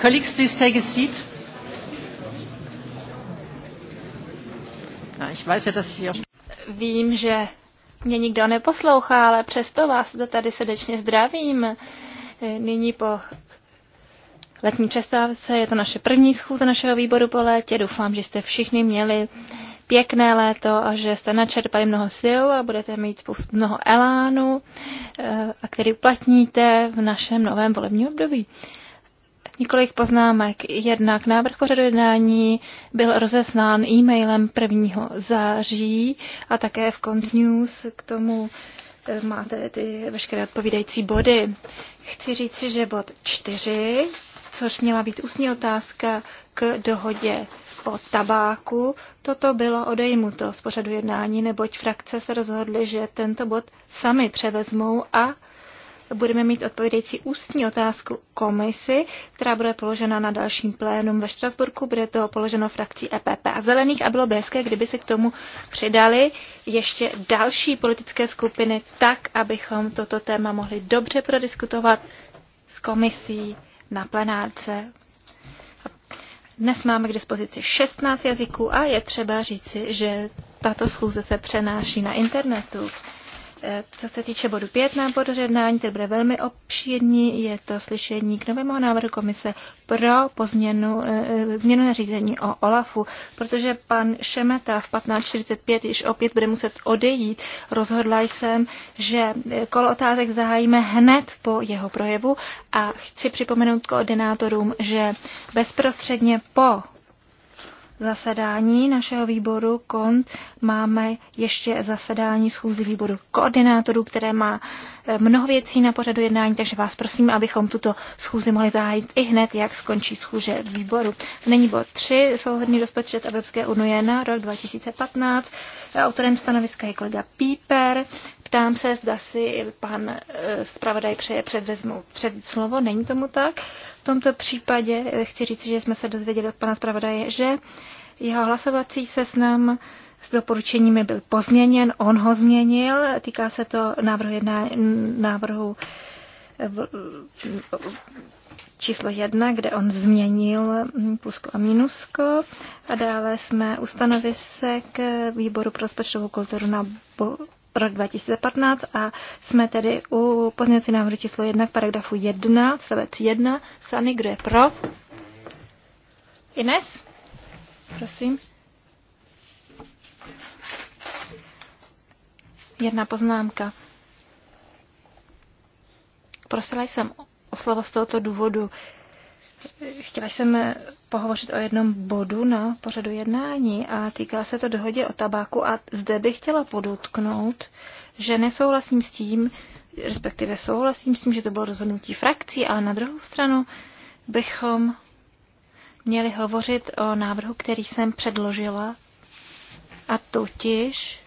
Colleagues, please take a seat. Vím, že mě nikdo neposlouchá, ale přesto vás tady srdečně zdravím. Nyní po letní přestávce je to naše první schůze našeho výboru po létě. Doufám, že jste všichni měli pěkné léto a že jste načerpali mnoho sil a budete mít mnoho elánu, eh, a který uplatníte v našem novém volebním období. Několik poznámek. Jednak návrh pořadu jednání byl rozeslán e-mailem 1. září a také v Cont News k tomu eh, máte ty veškeré odpovídající body. Chci říct, že bod 4, což měla být ústní otázka k dohodě o tabáku, toto bylo odejmuto z pořadu jednání, neboť frakce se rozhodly, že tento bod sami převezmou a budeme mít odpovědající ústní otázku komisi, která bude položena na dalším plénum ve Štrasburku. Bude to položeno frakcí EPP a Zelených a bylo by hezké, kdyby se k tomu přidali ještě další politické skupiny tak, abychom toto téma mohli dobře prodiskutovat s komisí na plenárce. Dnes máme k dispozici 16 jazyků a je třeba říci, že tato schůze se přenáší na internetu co se týče bodu 5 na bodu jednání, to bude velmi obšírní. Je to slyšení k novému návrhu komise pro pozměnu, eh, eh, změnu nařízení o OLAFu, protože pan Šemeta v 15.45 již opět bude muset odejít. Rozhodla jsem, že eh, kolo otázek zahájíme hned po jeho projevu a chci připomenout koordinátorům, že bezprostředně po zasedání našeho výboru KONT máme ještě zasedání schůzí výboru koordinátorů, které má mnoho věcí na pořadu jednání, takže vás prosím, abychom tuto schůzi mohli zahájit i hned, jak skončí schůze výboru. Není bod 3, souhodný rozpočet Evropské unie na rok 2015. Autorem stanoviska je kolega Píper. Ptám se, zda si pan eh, zpravodaj přeje předvezmout před slovo. Není tomu tak. V tomto případě eh, chci říct, že jsme se dozvěděli od pana zpravodaje, že jeho hlasovací seznam s doporučeními byl pozměněn, on ho změnil, týká se to návrhu, jedna, návrhu eh, číslo jedna, kde on změnil hm, plusko a minusko. A dále jsme ustanovili se k eh, výboru pro rozpočtovou kulturu na rok 2015 a jsme tedy u pozměňovací návrhu číslo 1 k paragrafu 1, stavec 1. Sany, kdo je pro? Ines? Prosím. Jedna poznámka. Prosila jsem o slovo z tohoto důvodu. Chtěla jsem pohovořit o jednom bodu na pořadu jednání a týká se to dohodě o tabáku a zde bych chtěla podotknout, že nesouhlasím s tím, respektive souhlasím s tím, že to bylo rozhodnutí frakcí, ale na druhou stranu bychom měli hovořit o návrhu, který jsem předložila a totiž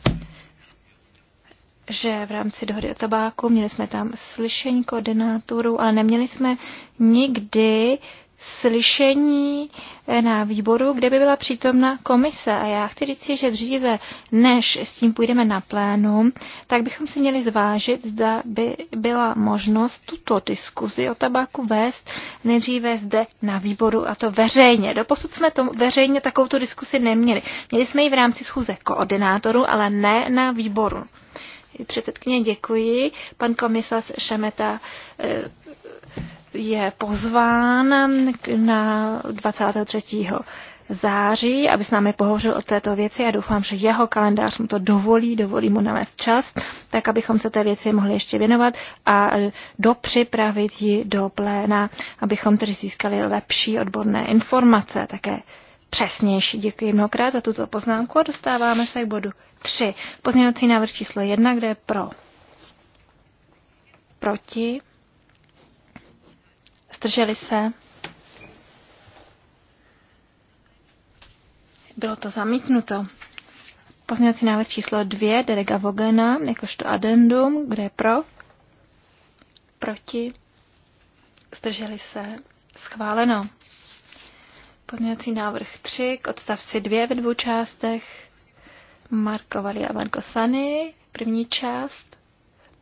že v rámci dohody o tabáku měli jsme tam slyšení koordinátorů, ale neměli jsme nikdy slyšení eh, na výboru, kde by byla přítomna komise. A já chci říct, že dříve, než s tím půjdeme na plénum, tak bychom si měli zvážit, zda by byla možnost tuto diskuzi o tabáku vést nejdříve zde na výboru a to veřejně. Doposud jsme to veřejně takovou diskusi neměli. Měli jsme ji v rámci schůze koordinátoru, ale ne na výboru. Předsedkyně, děkuji. Pan komisař Šemeta eh, je pozván na 23 září, aby s námi pohovořil o této věci. Já doufám, že jeho kalendář mu to dovolí, dovolí mu nalézt čas, tak abychom se té věci mohli ještě věnovat a eh, dopřipravit ji do pléna, abychom tedy získali lepší odborné informace, také přesnější. Děkuji mnohokrát za tuto poznámku a dostáváme se k bodu 3. Pozměňovací návrh číslo 1, kde je pro. Proti. Zdrželi se. Bylo to zamítnuto. Pozměňovací návrh číslo 2, Derega Vogena, jakožto addendum, kde je pro. Proti. Zdrželi se. Schváleno. Pozměňovací návrh 3 k odstavci 2 ve dvou částech. Marko Vali a Marko Sany, první část,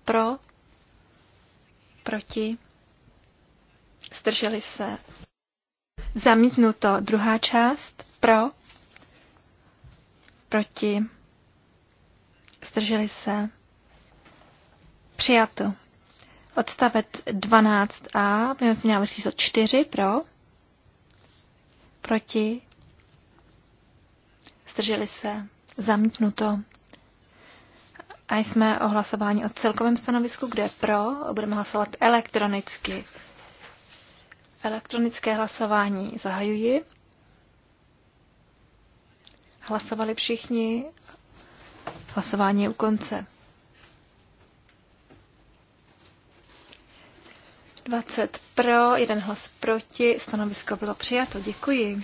pro, proti, zdrželi se. Zamítnuto druhá část, pro, proti, zdrželi se. Přijato. Odstavec 12a, jsem návrh číslo 4 pro, proti, zdrželi se. Zamítnuto. A jsme o hlasování o celkovém stanovisku, kde je pro. Budeme hlasovat elektronicky. Elektronické hlasování zahajuji. Hlasovali všichni. Hlasování je u konce. 20 pro, jeden hlas proti. Stanovisko bylo přijato. Děkuji.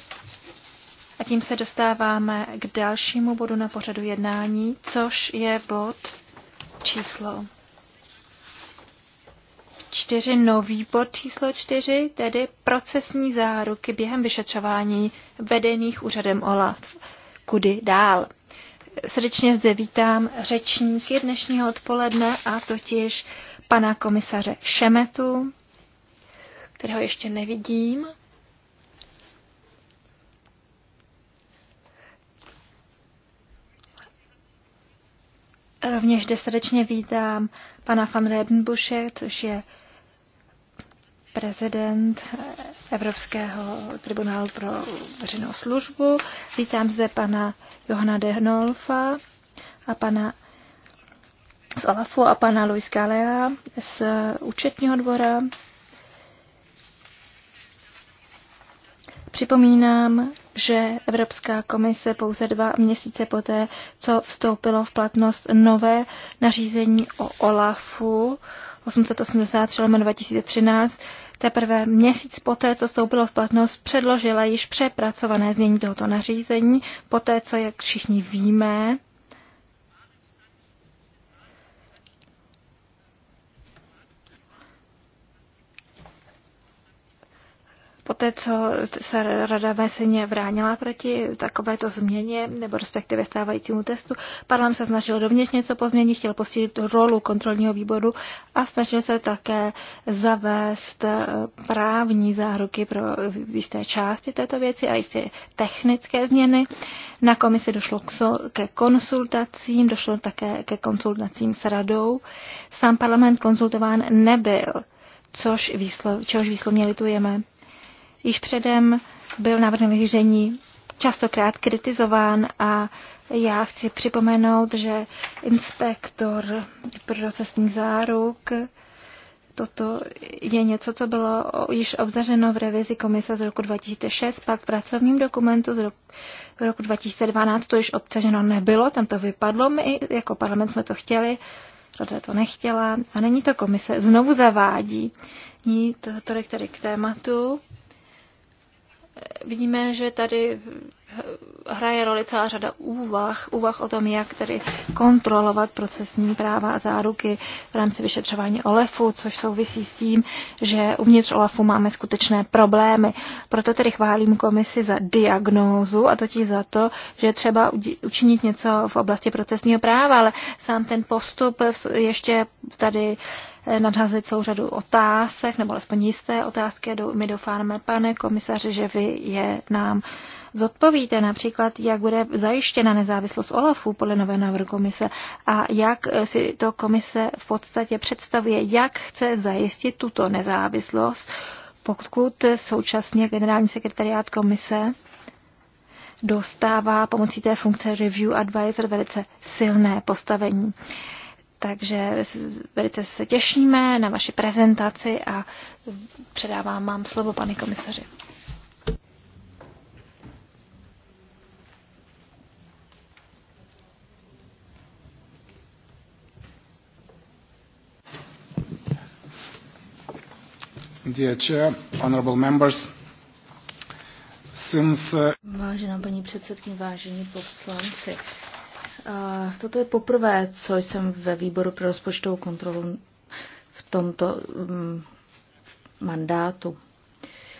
A tím se dostáváme k dalšímu bodu na pořadu jednání, což je bod číslo čtyři, nový bod číslo čtyři, tedy procesní záruky během vyšetřování vedených úřadem OLAF. Kudy dál? Srdečně zde vítám řečníky dnešního odpoledne a totiž pana komisaře Šemetu, kterého ještě nevidím. Rovněž zde srdečně vítám pana van Redenbusche, což je prezident Evropského tribunálu pro veřejnou službu. Vítám zde pana Johana Dehnolfa a pana z Olafu a pana Luis Galea z účetního dvora. Připomínám, že Evropská komise pouze dva měsíce poté, co vstoupilo v platnost nové nařízení o OLAFu 883 2013, teprve měsíc poté, co vstoupilo v platnost, předložila již přepracované znění tohoto nařízení, poté, co, jak všichni víme, Poté, co se rada veseně vránila proti takovéto změně, nebo respektive stávajícímu testu, parlament se snažil rovněž něco pozměnit, chtěl posílit rolu kontrolního výboru a snažil se také zavést eh, právní záruky pro jisté části této věci a jisté technické změny. Na komisi došlo ke konsultacím, došlo také ke konsultacím s radou. Sám parlament konzultován nebyl, což, výslov, čehož výslovně litujeme již předem byl návrh na vyřízení častokrát kritizován a já chci připomenout, že inspektor procesních záruk Toto je něco, co bylo již obzařeno v revizi komise z roku 2006, pak v pracovním dokumentu z roku, roku 2012 to již obsaženo nebylo, tam to vypadlo, my jako parlament jsme to chtěli, rada to nechtěla a není to komise, znovu zavádí. Ní to, tolik tedy k tématu vidíme, že tady hraje roli celá řada úvah, úvah o tom, jak tedy kontrolovat procesní práva a záruky v rámci vyšetřování OLEFu, což souvisí s tím, že uvnitř OLEFu máme skutečné problémy. Proto tedy chválím komisi za diagnózu a totiž za to, že třeba učinit něco v oblasti procesního práva, ale sám ten postup ještě tady uh, Eh, nadházet celou řadu otázek, nebo alespoň jisté otázky. My doufáme, pane komisaři, že vy je nám zodpovíte například, jak bude zajištěna nezávislost OLAFu podle nové návrhu komise a jak eh, si to komise v podstatě představuje, jak chce zajistit tuto nezávislost, pokud současně generální sekretariát komise dostává pomocí té funkce Review Advisor velice silné postavení. Takže velice se těšíme na vaši prezentaci a předávám vám slovo, pane komisaři. Dear Chair, honorable members, since... Uh, Vážená paní předsedkyně, vážení poslanci, Toto je poprvé, co jsem ve výboru pro rozpočtovou kontrolu v tomto mm, mandátu.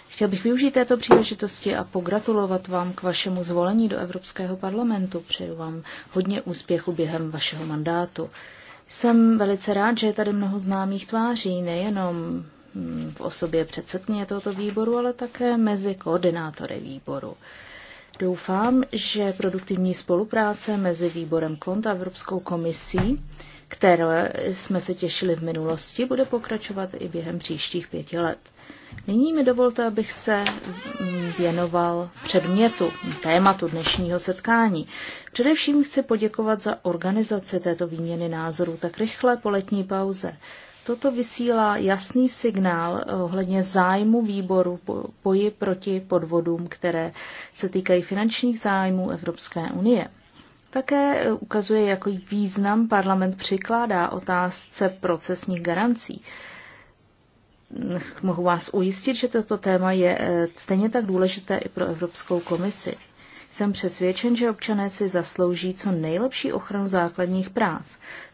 Chtěl bych využít této příležitosti a pogratulovat vám k vašemu zvolení do Evropského parlamentu. Přeju vám hodně úspěchu během vašeho mandátu. Jsem velice rád, že je tady mnoho známých tváří, nejenom mm, v osobě předsedkyně tohoto výboru, ale také mezi koordinátory výboru. Doufám, že produktivní spolupráce mezi výborem KONT a Evropskou komisí, které jsme se těšili v minulosti, bude pokračovat i během příštích pěti let. Nyní mi dovolte, abych se věnoval předmětu, tématu dnešního setkání. Především chci poděkovat za organizaci této výměny názorů tak rychle po letní pauze. Toto vysílá jasný signál eh, ohledně zájmu výboru boji proti podvodům, které se týkají finančních zájmů Evropské unie. Také eh, ukazuje, jaký význam parlament přikládá otázce procesních garancí. Hm, mohu vás ujistit, že toto téma je eh, stejně tak důležité i pro Evropskou komisi. Jsem přesvědčen, že občané si zaslouží co nejlepší ochranu základních práv.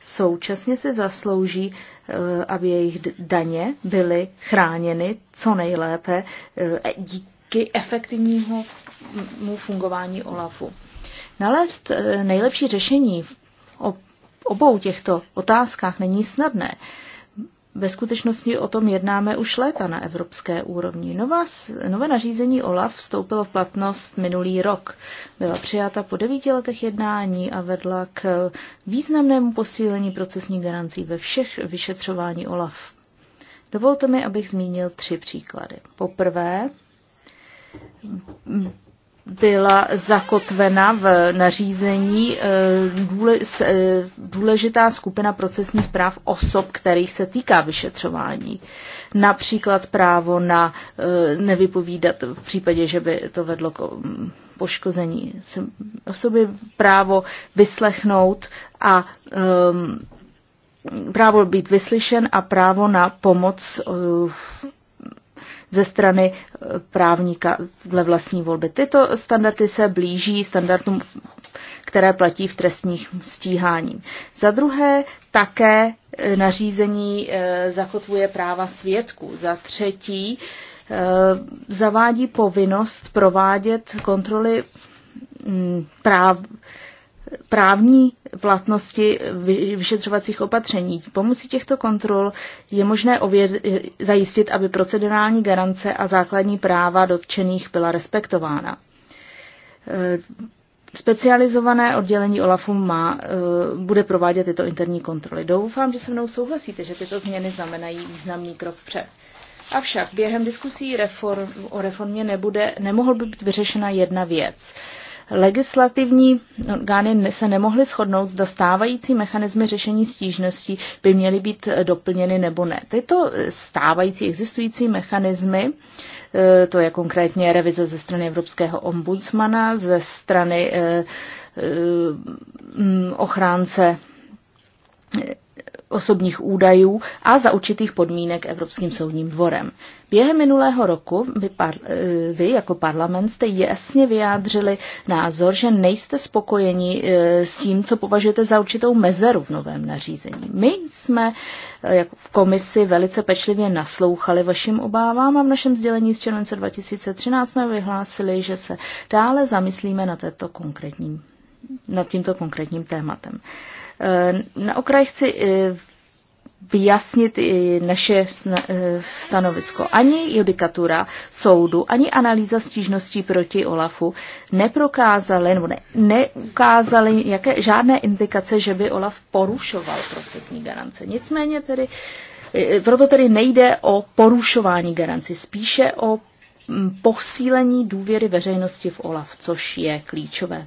Současně si zaslouží, eh, aby jejich daně byly chráněny co nejlépe eh, e, díky efektivnímu fungování OLAFu. Nalézt eh, nejlepší řešení v obou těchto otázkách není snadné. Ve skutečnosti o tom jednáme už léta na evropské úrovni. Nová, nové nařízení OLAF vstoupilo v platnost minulý rok. Byla přijata po devíti letech jednání a vedla k významnému posílení procesních garancí ve všech vyšetřování OLAF. Dovolte mi, abych zmínil tři příklady. Poprvé, byla zakotvena v nařízení eh, eh, důležitá skupina procesních práv osob, kterých se týká vyšetřování. Například právo na eh, nevypovídat v případě, že by to vedlo k mm, poškození osoby, právo vyslechnout a ehm, právo být vyslyšen a právo na pomoc v ze strany eh, právníka dle vlastní volby. Tyto standardy se blíží standardům, které platí v trestních stíhání. Za druhé také eh, nařízení eh, zakotvuje práva svědků. Za třetí zavádí povinnost provádět kontroly mm, práv právní platnosti vyšetřovacích opatření. Pomocí těchto kontrol je možné ověř- zajistit, aby procedurální garance a základní práva dotčených byla respektována. E, specializované oddělení OLAFu má, e, bude provádět tyto interní kontroly. Doufám, že se mnou souhlasíte, že tyto změny znamenají významný krok před. Avšak během diskusí reform, o reformě nebude, nemohl by být vyřešena jedna věc. Legislativní orgány se nemohly shodnout, zda stávající mechanismy řešení stížností by měly být eh, doplněny nebo ne. Tyto eh, stávající existující mechanismy, eh, to je konkrétně revize ze strany Evropského ombudsmana, ze strany ochránce osobních údajů a za určitých podmínek Evropským soudním dvorem. Během minulého roku vy, par, eh, vy jako parlament jste jasně vyjádřili názor, že nejste spokojeni eh, s tím, co považujete za určitou mezeru v novém nařízení. My jsme eh, jako v komisi velice pečlivě naslouchali vašim obávám a v našem sdělení z července 2013 jsme vyhlásili, že se dále zamyslíme na této konkrétní nad tímto konkrétním tématem. Eh, na okraj chci eh, vyjasnit naše eh, stanovisko. Ani judikatura soudu, ani analýza stížností proti Olafu neprokázaly nebo ne, neukázaly jaké, žádné indikace, že by Olaf porušoval procesní garance. Nicméně tedy, proto tedy nejde o porušování garanci, spíše o mm, posílení důvěry veřejnosti v Olaf, což je klíčové. Uh,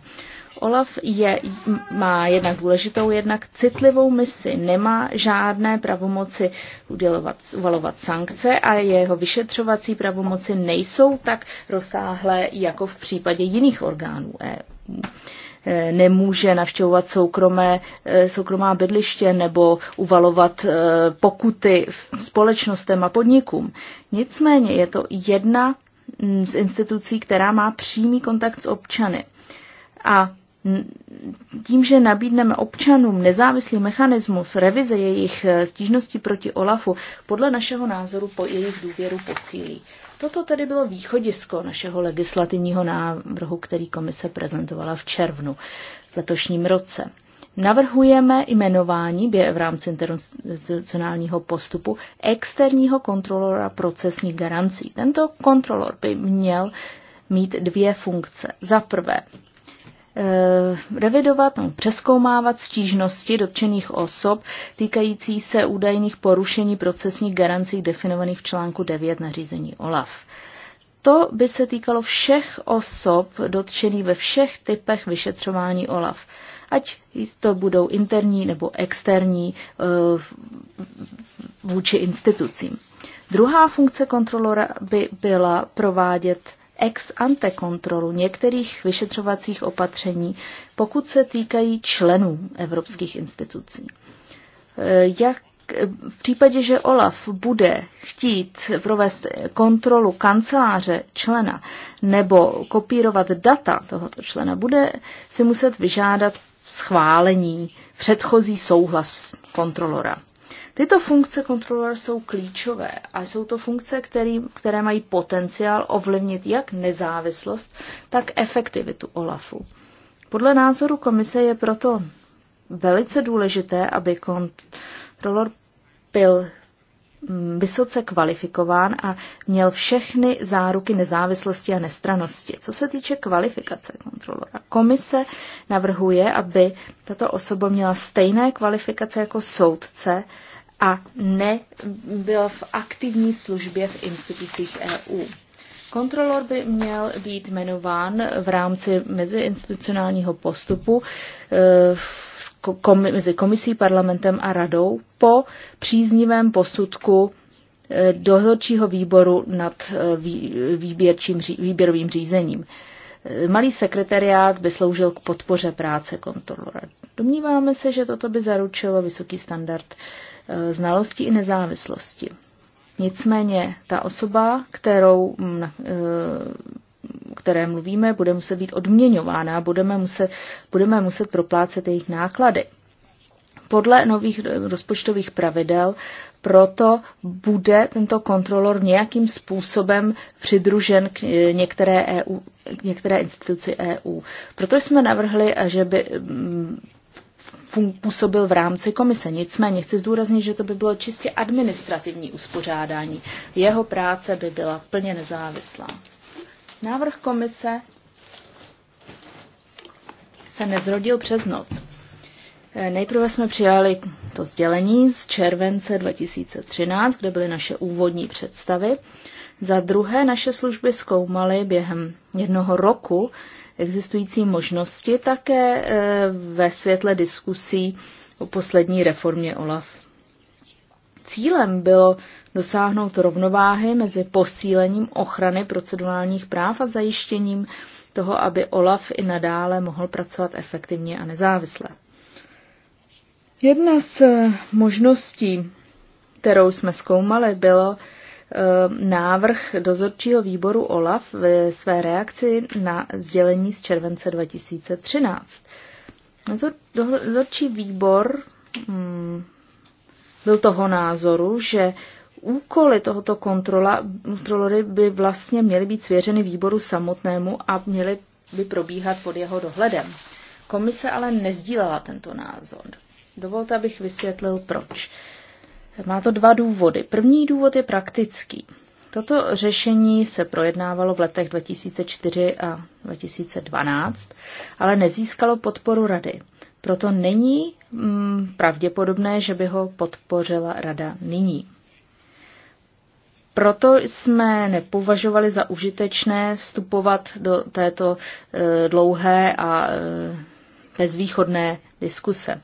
Olaf je, má jednak důležitou, jednak citlivou misi. Nemá žádné pravomoci udělovat, uvalovat sankce a jeho vyšetřovací pravomoci nejsou tak rozsáhlé jako v případě jiných orgánů EU. E, nemůže navštěvovat soukromé, e, soukromá bydliště nebo uvalovat e, pokuty společnostem a podnikům. Nicméně je to jedna mm, z institucí, která má přímý kontakt s občany. A tím, že nabídneme občanům nezávislý mechanismus revize jejich eh, stížností proti OLAFu, podle našeho názoru po jejich důvěru posílí. Toto tedy bylo východisko našeho legislativního návrhu, který komise prezentovala v červnu v letošním roce. Navrhujeme jmenování v rámci internacionálního postupu externího kontrolora procesních garancí. Tento kontrolor by měl mít dvě funkce. Za prvé, Eh, revidovat nebo přeskoumávat stížnosti dotčených osob týkající se údajných porušení procesních garancí definovaných v článku 9 nařízení OLAF. To by se týkalo všech osob dotčených ve všech typech vyšetřování OLAF. Ať to budou interní nebo externí eh, vůči institucím. Druhá funkce kontrolora by byla provádět ex ante kontrolu některých vyšetřovacích opatření, pokud se týkají členů evropských institucí. E, jak v případě, že OLAF bude chtít provést kontrolu kanceláře člena nebo kopírovat data tohoto člena, bude si muset vyžádat schválení, předchozí souhlas kontrolora. Tyto funkce kontroler jsou klíčové a jsou to funkce, který, které mají potenciál ovlivnit jak nezávislost, tak efektivitu OLAFu. Podle názoru komise je proto velice důležité, aby kontrolor byl mm, vysoce kvalifikován a měl všechny záruky nezávislosti a nestranosti. Co se týče kvalifikace kontrolora, komise navrhuje, aby tato osoba měla stejné kvalifikace jako soudce a nebyl v aktivní službě v institucích EU. Kontrolor by měl být jmenován v rámci meziinstitucionálního postupu eh, mezi komisí, parlamentem a radou po příznivém posudku eh, dozorčího výboru nad eh, výběrčím, výběrovým řízením. Malý sekretariát by sloužil k podpoře práce kontrolora. Domníváme se, že toto by zaručilo vysoký standard uh, Eh, znalosti i nezávislosti. Nicméně ta osoba, kterou, mm, eh, které mluvíme, bude muset být odměňována, budeme muset, budeme muset proplácet jejich náklady. Podle nových eh, rozpočtových pravidel proto bude tento kontrolor nějakým způsobem přidružen k některé, EU, k některé instituci EU. Proto jsme navrhli, že by mm, působil v rámci komise. Nicméně chci zdůraznit, že to by bylo čistě administrativní uspořádání. Jeho práce by byla plně nezávislá. Návrh komise se nezrodil přes noc. Eh, nejprve jsme přijali to sdělení z července 2013, kde byly naše úvodní představy. Za druhé naše služby zkoumaly během jednoho roku existující možnosti také eh, ve světle diskusí o poslední reformě OLAF. Cílem bylo dosáhnout rovnováhy mezi posílením ochrany procedurálních práv a zajištěním toho, aby OLAF i nadále mohl pracovat efektivně a nezávisle. Jedna z eh, možností, kterou jsme zkoumali, bylo Eh, návrh dozorčího výboru OLAF ve své reakci na sdělení z července 2013. Dozorčí výbor hmm, byl toho názoru, že úkoly tohoto kontrola, kontrolory by vlastně měly být svěřeny výboru samotnému a měly by probíhat pod jeho dohledem. Komise ale nezdílela tento názor. Dovolte, abych vysvětlil proč. Má to dva důvody. První důvod je praktický. Toto řešení se projednávalo v letech 2004 a 2012, ale nezískalo podporu rady. Proto není mm, pravděpodobné, že by ho podpořila rada nyní. Proto jsme nepovažovali za užitečné vstupovat do této e, dlouhé a e, bezvýchodné diskuse.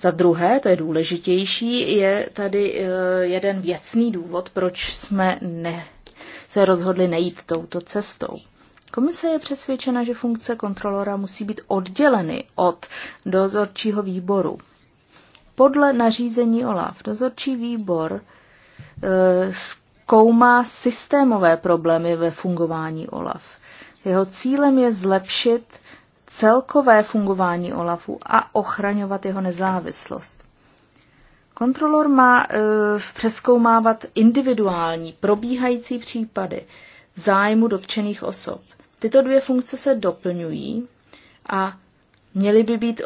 Za druhé, to je důležitější, je tady eh, jeden věcný důvod, proč jsme ne, se rozhodli nejít touto cestou. Komise je přesvědčena, že funkce kontrolora musí být odděleny od dozorčího výboru. Podle nařízení OLAF dozorčí výbor eh, zkoumá systémové problémy ve fungování OLAF. Jeho cílem je zlepšit celkové fungování OLAFu a ochraňovat jeho nezávislost. Kontrolor má e, přeskoumávat individuální, probíhající případy zájmu dotčených osob. Tyto dvě funkce se doplňují a měly by být e,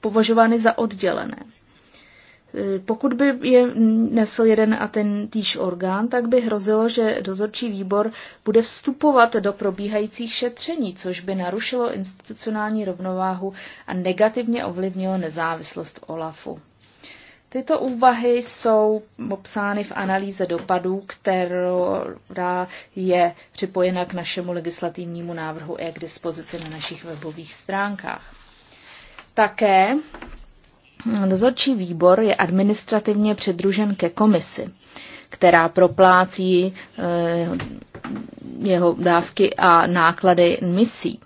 považovány za oddělené. Pokud by je nesl jeden a ten týž orgán, tak by hrozilo, že dozorčí výbor bude vstupovat do probíhajících šetření, což by narušilo institucionální rovnováhu a negativně ovlivnilo nezávislost OLAFu. Tyto úvahy jsou popsány v analýze dopadů, která je připojena k našemu legislativnímu návrhu i k dispozici na našich webových stránkách. Také Dozorčí výbor je administrativně přidružen ke komisi, která proplácí eh, jeho dávky a náklady misí.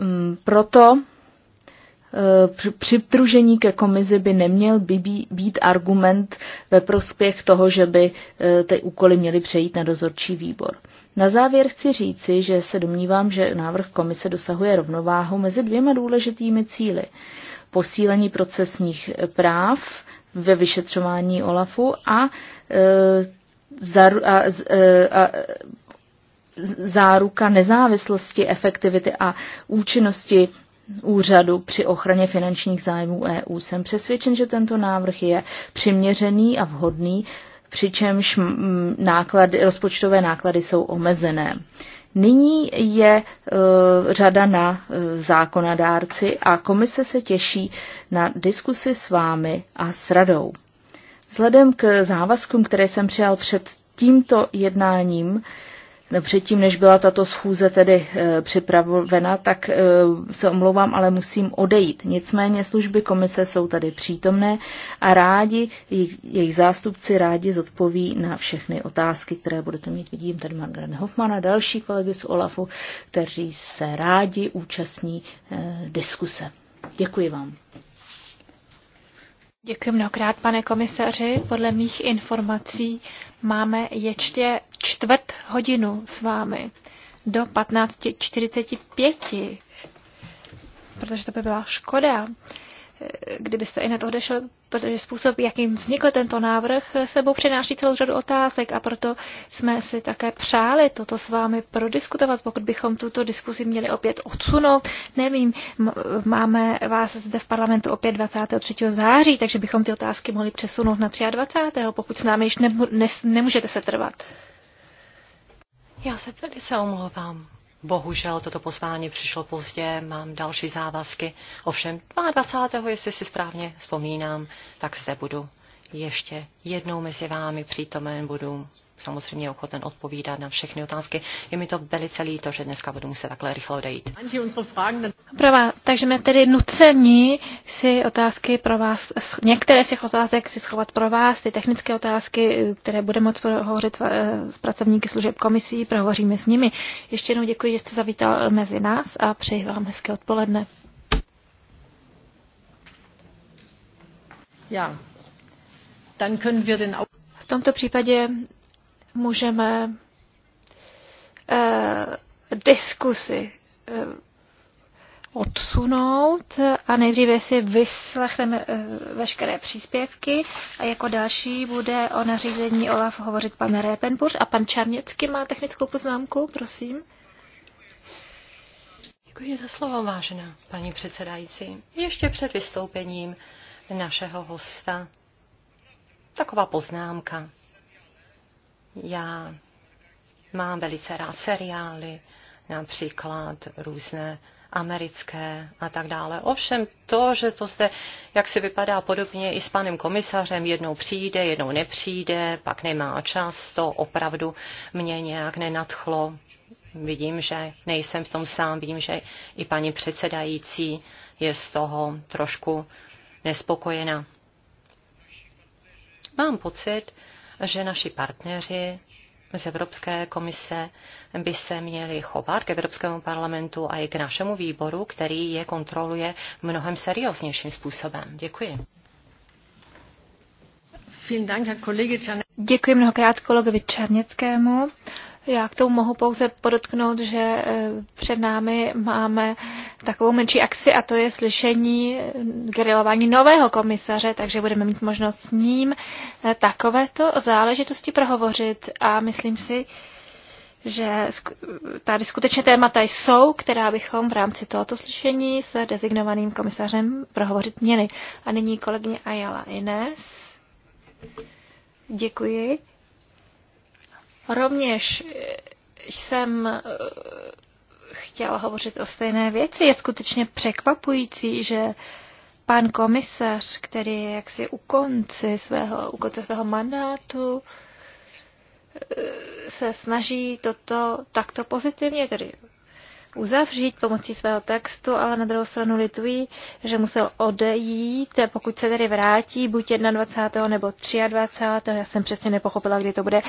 Mm, proto eh, přidružení ke komisi by neměl by být argument ve prospěch toho, že by eh, ty úkoly měly přejít na dozorčí výbor. Na závěr chci říci, že se domnívám, že návrh komise dosahuje rovnováhu mezi dvěma důležitými cíly posílení procesních práv ve vyšetřování OLAFu a, e, a, e, a záruka nezávislosti, efektivity a účinnosti úřadu při ochraně finančních zájmů EU. Jsem přesvědčen, že tento návrh je přiměřený a vhodný, přičemž náklady, rozpočtové náklady jsou omezené. Nyní je e, řada na e, zákonodárci a komise se těší na diskusi s vámi a s radou. Vzhledem k závazkům, které jsem přijal před tímto jednáním, předtím, než byla tato schůze tedy eh, připravena, tak eh, se omlouvám, ale musím odejít. Nicméně služby komise jsou tady přítomné a rádi, jejich zástupci rádi zodpoví na všechny otázky, které budete mít. Vidím tady Margaret Hoffman a další kolegy z OLAFu, kteří se rádi účastní eh, diskuse. Děkuji vám. Děkuji mnohokrát, pane komisaři. Podle mých informací Máme ještě čtvrt hodinu s vámi do 15.45, protože to by byla škoda kdybyste i na to odešel, protože způsob, jakým vznikl tento návrh, sebou přináší celou řadu otázek a proto jsme si také přáli toto s vámi prodiskutovat, pokud bychom tuto diskusi měli opět odsunout. Nevím, máme vás zde v parlamentu opět 23. září, takže bychom ty otázky mohli přesunout na 23. pokud s námi již nemů- ne- nemůžete se trvat. Já se tady se omlouvám. Bohužel toto pozvání přišlo pozdě, mám další závazky. Ovšem 22. jestli si správně vzpomínám, tak zde budu ještě jednou mezi vámi přítomen, budu samozřejmě ochoten odpovídat na všechny otázky. Je mi to velice líto, že dneska budu muset takhle rychle odejít. Dobrá, takže jsme tedy nuceni si otázky pro vás, některé z těch otázek si schovat pro vás, ty technické otázky, které bude moc hovořit eh, s pracovníky služeb komisí, prohovoříme s nimi. Ještě jednou děkuji, že jste zavítal mezi nás a přeji vám hezké odpoledne. Já. Ja, v tomto případě můžeme eh, diskusy eh, odsunout a nejdříve si vyslechneme eh, veškeré příspěvky a jako další bude o nařízení OLAF hovořit pan Répenbuř a pan Čarněcky má technickou poznámku, prosím. Děkuji za slovo, vážená paní předsedající. Ještě před vystoupením našeho hosta Taková poznámka. Já mám velice rád seriály, například různé americké a tak dále. Ovšem to, že to zde, jak si vypadá podobně i s panem komisařem, jednou přijde, jednou nepřijde, pak nemá čas, to opravdu mě nějak nenadchlo. Vidím, že nejsem v tom sám, vím, že i paní předsedající je z toho trošku nespokojena. Mám pocit, že naši partneři z Evropské komise by se měli chovat k Evropskému parlamentu a i k našemu výboru, který je kontroluje mnohem serióznějším způsobem. Děkuji. Děkuji mnohokrát kolegovi Černěckému. Já k tomu mohu pouze podotknout, že eh, před námi máme takovou menší akci a to je slyšení eh, gerilování nového komisaře, takže budeme mít možnost s ním eh, takovéto záležitosti prohovořit a myslím si, že tady skutečně témata jsou, která bychom v rámci tohoto slyšení s designovaným komisařem prohovořit měli. A nyní kolegyně Ayala Ines. Děkuji. Rovněž eh, jsem eh, chtěla hovořit o stejné věci. Je skutečně překvapující, že pan komisař, který je jaksi u konce svého, u konce svého mandátu, eh, se snaží toto takto pozitivně, tedy uzavřít pomocí svého textu, ale na druhou stranu litují, že musel odejít. Pokud se tedy vrátí, buď 21. nebo 23. já jsem přesně nepochopila, kdy to bude,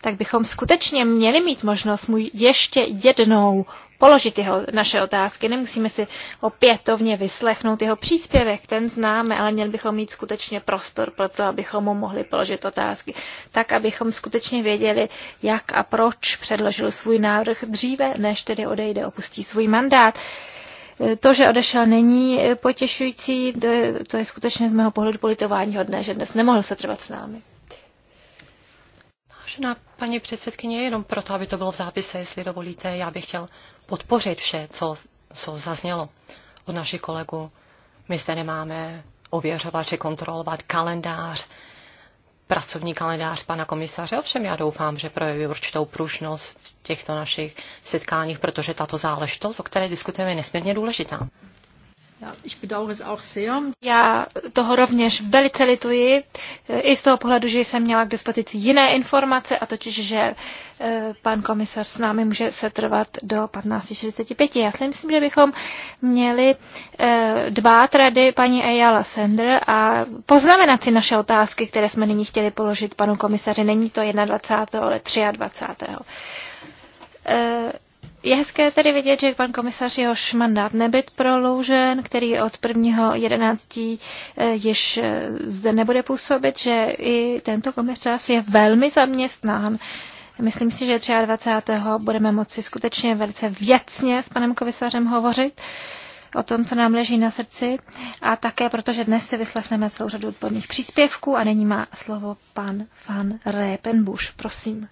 tak bychom skutečně měli mít možnost mu ještě jednou položit jeho, naše otázky. Nemusíme si opětovně vyslechnout jeho příspěvek, ten známe, ale měli bychom mít skutečně prostor pro to, abychom mu mohli položit otázky, tak abychom skutečně věděli, jak a proč předložil svůj návrh dříve, než tedy odejde, opustí svůj mandát. To, že odešel, není potěšující, to je skutečně z mého pohledu politování hodné, že dnes nemohl se trvat s námi. Vážená paní předsedkyně, jenom proto, aby to bylo v zápise, jestli dovolíte, já bych chtěl podpořit vše, co, co zaznělo od našich kolegů. My zde nemáme ověřovat či kontrolovat kalendář, pracovní kalendář pana komisaře. Ovšem já doufám, že projeví určitou pružnost v těchto našich setkáních, protože tato záležitost, o které diskutujeme, je nesmírně důležitá. Já toho rovněž velice lituji, eh, i z toho pohledu, že jsem měla k dispozici jiné informace, a totiž, že eh, pan komisař s námi může se trvat do 15.45. Já si myslím, že bychom měli eh, dva rady paní Ejala Sender a poznamenat si naše otázky, které jsme nyní chtěli položit panu komisaři. Není to 21. ale 23. Je hezké tedy vidět, že pan komisař jehož mandát nebyt prolůžen, který od 1.11. Eh, již eh, zde nebude působit, že i tento komisař je velmi zaměstnán. Myslím si, že 23. budeme moci skutečně velice věcně s panem komisařem hovořit o tom, co nám leží na srdci a také protože dnes si vyslechneme celou řadu odborných příspěvků a nyní má slovo pan Van Répenbusch. Prosím.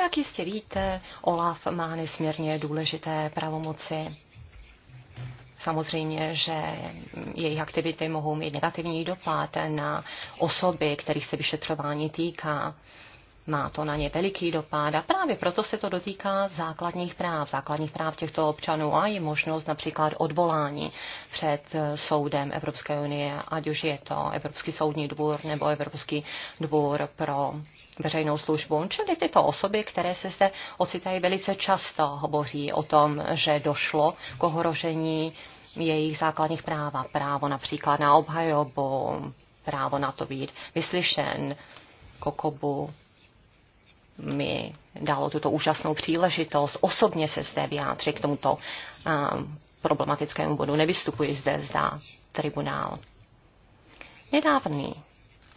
jak jistě víte, OLAF má nesmírně důležité pravomoci. Samozřejmě, že jejich aktivity mohou mít negativní dopad na osoby, kterých se vyšetřování týká má to na ně veliký dopad a právě proto se to dotýká základních práv, základních práv těchto občanů a i možnost například odvolání před eh, soudem Evropské unie, ať už je to Evropský soudní dvůr nebo Evropský dvůr pro veřejnou službu. Čili tyto osoby, které se zde ocitají velice často, hovoří o tom, že došlo k ohrožení jejich základních práva. Právo například na obhajobu, právo na to být vyslyšen, kokobu, mi dalo tuto úžasnou příležitost osobně se zde vyjádřit k tomuto um, problematickému bodu. Nevystupuji zde zda tribunál. Nedávný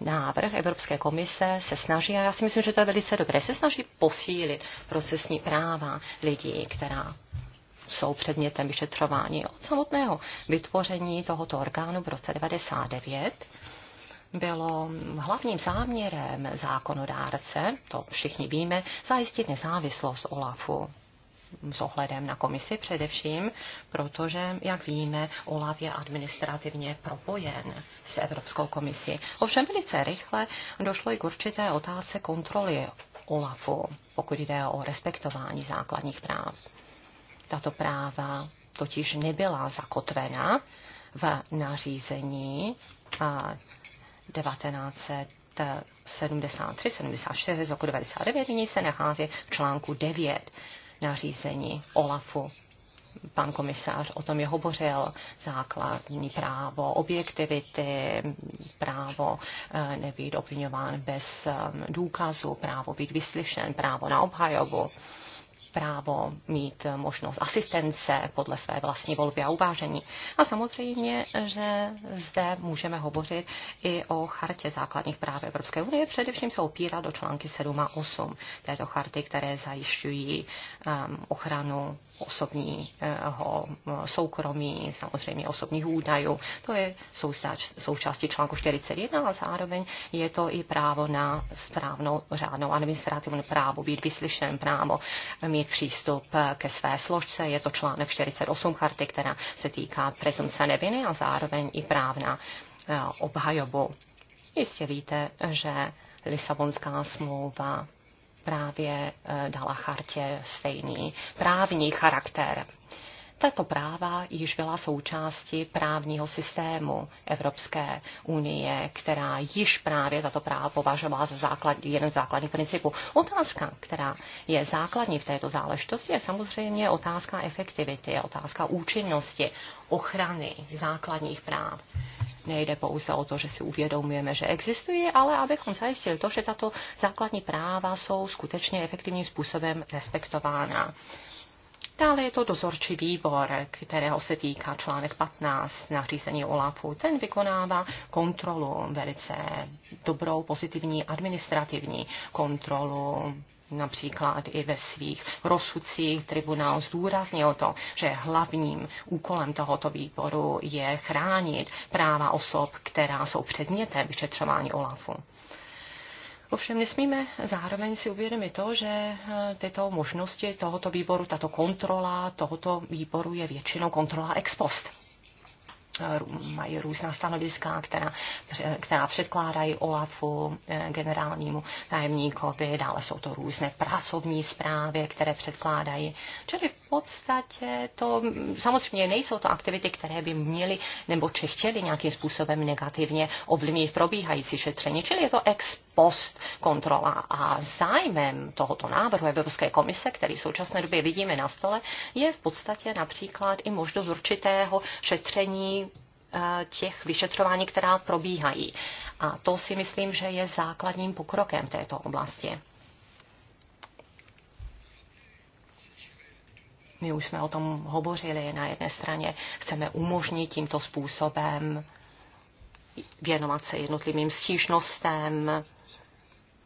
návrh Evropské komise se snaží, a já si myslím, že to je velice dobré, se snaží posílit procesní práva lidí, která jsou předmětem vyšetřování od samotného vytvoření tohoto orgánu v roce 99 bylo hlavním záměrem zákonodárce, to všichni víme, zajistit nezávislost OLAFu s ohledem na komisi především, protože, jak víme, OLAF je administrativně propojen s Evropskou komisí. Ovšem velice rychle došlo i k určité otázce kontroly OLAFu, pokud jde o respektování základních práv. Tato práva totiž nebyla zakotvena v nařízení a 1973, 74 z roku 99, se nachází v článku 9 nařízení OLAFu pan komisář o tom je hovořil, základní právo objektivity, právo eh, nebýt obvinován bez eh, důkazu, právo být vyslyšen, právo na obhajobu právo mít možnost asistence podle své vlastní volby a uvážení. A samozřejmě, že zde můžeme hovořit i o chartě základních práv Evropské unie, především se opírá do články 7 a 8 této charty, které zajišťují um, ochranu osobního eh, soukromí, samozřejmě osobních údajů. To je součástí článku 41 a zároveň je to i právo na správnou řádnou administrativní právo, být vyslyšen právo mít mít přístup ke své složce. Je to článek 48 charty, která se týká prezumce neviny a zároveň i právna eh, obhajobu. Jistě víte, že Lisabonská smlouva právě eh, dala chartě stejný právní charakter. Tato práva již byla součástí právního systému Evropské unie, která již právě tato práva považovala za základ, jeden z základních principů. Otázka, která je základní v této záležitosti, je samozřejmě otázka efektivity, otázka účinnosti, ochrany základních práv. Nejde pouze o to, že si uvědomujeme, že existují, ale abychom zajistili to, že tato základní práva jsou skutečně efektivním způsobem respektována. Dále je to dozorčí výbor, kterého se týká článek 15 nařízení OLAFu. Ten vykonává kontrolu, velice dobrou, pozitivní, administrativní kontrolu například i ve svých rozsudcích tribunál zdůraznil to, že hlavním úkolem tohoto výboru je chránit práva osob, která jsou předmětem vyšetřování OLAFu. Ovšem nesmíme zároveň si uvědomit to, že eh, tyto možnosti tohoto výboru, tato kontrola tohoto výboru je většinou kontrola ex post eh, mají různá stanoviska, která, která předkládají OLAFu, eh, generálnímu tajemníkovi, dále jsou to různé pracovní zprávy, které předkládají. Čili podstatě to, samozřejmě nejsou to aktivity, které by měly nebo či chtěli nějakým způsobem negativně ovlivnit probíhající šetření, čili je to ex post kontrola. A zájmem tohoto návrhu Evropské komise, který v současné době vidíme na stole, je v podstatě například i možnost určitého šetření eh, těch vyšetřování, která probíhají. A to si myslím, že je základním pokrokem této oblasti. My už jsme o tom hovořili. Na jedné straně chceme umožnit tímto způsobem věnovat se jednotlivým stížnostem,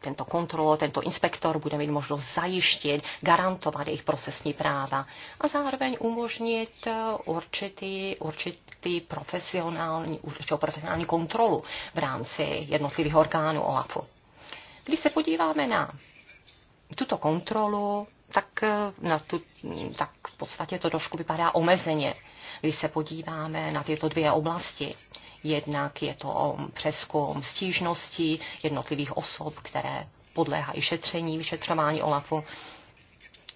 tento kontrolor, tento inspektor bude mít možnost zajištit, garantovat jejich procesní práva a zároveň umožnit eh, určitý, určitý profesionální, určitou profesionální kontrolu v rámci jednotlivých orgánů OLAFu. Když se podíváme na tuto kontrolu, tak, eh, na tu, tak v podstatě to trošku vypadá omezeně, když se podíváme na tyto dvě oblasti. Jednak je to přeskum stížnosti jednotlivých osob, které podléhají šetření, vyšetřování OLAFu.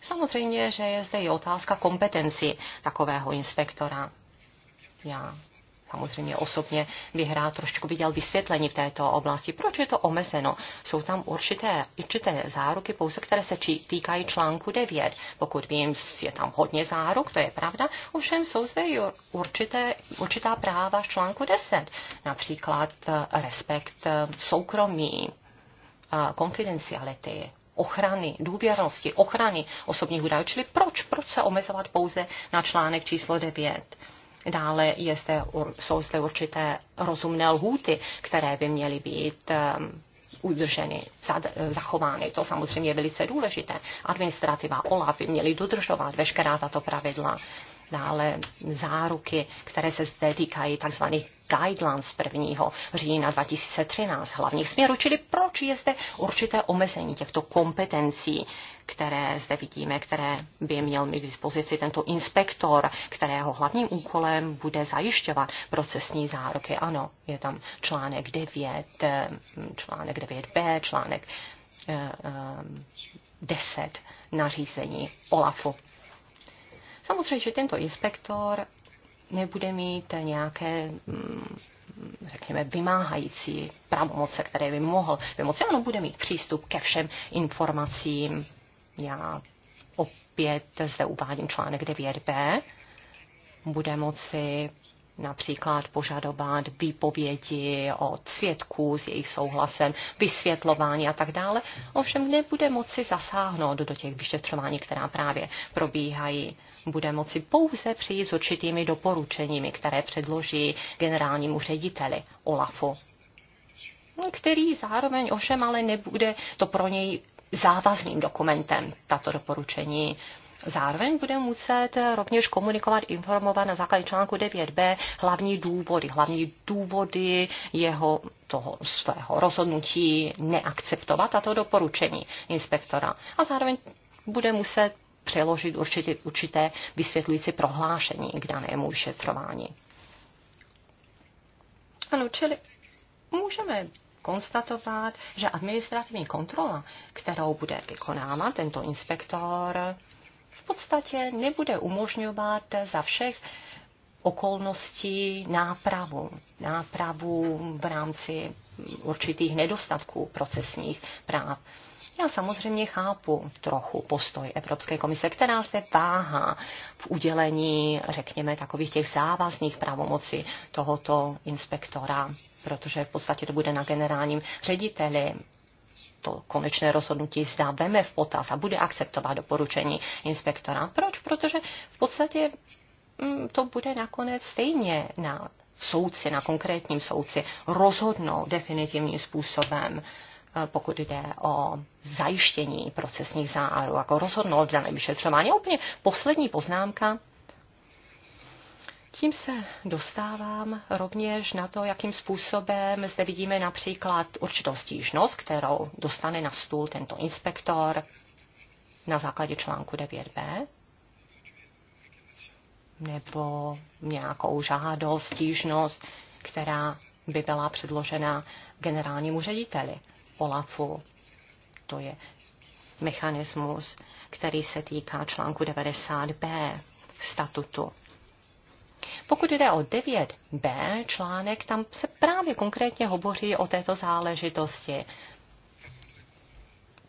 Samozřejmě, že je zde i otázka kompetenci takového inspektora. Já samozřejmě osobně bych rád trošku viděl vysvětlení v této oblasti. Proč je to omezeno? Jsou tam určité, určité záruky pouze, které se či, týkají článku 9. Pokud vím, je tam hodně záruk, to je pravda, ovšem jsou zde i určité, určitá práva z článku 10. Například eh, respekt eh, soukromí, eh, konfidenciality, ochrany, důvěrnosti, ochrany osobních údajů. Čili proč, proč se omezovat pouze na článek číslo 9? Dále je zde, jsou zde určité rozumné lhůty, které by měly být ehm, udrženy, zachovány. To samozřejmě je velice důležité. Administrativa, OLAF by měly dodržovat veškerá tato pravidla dále záruky, které se zde týkají tzv. guidelines 1. října 2013 hlavních směrů, čili proč je zde určité omezení těchto kompetencí, které zde vidíme, které by měl mít k dispozici tento inspektor, kterého hlavním úkolem bude zajišťovat procesní záruky. Ano, je tam článek 9, článek 9b, článek 10 eh, eh, nařízení OLAFu. Samozřejmě, že tento inspektor nebude mít nějaké, mm, řekněme, vymáhající pravomoce, které by mohl vymoci. Ano, bude mít přístup ke všem informacím. Já opět zde uvádím článek 9b. Bude moci například požadovat výpovědi od svědků s jejich souhlasem, vysvětlování a tak dále. Ovšem nebude moci zasáhnout do těch vyšetřování, která právě probíhají. Bude moci pouze přijít s určitými doporučeními, které předloží generálnímu řediteli Olafu který zároveň ovšem ale nebude to pro něj závazným dokumentem, tato doporučení. Zároveň bude muset rovněž komunikovat, informovat na základě článku 9b hlavní důvody, hlavní důvody jeho toho svého rozhodnutí neakceptovat tato doporučení inspektora. A zároveň bude muset přeložit určitě, určité vysvětlující prohlášení k danému vyšetřování. Ano, čili můžeme konstatovat, že administrativní kontrola, kterou bude vykonávat tento inspektor, v podstatě nebude umožňovat za všech okolností nápravu, nápravu v rámci určitých nedostatků procesních práv. Já samozřejmě chápu trochu postoj Evropské komise, která se váhá v udělení, řekněme, takových těch závazných pravomocí tohoto inspektora, protože v podstatě to bude na generálním řediteli to konečné rozhodnutí zda veme v potaz a bude akceptovat doporučení inspektora. Proč? Protože v podstatě mm, to bude nakonec stejně na soudci, na konkrétním soudci rozhodnou definitivním způsobem, eh, pokud jde o zajištění procesních záruk, jako rozhodnout v daném vyšetřování. A úplně poslední poznámka tím se dostávám rovněž na to, jakým způsobem zde vidíme například určitou stížnost, kterou dostane na stůl tento inspektor na základě článku 9b, nebo nějakou žádost, stížnost, která by byla předložena generálnímu řediteli OLAFu. To je mechanismus, který se týká článku 90b statutu pokud jde o 9b článek, tam se právě konkrétně hovoří o této záležitosti.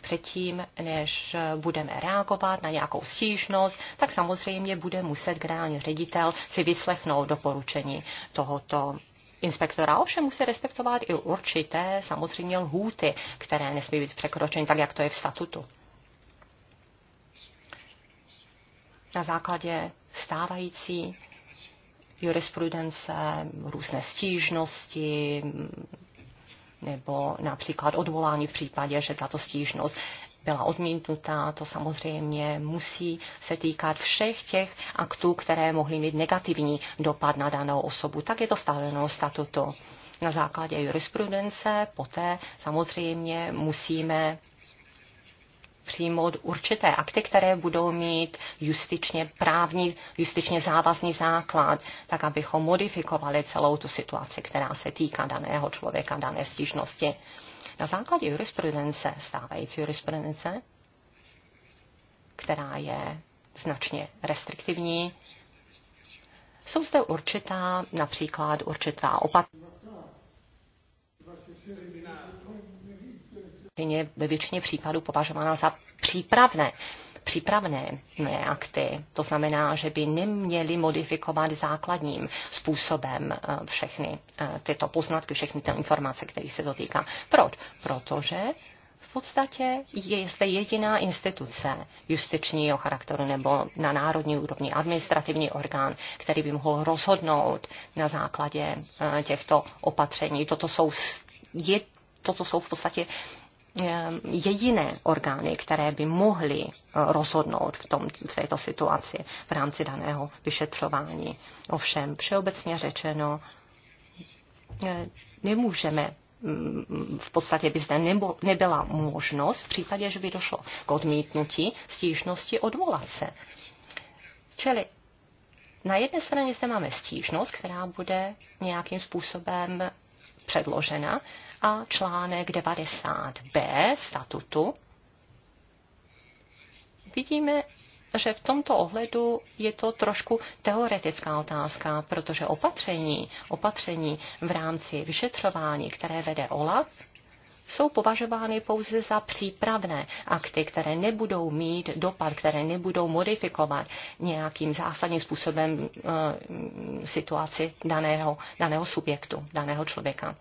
Předtím, než budeme reagovat na nějakou stížnost, tak samozřejmě bude muset generální ředitel si vyslechnout doporučení tohoto inspektora. Ovšem musí respektovat i určité samozřejmě lhůty, které nesmí být překročeny, tak jak to je v statutu. Na základě stávající jurisprudence, různé stížnosti nebo například odvolání v případě, že tato stížnost byla odmítnutá, to samozřejmě musí se týkat všech těch aktů, které mohly mít negativní dopad na danou osobu. Tak je to stavěno statuto. Na základě jurisprudence poté samozřejmě musíme přijmout určité akty, které budou mít justičně právní, justičně závazný základ, tak abychom modifikovali celou tu situaci, která se týká daného člověka, dané stížnosti. Na základě jurisprudence, stávající jurisprudence, která je značně restriktivní, jsou zde určitá, například určitá opatření většině, ve většině případů považována za přípravné přípravné akty. To znamená, že by neměli modifikovat základním způsobem eh, všechny eh, tyto poznatky, všechny ty informace, které se to týká. Proč? Protože v podstatě je zde jediná instituce justičního charakteru nebo na národní úrovni administrativní orgán, který by mohl rozhodnout na základě eh, těchto opatření. Toto jsou, je, toto jsou v podstatě Ehm, jediné orgány, které by mohly eh, rozhodnout v, tom, v této situaci v rámci daného vyšetřování. Ovšem, všeobecně řečeno, eh, nemůžeme mm, v podstatě by zde nebo, nebyla možnost v případě, že by došlo k odmítnutí stížnosti odvolat se. Čili na jedné straně zde máme stížnost, která bude nějakým způsobem předložena a článek 90b statutu. Vidíme, že v tomto ohledu je to trošku teoretická otázka, protože opatření, opatření v rámci vyšetřování, které vede OLAF, jsou považovány pouze za přípravné akty, které nebudou mít dopad, které nebudou modifikovat nějakým zásadním způsobem e, situaci daného, daného subjektu, daného člověka.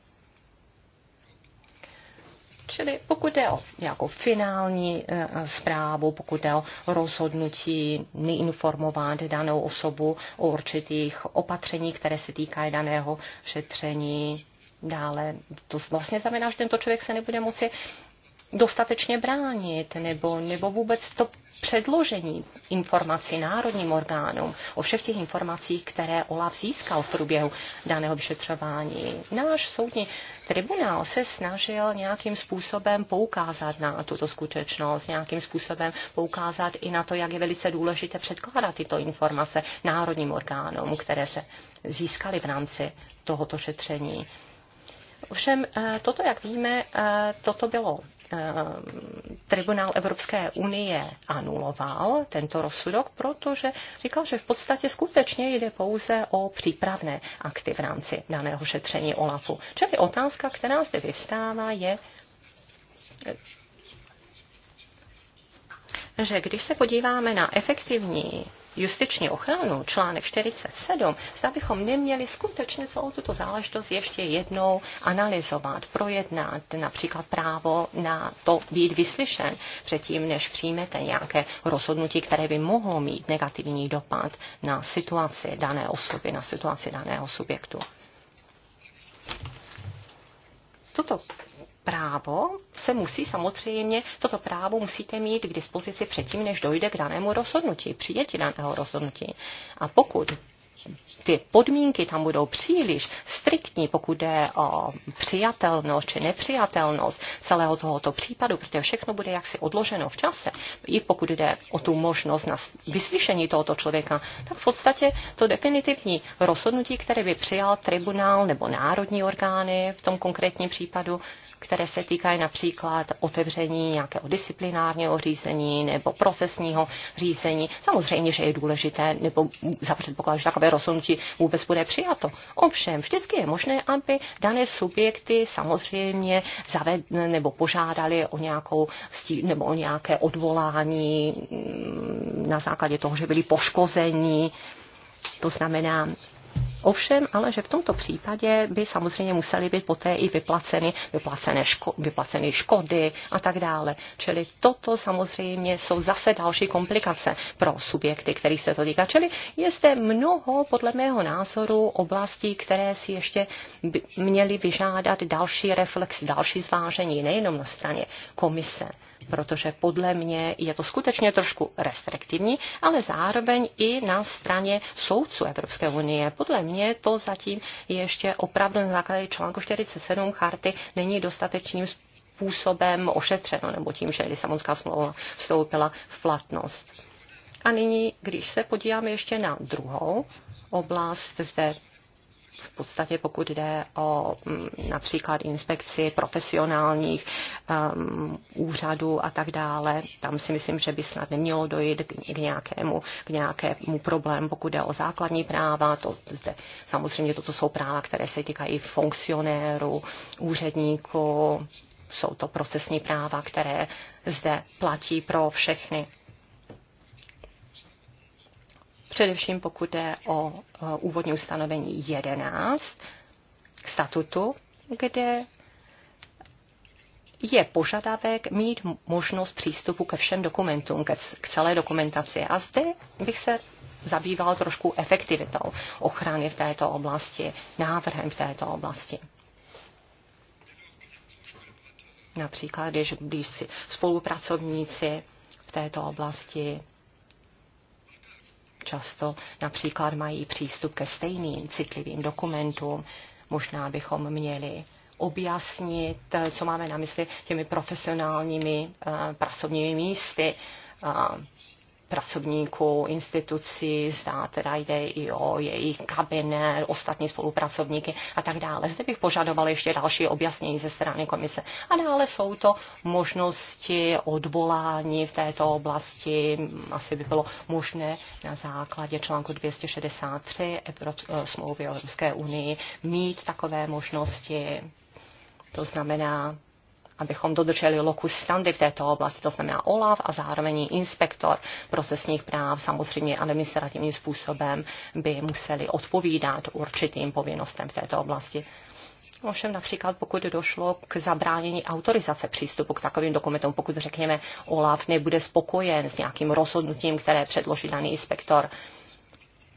Čili pokud jde o nějakou finální e, zprávu, pokud jde o rozhodnutí neinformovat danou osobu o určitých opatření, které se týkají daného šetření, dále. To vlastně znamená, že tento člověk se nebude moci dostatečně bránit, nebo, nebo vůbec to předložení informací národním orgánům o všech těch informacích, které OLAF získal v průběhu daného vyšetřování. Náš soudní tribunál se snažil nějakým způsobem poukázat na tuto skutečnost, nějakým způsobem poukázat i na to, jak je velice důležité předkládat tyto informace národním orgánům, které se získaly v rámci tohoto šetření. Ovšem, eh, toto, jak víme, eh, toto bylo eh, Tribunál Evropské unie anuloval tento rozsudok, protože říkal, že v podstatě skutečně jde pouze o přípravné akty v rámci daného šetření OLAFu. Čili otázka, která zde vyvstává, je, že když se podíváme na efektivní justiční ochranu, článek 47, zda bychom neměli skutečně celou tuto záležitost ještě jednou analyzovat, projednat například právo na to být vyslyšen předtím, než přijmete nějaké rozhodnutí, které by mohlo mít negativní dopad na situaci dané osoby, na situaci daného subjektu. Toto právo se musí samozřejmě, toto právo musíte mít k dispozici předtím, než dojde k danému rozhodnutí, přijetí daného rozhodnutí. A pokud ty podmínky tam budou příliš striktní, pokud jde o přijatelnost či nepřijatelnost celého tohoto případu, protože všechno bude jaksi odloženo v čase, i pokud jde o tu možnost na vyslyšení tohoto člověka, tak v podstatě to definitivní rozhodnutí, které by přijal tribunál nebo národní orgány v tom konkrétním případu, které se týkají například otevření nějakého disciplinárního řízení nebo procesního řízení. Samozřejmě, že je důležité, nebo za předpokladu, že takové rozhodnutí vůbec bude přijato. Ovšem, vždycky je možné, aby dané subjekty samozřejmě zaved, nebo požádali o nějakou stí, nebo o nějaké odvolání mm, na základě toho, že byli poškozeni. To znamená, Ovšem, ale že v tomto případě by samozřejmě musely být poté i vyplaceny, vyplacené, ško, vyplaceny škody a tak dále. Čili toto samozřejmě jsou zase další komplikace pro subjekty, který se to týká. Čili je zde mnoho, podle mého názoru, oblastí, které si ještě měly vyžádat další reflex, další zvážení, nejenom na straně komise, protože podle mě je to skutečně trošku restriktivní, ale zároveň i na straně soudců Evropské unie. Podle mě to zatím ještě opravdu na základě článku 47 charty není dostatečným způsobem ošetřeno, nebo tím, že Lisabonská smlouva vstoupila v platnost. A nyní, když se podíváme ještě na druhou oblast, zde v podstatě pokud jde o mm, například inspekci profesionálních um, úřadů a tak dále, tam si myslím, že by snad nemělo dojít k nějakému, k nějakému problému, pokud jde o základní práva, to zde samozřejmě toto jsou práva, které se týkají funkcionérů, úředníků, jsou to procesní práva, které zde platí pro všechny především pokud jde o e, úvodní ustanovení 11 statutu, kde je požadavek mít možnost přístupu ke všem dokumentům, ke, k celé dokumentaci. A zde bych se zabýval trošku efektivitou ochrany v této oblasti, návrhem v této oblasti. Například, když blízci spolupracovníci v této oblasti často například mají přístup ke stejným citlivým dokumentům. Možná bychom měli objasnit, co máme na mysli těmi profesionálními eh, pracovními místy, pracovníků institucí, zda teda jde i o jejich kabinet, ostatní spolupracovníky a tak dále. Zde bych požadoval ještě další objasnění ze strany komise. A dále jsou to možnosti odvolání v této oblasti. Asi by bylo možné na základě článku 263 Evrop- eh, smlouvy o Evropské unii mít takové možnosti. To znamená, abychom dodrželi lokus standy v této oblasti, to znamená OLAV a zároveň inspektor procesních práv samozřejmě administrativním způsobem by museli odpovídat určitým povinnostem v této oblasti. Ovšem například pokud došlo k zabránění autorizace přístupu k takovým dokumentům, pokud řekněme OLAF nebude spokojen s nějakým rozhodnutím, které předloží daný inspektor,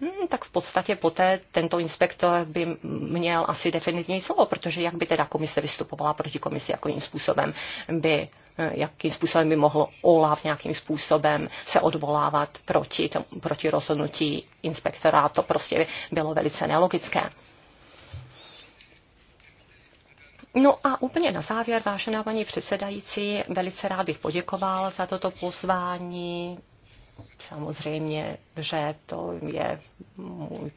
Mm, tak v podstatě poté tento inspektor by měl asi definitivní slovo, protože jak by teda komise vystupovala proti komisi, jakým způsobem by eh, jakým způsobem by mohl OLAF nějakým způsobem se odvolávat proti, tom, proti rozhodnutí inspektora. To prostě bylo velice nelogické. No a úplně na závěr, vážená paní předsedající, velice rád bych poděkoval za toto pozvání Samozřejmě, že to je můj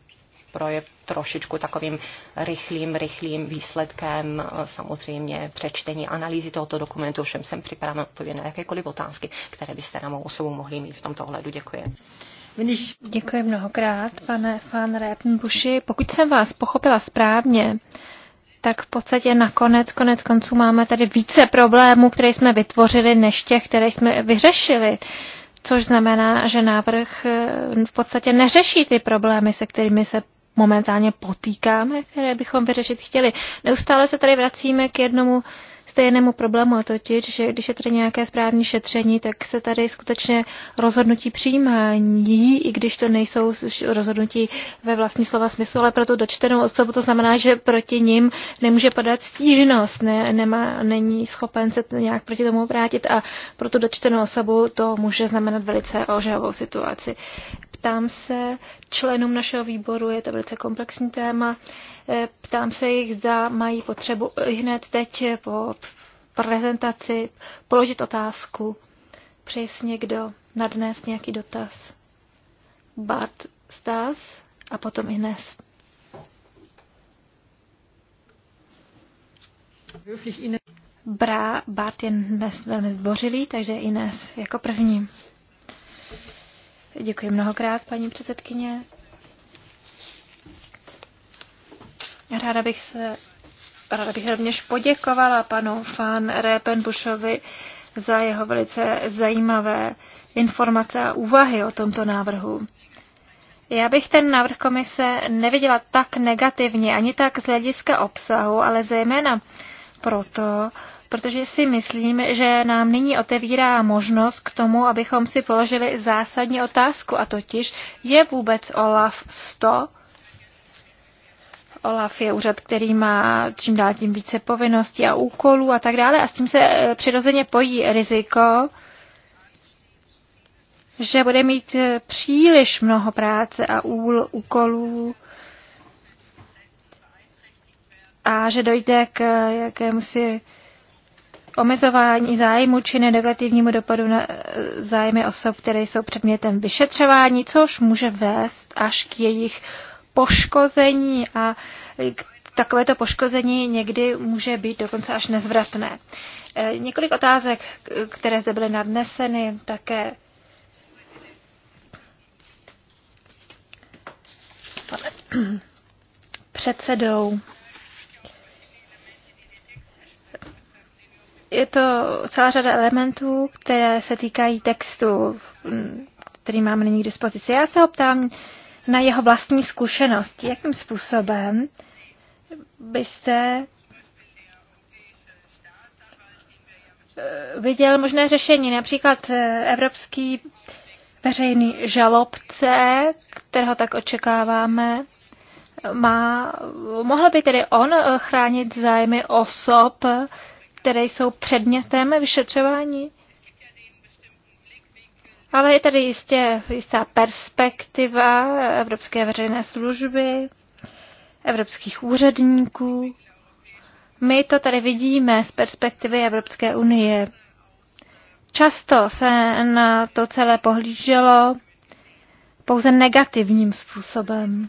projev trošičku takovým rychlým, rychlým výsledkem samozřejmě přečtení analýzy tohoto dokumentu. Všem jsem připravena odpovědět na jakékoliv otázky, které byste na mou osobu mohli mít v tomto ohledu. Děkuji. Děkuji mnohokrát, pane Fan Répenbuši. Pokud jsem vás pochopila správně, tak v podstatě nakonec, konec konců máme tady více problémů, které jsme vytvořili, než těch, které jsme vyřešili. Uh, což znamená, že návrh eh, v podstatě neřeší ty problémy, se kterými se momentálně potýkáme, které bychom vyřešit chtěli. Neustále se tady vracíme k jednomu stejnému problému, totiž, že když je tady nějaké správní šetření, tak se tady skutečně rozhodnutí přijímání, i když to nejsou rozhodnutí ve vlastní slova smyslu, ale pro tu dočtenou osobu to znamená, že proti ním nemůže padat stížnost, ne, nemá, není schopen se nějak proti tomu vrátit a pro tu dočtenou osobu to může znamenat velice ožehovou situaci. Ptám se členům našeho výboru, je to velice komplexní téma, Eh, ptám se jich, zda mají potřebu hned teď po prezentaci položit otázku. Přeji si někdo nadnést nějaký dotaz. Bart Stas a potom Ines. Bra, Bart je dnes velmi zdvořilý, takže Ines jako první. Děkuji mnohokrát, paní předsedkyně. Ráda bych se ráda bych rovněž poděkovala panu Fan Répenbušovi za jeho velice zajímavé informace a úvahy o tomto návrhu. Já bych ten návrh komise neviděla tak negativně, ani tak z hlediska obsahu, ale zejména proto, protože si myslím, že nám nyní otevírá možnost k tomu, abychom si položili zásadní otázku, a totiž je vůbec OLAF 100 OLAF je úřad, který má čím dál tím více povinností a úkolů a tak dále a s tím se eh, přirozeně pojí riziko, že bude mít eh, příliš mnoho práce a úl, úkolů a že dojde k eh, jakému si omezování zájmu či negativnímu dopadu na zájmy osob, které jsou předmětem vyšetřování, což může vést až k jejich poškození a takovéto poškození někdy může být dokonce až nezvratné. E, několik otázek, které zde byly nadneseny, také předsedou. Je to celá řada elementů, které se týkají textu, který máme nyní k dispozici. Já se optám, na jeho vlastní zkušenosti. Jakým způsobem byste eh, viděl možné řešení, například eh, evropský veřejný žalobce, kterého tak očekáváme, má, mohl by tedy on eh, chránit zájmy osob, které jsou předmětem vyšetřování? Ale je tady jistě jistá perspektiva Evropské veřejné služby, evropských úředníků. My to tady vidíme z perspektivy Evropské unie. Často se na to celé pohlíželo pouze negativním způsobem.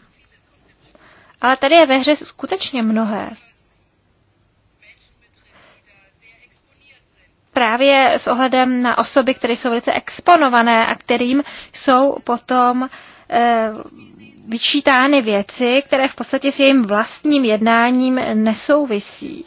Ale tady je ve hře skutečně mnohé. právě s ohledem na osoby, které jsou velice exponované a kterým jsou potom eh, vyčítány věci, které v podstatě s jejím vlastním jednáním nesouvisí.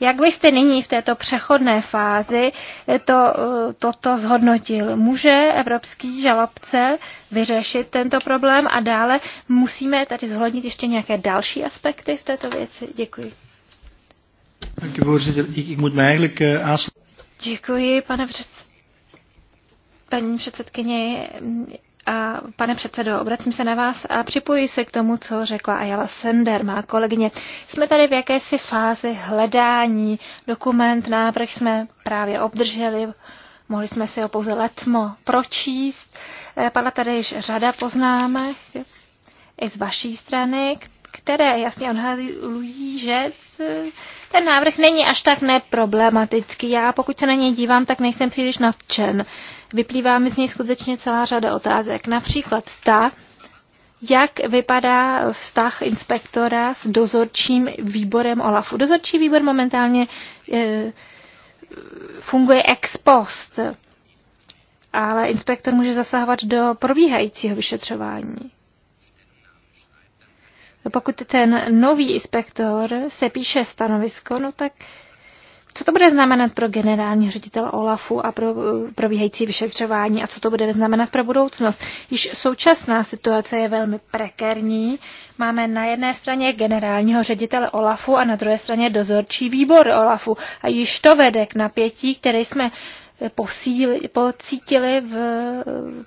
Jak byste nyní v této přechodné fázi eh, to, eh, toto zhodnotil? Může evropský žalobce vyřešit tento problém a dále musíme tady zhodnotit ještě nějaké další aspekty v této věci? Děkuji. Děkuji, pane před... paní předsedkyně a pane předsedo, obracím se na vás a připojuji se k tomu, co řekla Ayala Sender, má kolegyně. Jsme tady v jakési fázi hledání. Dokument, návrh jsme právě obdrželi, mohli jsme si ho pouze letmo pročíst. Eh, padla tady již řada poznámek i z vaší strany, které jasně odhalují, že ten návrh není až tak neproblematický. Já pokud se na něj dívám, tak nejsem příliš nadčen. Vyplývá mi z něj skutečně celá řada otázek. Například ta, jak vypadá vztah inspektora s dozorčím výborem OLAFu. Dozorčí výbor momentálně e, funguje ex post, ale inspektor může zasahovat do probíhajícího vyšetřování. No, pokud ten nový inspektor se píše stanovisko, no tak co to bude znamenat pro generální ředitel OLAFu a pro eh, probíhající vyšetřování a co to bude znamenat pro budoucnost? Již současná situace je velmi prekérní. Máme na jedné straně generálního ředitele OLAFu a na druhé straně dozorčí výbor OLAFu. A již to vede k napětí, které jsme posíli, pocítili v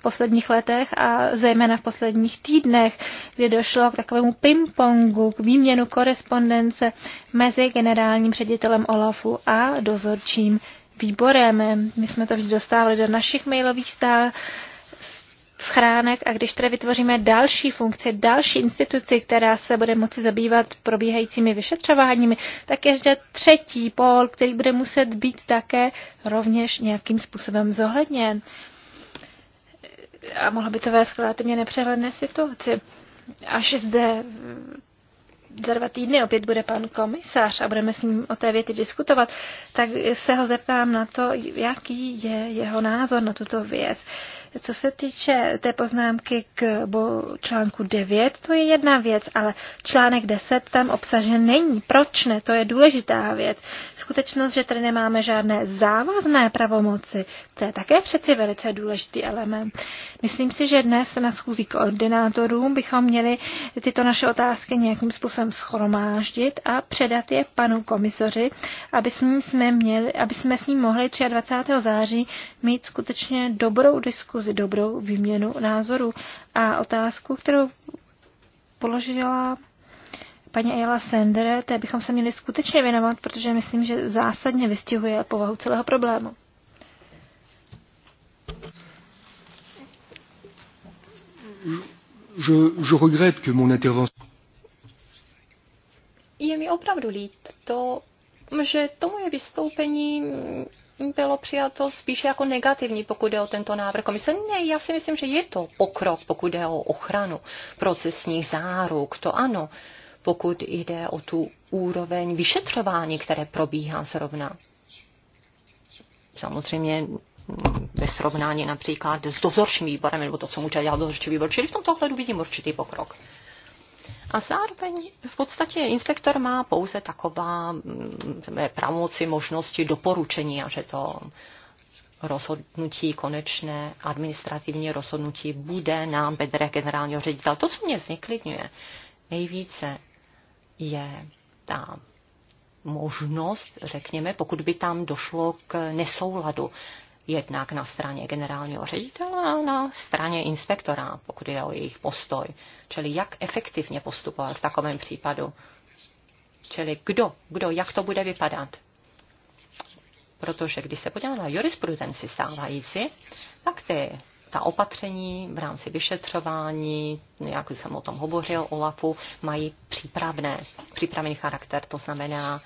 posledních letech a zejména v posledních týdnech, kdy došlo k takovému pingpongu, k výměnu korespondence mezi generálním ředitelem Olafu a dozorčím výborem. My jsme to vždy dostávali do našich mailových schránek a když tedy vytvoříme další funkci, další instituci, která se bude moci zabývat probíhajícími vyšetřováními, tak je zde třetí pol, který bude muset být také rovněž nějakým způsobem zohledněn. A mohlo by to vést k relativně nepřehledné situaci. Až zde za dva týdny opět bude pan komisař a budeme s ním o té věci diskutovat, tak se ho zeptám na to, jaký je jeho názor na tuto věc. Uh, co se týče té poznámky k článku 9, to je jedna věc, ale článek 10 tam obsažen není. Proč ne? To je důležitá věc. Skutečnost, že tady nemáme žádné závazné pravomoci, to je také přeci velice důležitý element. Myslím si, že dnes na schůzí koordinátorům bychom měli tyto naše otázky nějakým způsobem schromáždit a předat je panu komisoři, aby, s ním jsme měli, aby jsme s ním mohli 23. září mít skutečně dobrou diskuzi dobrou výměnu názoru A otázku, kterou položila paní Ayala Sender, té bychom se měli skutečně věnovat, protože myslím, že zásadně vystihuje povahu celého problému. Je, je regrette que mon intervention... Je mi opravdu líto, že to moje vystoupení bylo přijato spíše jako negativní, pokud jde o tento návrh komise. Ne, já si myslím, že je to pokrok, pokud jde o ochranu procesních záruk, to ano, pokud jde o tu úroveň vyšetřování, které probíhá zrovna. Samozřejmě ve srovnání například s dozorčím výborem, nebo to, co může dělat dozorčí výbor. Čili v tomto ohledu vidím určitý pokrok. A zároveň v podstatě inspektor má pouze taková mm, pravomoci, možnosti, doporučení a že to rozhodnutí, konečné administrativní rozhodnutí bude na bedre generálního ředitele. To, co mě zneklidňuje nejvíce, je ta možnost, řekněme, pokud by tam došlo k nesouladu jednak na straně generálního ředitele a na straně inspektora, pokud je o jejich postoj. Čili jak efektivně postupovat v takovém případu. Čili kdo, kdo, jak to bude vypadat. Protože když se podíváme na jurisprudenci stávající, tak ty ta opatření v rámci vyšetřování, jak jsem o tom hovořil, OLAFu, mají přípravné, přípravný charakter, to znamená,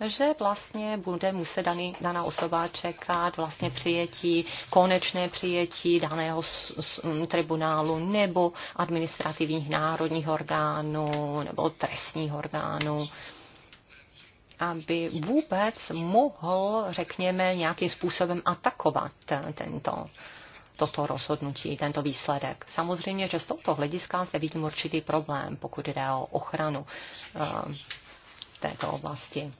že vlastně bude muset daný, daná osoba čekat vlastně přijetí, konečné přijetí daného mm, tribunálu nebo administrativních národních orgánů nebo trestních orgánů aby vůbec mohl, řekněme, nějakým způsobem atakovat tento, toto rozhodnutí, tento výsledek. Samozřejmě, že z tohoto hlediska zde vidím určitý problém, pokud jde o ochranu uh, této oblasti.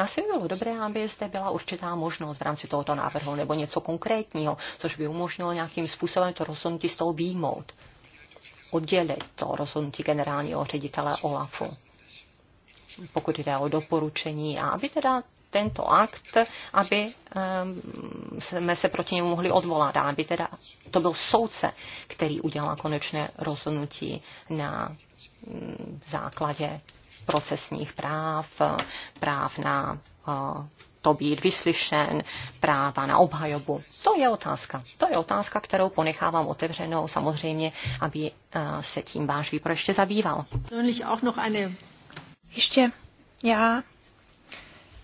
Asi by bylo dobré, aby zde byla určitá možnost v rámci tohoto návrhu nebo něco konkrétního, což by umožnilo nějakým způsobem to rozhodnutí z toho výjmout, oddělit to rozhodnutí generálního ředitele OLAFu pokud jde o doporučení a aby teda tento akt, aby um, jsme se proti němu mohli odvolat a aby teda to byl soudce, který udělal konečné rozhodnutí na um, základě procesních práv, práv na eh, to být vyslyšen, práva na obhajobu. To je otázka. To je otázka, kterou ponechávám otevřenou samozřejmě, aby eh, se tím váš výbor ještě zabýval. Ještě já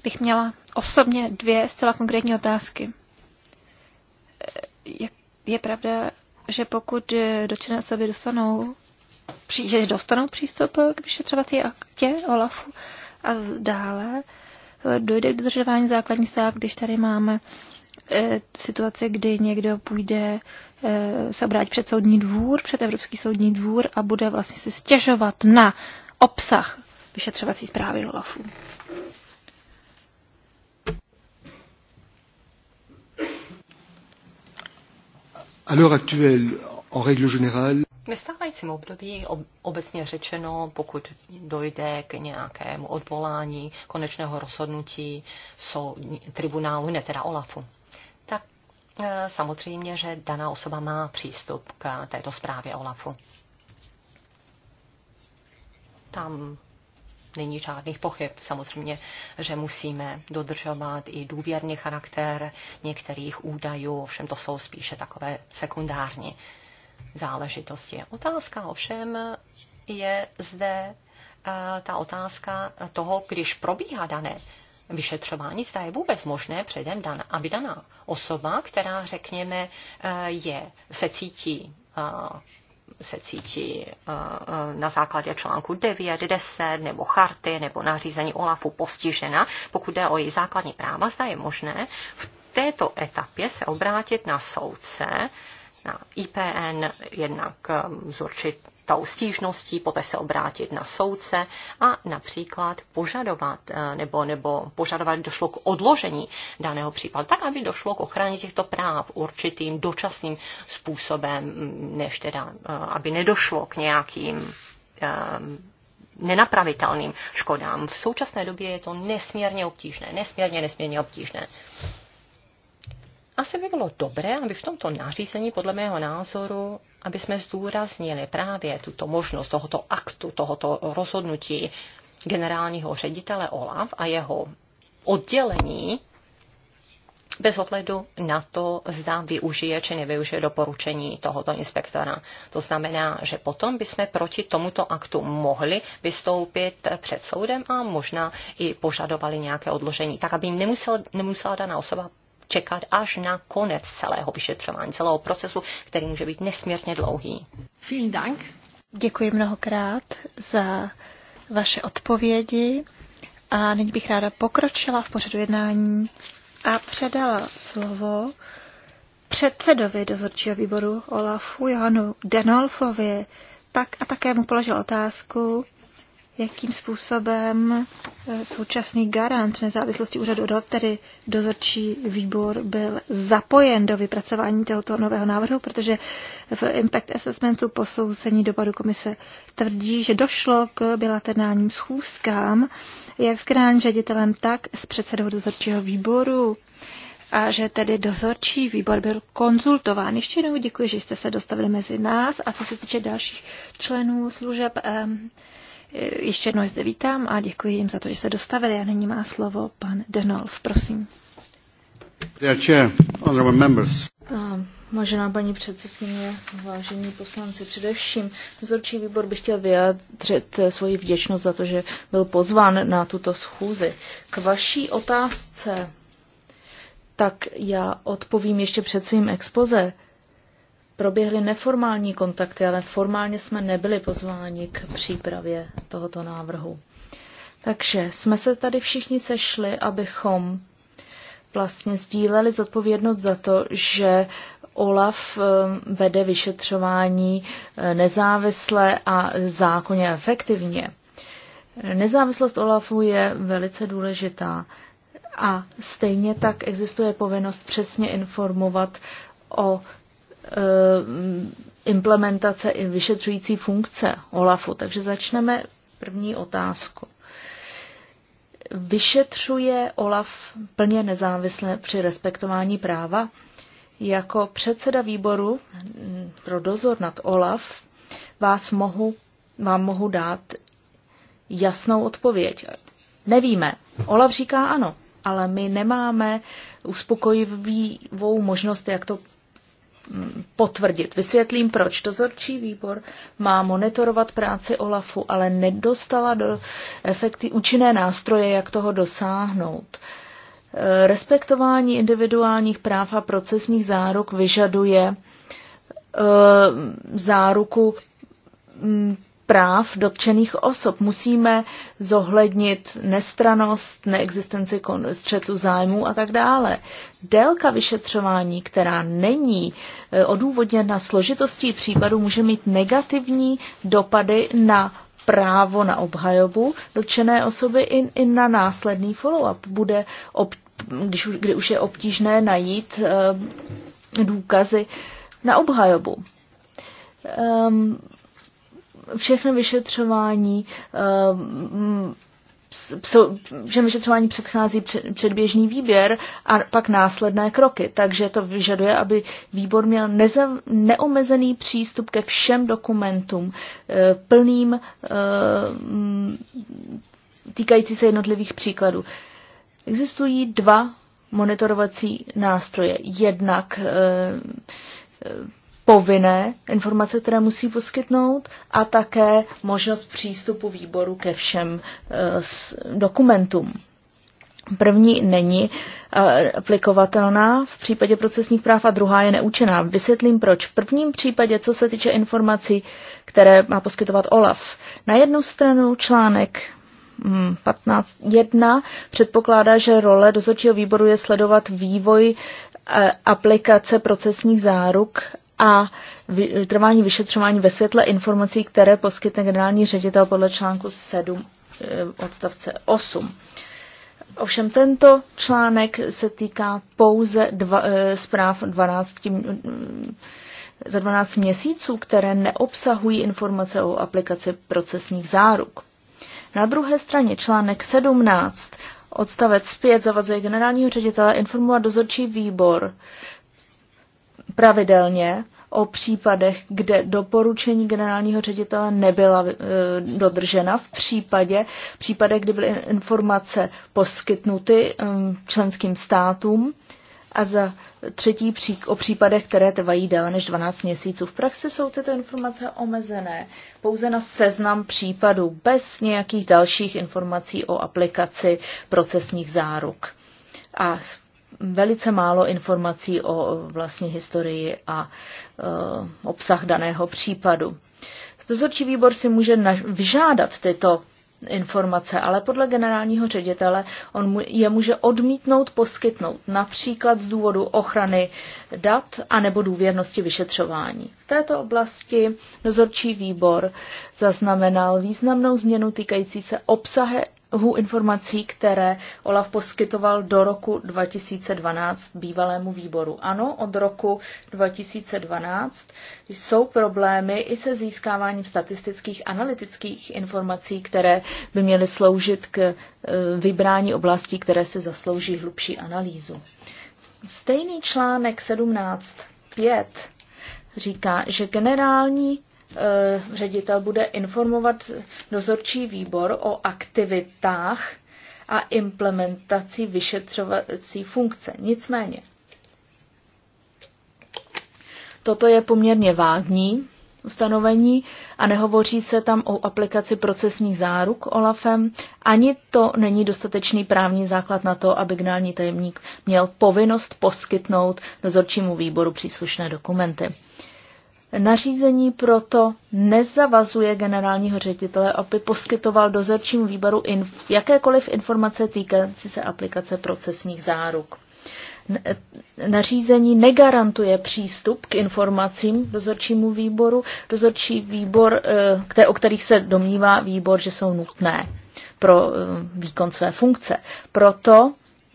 bych měla osobně dvě zcela konkrétní otázky. Eh, je, je pravda, že pokud dočené osoby dostanou že dostanou přístup k vyšetřovací aktě OLAFu a dále eh, dojde k dodržování základních stáv, když tady máme eh, situace, kdy někdo půjde eh, se obrátit před soudní dvůr, před Evropský soudní dvůr a bude vlastně se stěžovat na obsah vyšetřovací zprávy OLAFu. À l'heure actuelle, en règle générale, ve stávajícím období obecně řečeno, pokud dojde k nějakému odvolání konečného rozhodnutí jsou tribunálu, ne teda OLAFu, tak e, samozřejmě, že daná osoba má přístup k této zprávě OLAFu. Tam není žádných pochyb. Samozřejmě, že musíme dodržovat i důvěrný charakter některých údajů, ovšem to jsou spíše takové sekundární záležitosti. Otázka ovšem je zde eh, ta otázka toho, když probíhá dané vyšetřování, zda je vůbec možné předem dan, aby daná osoba, která, řekněme, eh, je, se cítí eh, se cítí na základě článku 9, 10 nebo charty nebo nařízení OLAFu postižena, pokud jde o její základní práva, zda je možné v této etapě se obrátit na soudce na IPN, jednak z um, určitou stížností, poté se obrátit na soudce a například požadovat uh, nebo, nebo požadovat, došlo k odložení daného případu, tak aby došlo k ochraně těchto práv určitým dočasným způsobem, mm, než teda, uh, aby nedošlo k nějakým um, nenapravitelným škodám. V současné době je to nesmírně obtížné, nesmírně, nesmírně obtížné. Asi by bylo dobré, aby v tomto nařízení, podle mého názoru, aby jsme zdůraznili právě tuto možnost tohoto aktu, tohoto rozhodnutí generálního ředitele OLAF a jeho oddělení bez ohledu na to, zda využije či nevyužije doporučení tohoto inspektora. To znamená, že potom bychom proti tomuto aktu mohli vystoupit před soudem a možná i požadovali nějaké odložení, tak aby nemusel, nemusela daná osoba čekat až na konec celého vyšetřování, celého procesu, který může být nesmírně dlouhý. Vielen Dank. Děkuji mnohokrát za vaše odpovědi a nyní bych ráda pokročila v pořadu jednání a předala slovo předsedovi dozorčího výboru Olafu Johanu Denolfovi, tak a také mu položil otázku, jakým způsobem eh, současný garant nezávislosti úřadu DOT, tedy dozorčí výbor, byl zapojen do vypracování tohoto nového návrhu, protože v Impact Assessmentu posouzení dopadu komise tvrdí, že došlo k bilaterálním schůzkám, jak s generálním ředitelem, tak s předsedou dozorčího výboru a že tedy dozorčí výbor byl konzultován. Ještě jednou děkuji, že jste se dostavili mezi nás a co se týče dalších členů služeb, um, Eh, ještě jednou zde vítám a děkuji jim za to, že se dostavili. A nyní má slovo pan Denolf, prosím. možná paní předsedkyně, vážení poslanci, především dozorčí výbor by chtěl vyjádřit eh, svoji vděčnost za to, že byl pozván na tuto schůzi. K vaší otázce, tak já odpovím ještě před svým expoze proběhly neformální kontakty, ale formálně jsme nebyli pozváni k přípravě tohoto návrhu. Takže jsme se tady všichni sešli, abychom vlastně sdíleli zodpovědnost za to, že OLAF ehm, vede vyšetřování eh, nezávisle a zákonně efektivně. Nezávislost OLAFu je velice důležitá a stejně tak existuje povinnost přesně informovat o Eh, implementace i vyšetřující funkce OLAFu. Takže začneme první otázku. Vyšetřuje OLAF plně nezávisle při respektování práva? Jako předseda výboru pro dozor nad OLAF vás mohu, vám mohu dát jasnou odpověď. Nevíme. OLAF říká ano, ale my nemáme uspokojivou možnost, jak to potvrdit. Vysvětlím, proč. Dozorčí výbor má monitorovat práci OLAFu, ale nedostala do efekty účinné nástroje, jak toho dosáhnout. Eh, respektování individuálních práv a procesních záruk vyžaduje eh, záruku mm, práv dotčených osob. Musíme zohlednit nestranost, neexistenci střetu zájmů a tak dále. Délka vyšetřování, která není e, odůvodněna složitostí případu, může mít negativní dopady na právo na obhajobu dotčené osoby i, i na následný follow-up. Bude, ob, když, kdy už je obtížné najít e, důkazy na obhajobu. Um, všechny vyšetřování že eh, vyšetřování předchází předběžný výběr a pak následné kroky. Takže to vyžaduje, aby výbor měl neomezený přístup ke všem dokumentům, eh, plným eh, týkající se jednotlivých příkladů. Existují dva monitorovací nástroje. Jednak povinné informace, které musí poskytnout a také možnost přístupu výboru ke všem eh, dokumentům. První není eh, aplikovatelná v případě procesních práv a druhá je neúčená. Vysvětlím proč. V prvním případě, co se týče informací, které má poskytovat OLAF, na jednu stranu článek 15.1 hm, předpokládá, že role dozorčího výboru je sledovat vývoj eh, aplikace procesních záruk a trvání vyšetřování ve světle informací, které poskytne generální ředitel podle článku 7 eh, odstavce 8. Ovšem tento článek se týká pouze dva, eh, zpráv 12, mm, eh, za 12 měsíců, které neobsahují informace o aplikaci procesních záruk. Na druhé straně článek 17 odstavec 5 zavazuje generálního ředitele informovat dozorčí výbor pravidelně o případech, kde doporučení generálního ředitele nebyla e, dodržena v případě, v případech, kdy byly informace poskytnuty e, členským státům a za třetí pří, o případech, které trvají déle než 12 měsíců. V praxi jsou tyto informace omezené pouze na seznam případů, bez nějakých dalších informací o aplikaci procesních záruk. A velice málo informací o vlastní historii a e, obsah daného případu. Dozorčí výbor si může vyžádat tyto informace, ale podle generálního ředitele on je může odmítnout poskytnout, například z důvodu ochrany dat anebo důvěrnosti vyšetřování. V této oblasti dozorčí výbor zaznamenal významnou změnu týkající se obsahe, hu informací, které Olaf poskytoval do roku 2012 bývalému výboru. Ano, od roku 2012 jsou problémy i se získáváním statistických analytických informací, které by měly sloužit k e, vybrání oblastí, které se zaslouží hlubší analýzu. Stejný článek 17.5 říká, že generální Eh, ředitel bude informovat dozorčí výbor o aktivitách a implementaci vyšetřovací funkce. Nicméně, toto je poměrně vágní ustanovení a nehovoří se tam o aplikaci procesních záruk OLAFem. Ani to není dostatečný právní základ na to, aby generální tajemník měl povinnost poskytnout dozorčímu výboru příslušné dokumenty. Uh, Nařízení proto nezavazuje generálního ředitele, aby poskytoval dozorčímu výboru inf- jakékoliv informace týkající se aplikace procesních záruk. Nařízení negarantuje přístup k informacím dozorčímu výboru, dozorčí výbor, eh, o kterých se domnívá výbor, že jsou nutné pro eh, výkon své funkce. Proto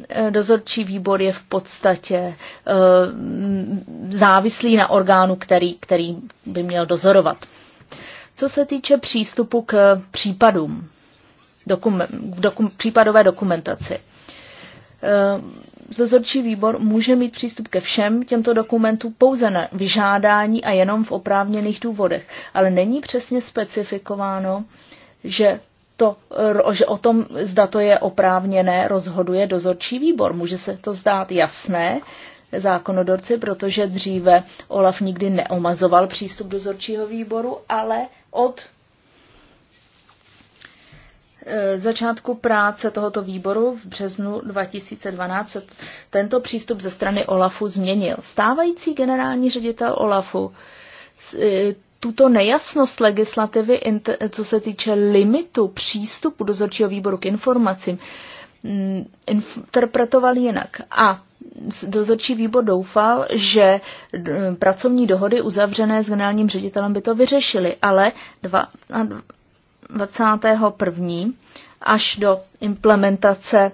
Eh, dozorčí výbor je v podstatě eh, závislý na orgánu, který, který by měl dozorovat. Co se týče přístupu k případům, dokum, dokum, případové dokumentaci, eh, dozorčí výbor může mít přístup ke všem těmto dokumentům pouze na vyžádání a jenom v oprávněných důvodech, ale není přesně specifikováno, že to, že o tom, zda to je oprávněné, rozhoduje dozorčí výbor. Může se to zdát jasné zákonodorci, protože dříve Olaf nikdy neomazoval přístup dozorčího výboru, ale od e, začátku práce tohoto výboru v březnu 2012 tento přístup ze strany Olafu změnil. Stávající generální ředitel Olafu e, tuto nejasnost legislativy, co se týče limitu přístupu dozorčího výboru k informacím, mm, interpretoval jinak. A dozorčí výbor doufal, že mm, pracovní dohody uzavřené s generálním ředitelem by to vyřešily, ale 21. až do implementace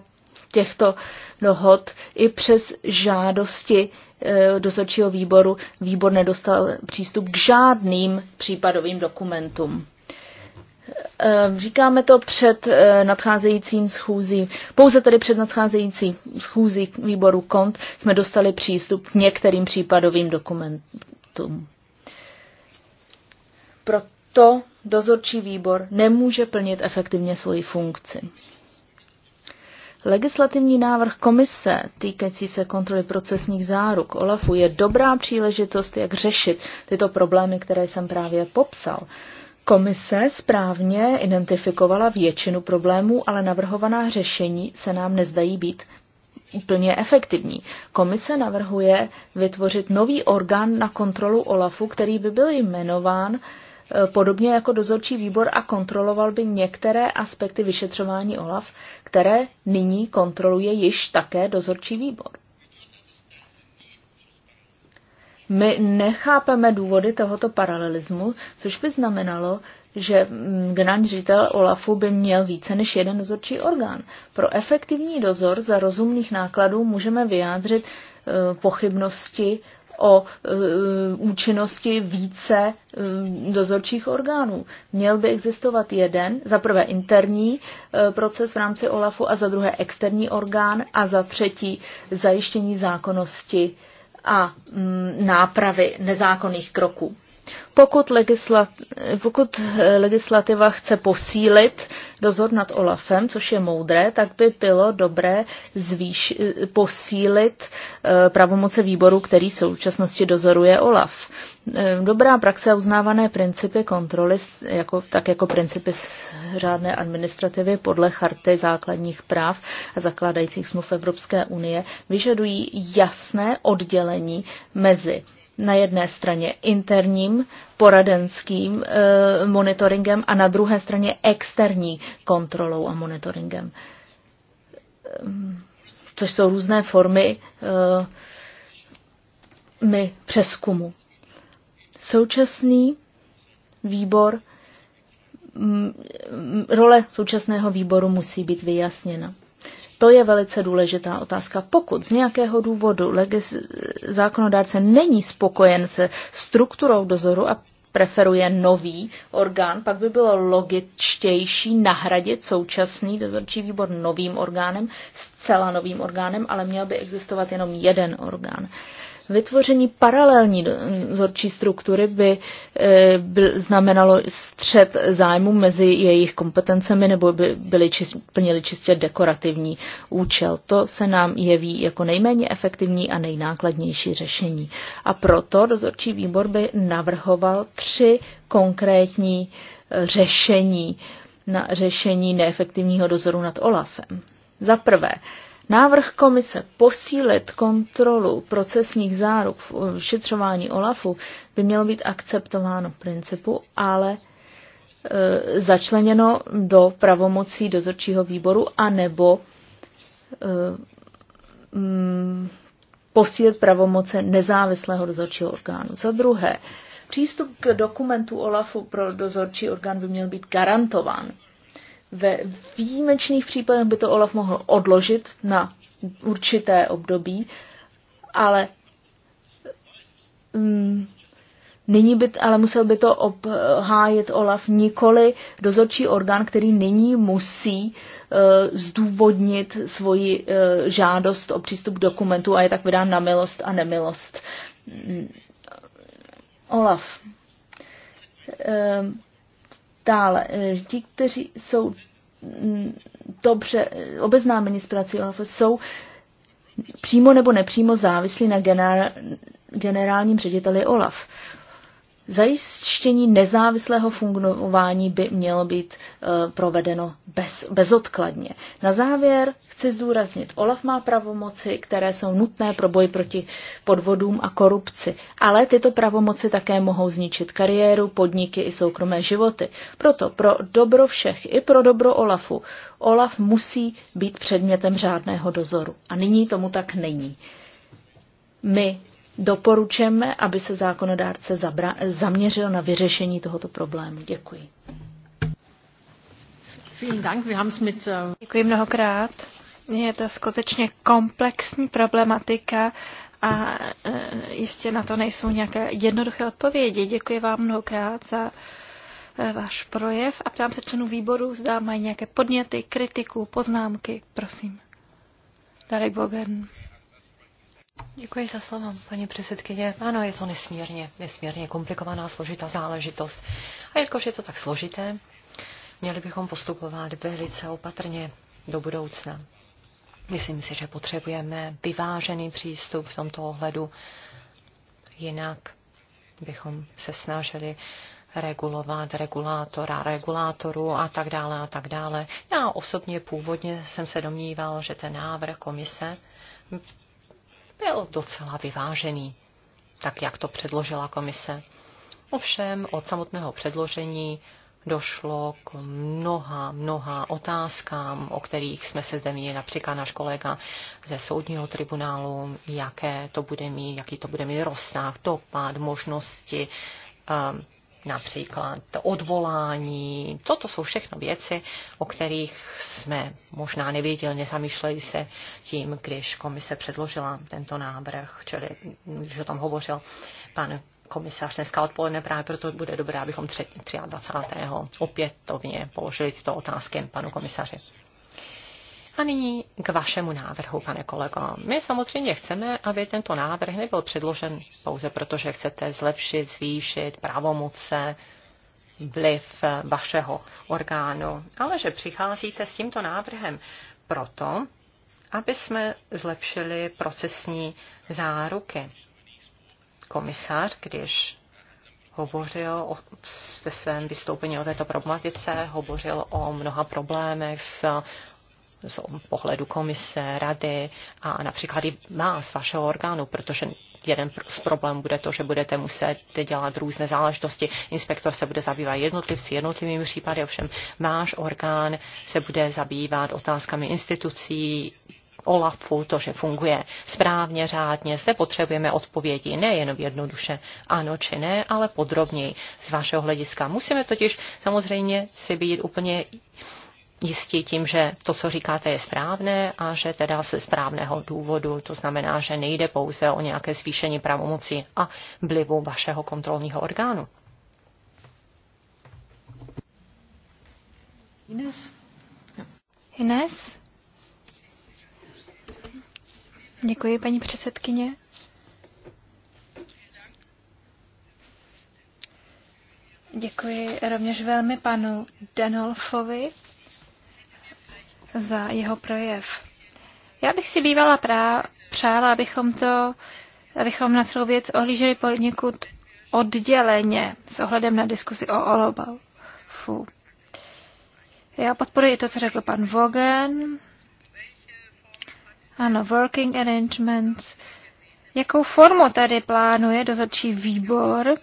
těchto dohod i přes žádosti Eh, dozorčího výboru výbor nedostal přístup k žádným případovým dokumentům. Eh, říkáme to před eh, nadcházejícím schůzí, pouze tedy před nadcházející schůzí výboru KONT jsme dostali přístup k některým případovým dokumentům. Proto dozorčí výbor nemůže plnit efektivně svoji funkci. Legislativní návrh komise týkající se kontroly procesních záruk OLAFu je dobrá příležitost, jak řešit tyto problémy, které jsem právě popsal. Komise správně identifikovala většinu problémů, ale navrhovaná řešení se nám nezdají být úplně efektivní. Komise navrhuje vytvořit nový orgán na kontrolu OLAFu, který by byl jmenován eh, podobně jako dozorčí výbor a kontroloval by některé aspekty vyšetřování OLAF, které nyní kontroluje již také dozorčí výbor. My nechápeme důvody tohoto paralelismu, což by znamenalo, že mm, generální ředitel OLAFu by měl více než jeden dozorčí orgán. Pro efektivní dozor za rozumných nákladů můžeme vyjádřit e, pochybnosti o eh, účinnosti více eh, dozorčích orgánů. Měl by existovat jeden, za prvé interní eh, proces v rámci OLAFu a za druhé externí orgán a za třetí zajištění zákonnosti a mm, nápravy nezákonných kroků. Pokud, legisla, pokud eh, legislativa chce posílit dozor nad OLAFem, což je moudré, tak by bylo dobré zvýš, posílit eh, pravomoce výboru, který v současnosti dozoruje OLAF. Eh, dobrá praxe a uznávané principy kontroly, jako, tak jako principy řádné administrativy podle charty základních práv a zakládajících smluv Evropské unie, vyžadují jasné oddělení mezi na jedné straně interním poradenským e, monitoringem a na druhé straně externí kontrolou a monitoringem. Ehm, což jsou různé formy e, my přeskumu. Současný výbor, mm, mm, role současného výboru musí být vyjasněna. To je velice důležitá otázka. Pokud z nějakého důvodu legis- zákonodárce není spokojen se strukturou dozoru a preferuje nový orgán, pak by bylo logičtější nahradit současný dozorčí výbor novým orgánem, zcela novým orgánem, ale měl by existovat jenom jeden orgán. Vytvoření paralelní dozorčí struktury eh, by znamenalo střed zájmu mezi jejich kompetencemi nebo by byly čist, plnili čistě dekorativní účel. To se nám jeví jako nejméně efektivní a nejnákladnější řešení. A proto dozorčí výbor by navrhoval tři konkrétní eh, řešení na řešení neefektivního dozoru nad OLAFem. Za prvé, Návrh komise posílit kontrolu procesních záruk v vyšetřování OLAFu by mělo být akceptováno principu, ale e, začleněno do pravomocí dozorčího výboru a nebo e, m, mm, posílit pravomoce nezávislého dozorčího orgánu. Za druhé, přístup k dokumentu OLAFu pro dozorčí orgán by měl být garantován ve výjimečných případech by to Olaf mohl odložit na určité období, ale mm, nyní by, ale musel by to obhájit Olaf nikoli dozorčí orgán, který nyní musí uh, zdůvodnit svoji uh, žádost o přístup k dokumentu a je tak vydán na milost a nemilost. Mm, Olaf. E, Dále, eh, ti, kteří jsou mm, dobře eh, obeznámeni s prací OLAFu, jsou přímo nebo nepřímo závislí na generálním řediteli OLAF. Zajištění nezávislého fungování by mělo být e, provedeno bez, bezodkladně. Na závěr chci zdůraznit, OLAF má pravomoci, které jsou nutné pro boj proti podvodům a korupci, ale tyto pravomoci také mohou zničit kariéru, podniky i soukromé životy. Proto pro dobro všech i pro dobro OLAFu OLAF musí být předmětem řádného dozoru. A nyní tomu tak není. My doporučujeme, aby se zákonodárce zaměřil na vyřešení tohoto problému. Děkuji. Äh, Děkuji mnohokrát. Je to skutečně komplexní problematika a e, jistě na to nejsou nějaké jednoduché odpovědi. Děkuji vám mnohokrát za e, váš projev a ptám se členů výboru, zda mají nějaké podněty, kritiku, poznámky. Prosím. Darek Bogen. Děkuji za slovo, paní předsedkyně. Ano, je to nesmírně, nesmírně komplikovaná, složitá záležitost. A jelikož je to tak složité, měli bychom postupovat velice opatrně do budoucna. Myslím si, že potřebujeme vyvážený přístup v tomto ohledu, jinak bychom se snažili regulovat regulátora, regulátoru a tak dále a tak dále. Já osobně původně jsem se domníval, že ten návrh komise byl docela vyvážený, tak jak to předložila komise. Ovšem od samotného předložení došlo k mnoha, mnoha otázkám, o kterých jsme se zde měli například náš kolega ze soudního tribunálu, jaké to bude mít, jaký to bude mít rozsah, dopad, možnosti, um, například odvolání. Toto jsou všechno věci, o kterých jsme možná nevěděli, nezamýšleli se tím, když komise předložila tento návrh, čili když o tom hovořil pan komisař dneska odpoledne, právě proto bude dobré, abychom 23. opětovně položili tyto otázky panu komisaři. A nyní k vašemu návrhu, pane kolego. My samozřejmě chceme, aby tento návrh nebyl předložen pouze proto, že chcete zlepšit, zvýšit pravomoce, vliv vašeho orgánu, ale že přicházíte s tímto návrhem proto, aby jsme zlepšili procesní záruky. Komisař, když hovořil o, ve svém vystoupení o této problematice, hovořil o mnoha problémech s z pohledu komise, rady a například i vás, vašeho orgánu, protože jeden z problémů bude to, že budete muset dělat různé záležitosti. Inspektor se bude zabývat jednotlivci, jednotlivými případy, ovšem váš orgán se bude zabývat otázkami institucí, OLAFu, to, že funguje správně, řádně. Zde potřebujeme odpovědi nejen jednoduše ano či ne, ale podrobněji z vašeho hlediska. Musíme totiž samozřejmě si být úplně jistí tím, že to, co říkáte, je správné a že teda se správného důvodu, to znamená, že nejde pouze o nějaké zvýšení pravomocí a vlivu vašeho kontrolního orgánu. Ines? Ines? Děkuji, paní předsedkyně. Děkuji rovněž velmi panu Danolfovi za jeho projev. Já bych si bývala prá- přála, abychom to, abychom na celou věc ohlíželi poněkud odděleně s ohledem na diskusi o Olobaufu. Já podporuji to, co řekl pan Vogen. Ano, working arrangements. Jakou formu tady plánuje dozorčí výbor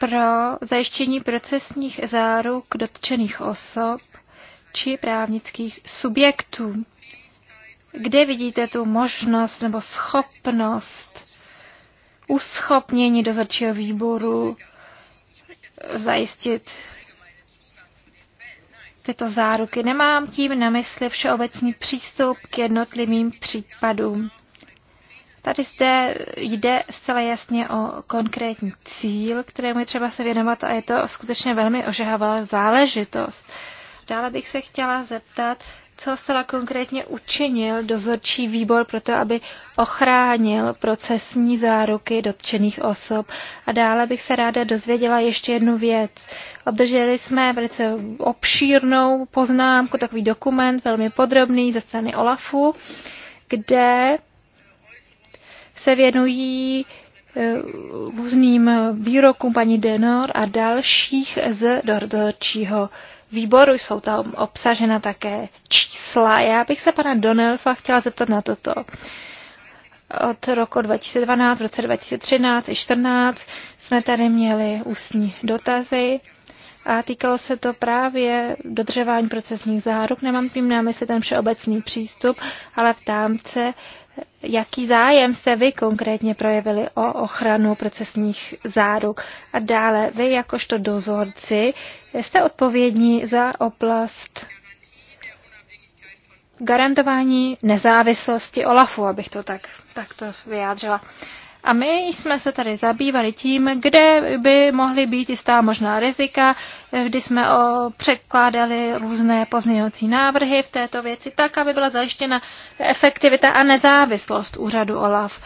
pro zajištění procesních záruk dotčených osob? či právnických subjektů. Kde vidíte tu možnost nebo schopnost uschopnění dozorčího výboru zajistit tyto záruky? Nemám tím na mysli všeobecný přístup k jednotlivým případům. Tady zde jde zcela jasně o konkrétní cíl, kterému je třeba se věnovat a je to skutečně velmi ožehavá záležitost. Dále bych se chtěla zeptat, co zcela konkrétně učinil dozorčí výbor pro to, aby ochránil procesní záruky dotčených osob. A dále bych se ráda dozvěděla ještě jednu věc. Obdrželi jsme velice obšírnou poznámku, takový dokument, velmi podrobný ze strany OLAFu, kde se věnují eh, různým výrokům paní Denor a dalších z dozorčího výboru jsou tam obsažena také čísla. Já bych se pana Donelfa chtěla zeptat na toto. Od roku 2012, v roce 2013 i 2014 jsme tady měli ústní dotazy a týkalo se to právě dodržování procesních záruk. Nemám tím na mysli ten všeobecný přístup, ale v támce jaký zájem jste vy konkrétně projevili o ochranu procesních záruk. A dále, vy jakožto dozorci jste odpovědní za oblast garantování nezávislosti OLAFu, abych to tak, takto vyjádřila. A my jsme se tady zabývali tím, kde by mohly být jistá možná rizika, kdy jsme o, překládali různé pozměňovací návrhy v této věci, tak, aby byla zajištěna efektivita a nezávislost úřadu OLAF.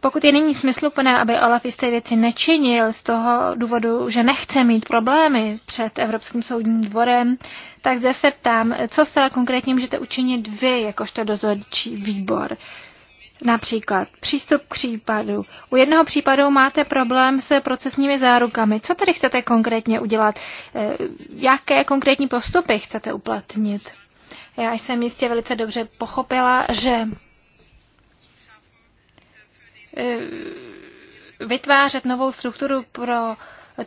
Pokud je nyní smysluplné, aby Olaf jisté věci nečinil z toho důvodu, že nechce mít problémy před Evropským soudním dvorem, tak zde se ptám, co se konkrétně můžete učinit vy, jakožto dozorčí výbor. Například přístup k případu. U jednoho případu máte problém se procesními zárukami. Co tedy chcete konkrétně udělat? Eh, jaké konkrétní postupy chcete uplatnit? Já jsem jistě velice dobře pochopila, že eh, vytvářet novou strukturu pro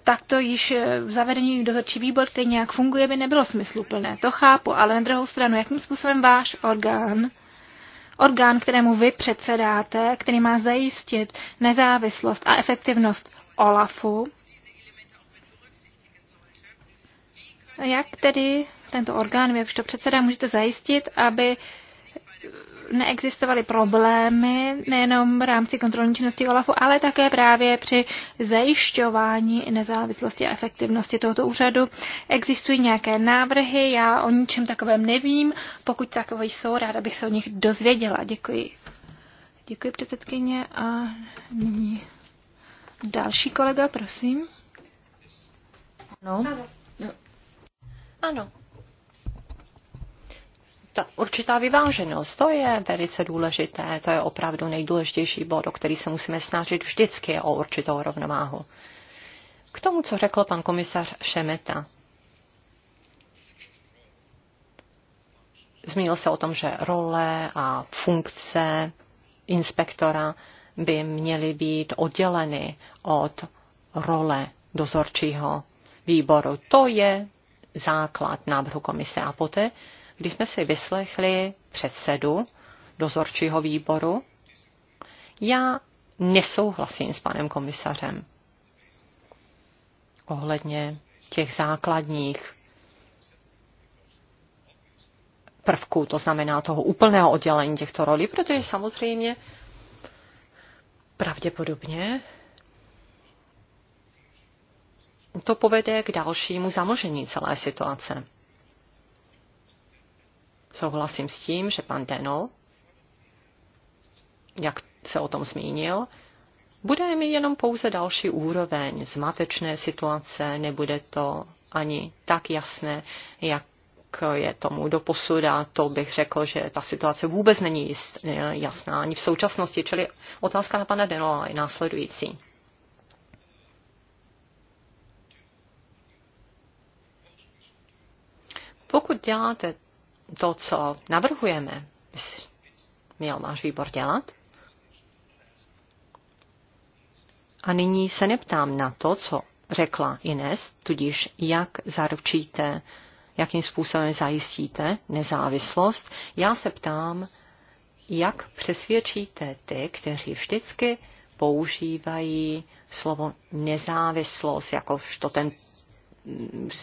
takto již eh, zavedený dozorčí výbor, který nějak funguje, by nebylo smysluplné. To chápu, ale na druhou stranu, jakým způsobem váš orgán Orgán, kterému vy předsedáte, který má zajistit nezávislost a efektivnost OLAFu, jak tedy tento orgán, vy to předseda, můžete zajistit, aby neexistovaly problémy nejenom v rámci kontrolní činnosti OLAFu, ale také právě při zajišťování nezávislosti a efektivnosti tohoto úřadu. Existují nějaké návrhy, já o ničem takovém nevím. Pokud takové jsou, ráda bych se o nich dozvěděla. Děkuji. Děkuji předsedkyně a nyní další kolega, prosím. Ano. Ano ta určitá vyváženost, to je velice důležité, to je opravdu nejdůležitější bod, o který se musíme snažit vždycky o určitou rovnováhu. K tomu, co řekl pan komisař Šemeta. Zmínil se o tom, že role a funkce inspektora by měly být odděleny od role dozorčího výboru. To je základ návrhu komise. A poté když jsme si vyslechli předsedu dozorčího výboru, já nesouhlasím s panem komisařem ohledně těch základních prvků, to znamená toho úplného oddělení těchto rolí, protože samozřejmě pravděpodobně to povede k dalšímu zamlžení celé situace. Souhlasím s tím, že pan Deno, jak se o tom zmínil, bude mi jenom pouze další úroveň zmatečné situace, nebude to ani tak jasné, jak je tomu do posuda, to bych řekl, že ta situace vůbec není jist, jasná ani v současnosti. Čili otázka na pana Denola je následující. Pokud děláte to, co navrhujeme, měl náš výbor dělat? A nyní se neptám na to, co řekla Ines, tudíž jak zaručíte, jakým způsobem zajistíte nezávislost. Já se ptám, jak přesvědčíte ty, kteří vždycky používají slovo nezávislost, jakožto ten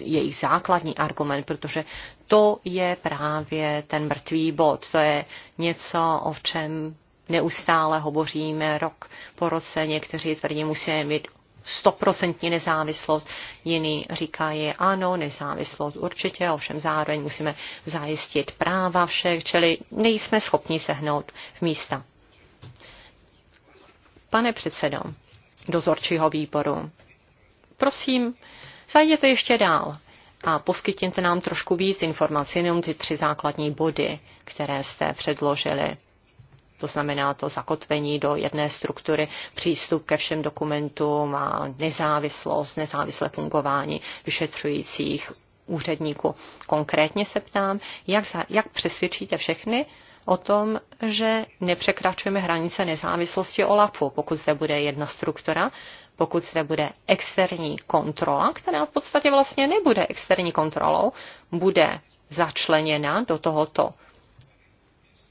jejich základní argument, protože to je právě ten mrtvý bod. To je něco, o čem neustále hovoříme rok po roce. Někteří tvrdí, musíme mít stoprocentní nezávislost, jiný říkají ano, nezávislost určitě, ovšem zároveň musíme zajistit práva všech, čili nejsme schopni sehnout v místa. Pane předsedo dozorčího výboru, prosím, Zajděte ještě dál a poskytněte nám trošku víc informací, jenom ty tři základní body, které jste předložili. To znamená to zakotvení do jedné struktury, přístup ke všem dokumentům a nezávislost, nezávislé fungování vyšetřujících úředníků. Konkrétně se ptám, jak, za, jak přesvědčíte všechny o tom, že nepřekračujeme hranice nezávislosti OLAFu, pokud zde bude jedna struktura, pokud zde bude externí kontrola, která v podstatě vlastně nebude externí kontrolou, bude začleněna do tohoto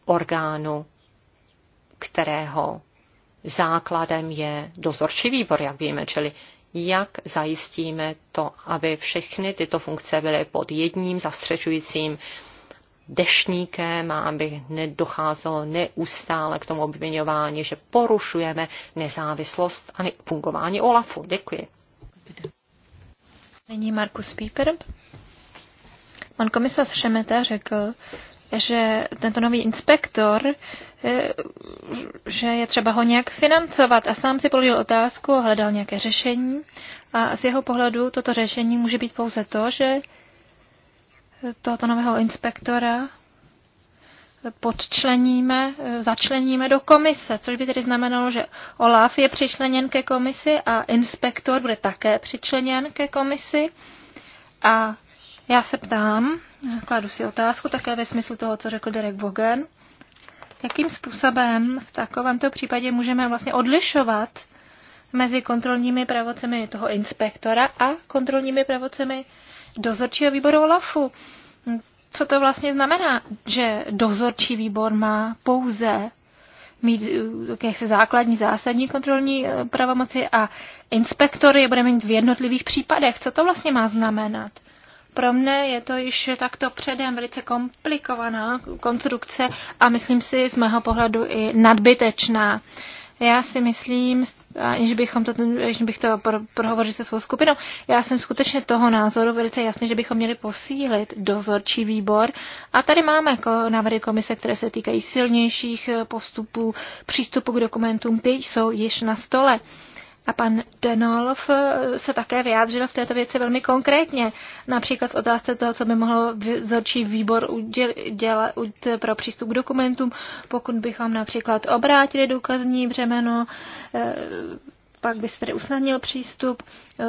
orgánu, kterého základem je dozorčí výbor, jak víme, čili jak zajistíme to, aby všechny tyto funkce byly pod jedním zastřečujícím dešníkem a aby nedocházelo neustále k tomu obvinování, že porušujeme nezávislost a fungování OLAFu. Děkuji. Nyní Markus Pieper. Pan komisař Šemeta řekl, že tento nový inspektor, eh, že je třeba ho nějak financovat a sám si položil otázku, hledal nějaké řešení a z jeho pohledu toto řešení může být pouze to, že tohoto nového inspektora podčleníme, začleníme do komise, což by tedy znamenalo, že OLAF je přičleněn ke komisi a inspektor bude také přičleněn ke komisi. A já se ptám, kladu si otázku také ve smyslu toho, co řekl Derek Vogen, jakým způsobem v takovémto případě můžeme vlastně odlišovat mezi kontrolními pravocemi toho inspektora a kontrolními pravocemi dozorčího výboru OLAFu. Co to vlastně znamená, že dozorčí výbor má pouze mít eh, jakési základní zásadní kontrolní eh, pravomoci a inspektory bude mít v jednotlivých případech. Co to vlastně má znamenat? Pro mne je to již takto předem velice komplikovaná konstrukce a myslím si z mého pohledu i nadbytečná. Uh, já si myslím, aniž, bychom to, aniž bych to pro, prohovořil se svou skupinou, já jsem skutečně toho názoru velice jasně, že bychom měli posílit dozorčí výbor. A tady máme návrhy komise, které se týkají silnějších postupů, přístupu k dokumentům, ty jsou již na stole. A pan Denolf eh, se také vyjádřil v této věci velmi konkrétně, například v otázce toho, co by mohl dozorčí výbor udělat pro přístup k dokumentům, pokud bychom například obrátili důkazní břemeno, eh, pak by se tedy usnadnil přístup. Eh,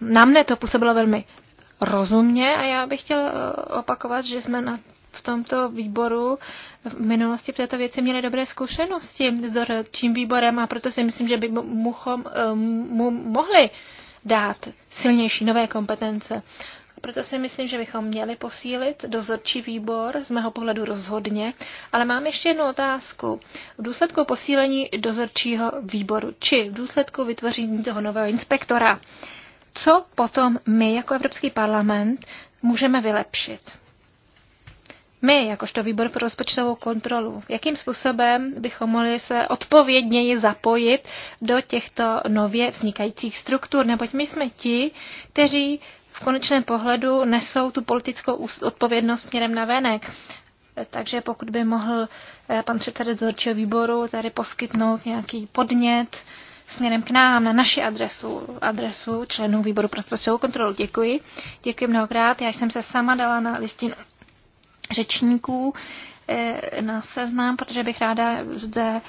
na mne to působilo velmi rozumně a já bych chtěl opakovat, že jsme na v tomto výboru v minulosti v této věci měli dobré zkušenosti s doročím výborem a proto si myslím, že by mu, um, mu mohli dát silnější nové kompetence. Proto si myslím, že bychom měli posílit dozorčí výbor, z mého pohledu rozhodně. Ale mám ještě jednu otázku. V důsledku posílení dozorčího výboru, či v důsledku vytvoření toho nového inspektora, co potom my jako Evropský parlament můžeme vylepšit? my, jakožto výbor pro rozpočtovou kontrolu, jakým způsobem bychom mohli se odpovědněji zapojit do těchto nově vznikajících struktur, neboť my jsme ti, kteří v konečném pohledu nesou tu politickou odpovědnost směrem na venek. Takže pokud by mohl eh, pan předseda dozorčího výboru tady poskytnout nějaký podnět směrem k nám, na naši adresu, adresu členů výboru pro rozpočtovou kontrolu. Děkuji. Děkuji mnohokrát. Já jsem se sama dala na listinu řečníků eh, na seznam, protože bych ráda zde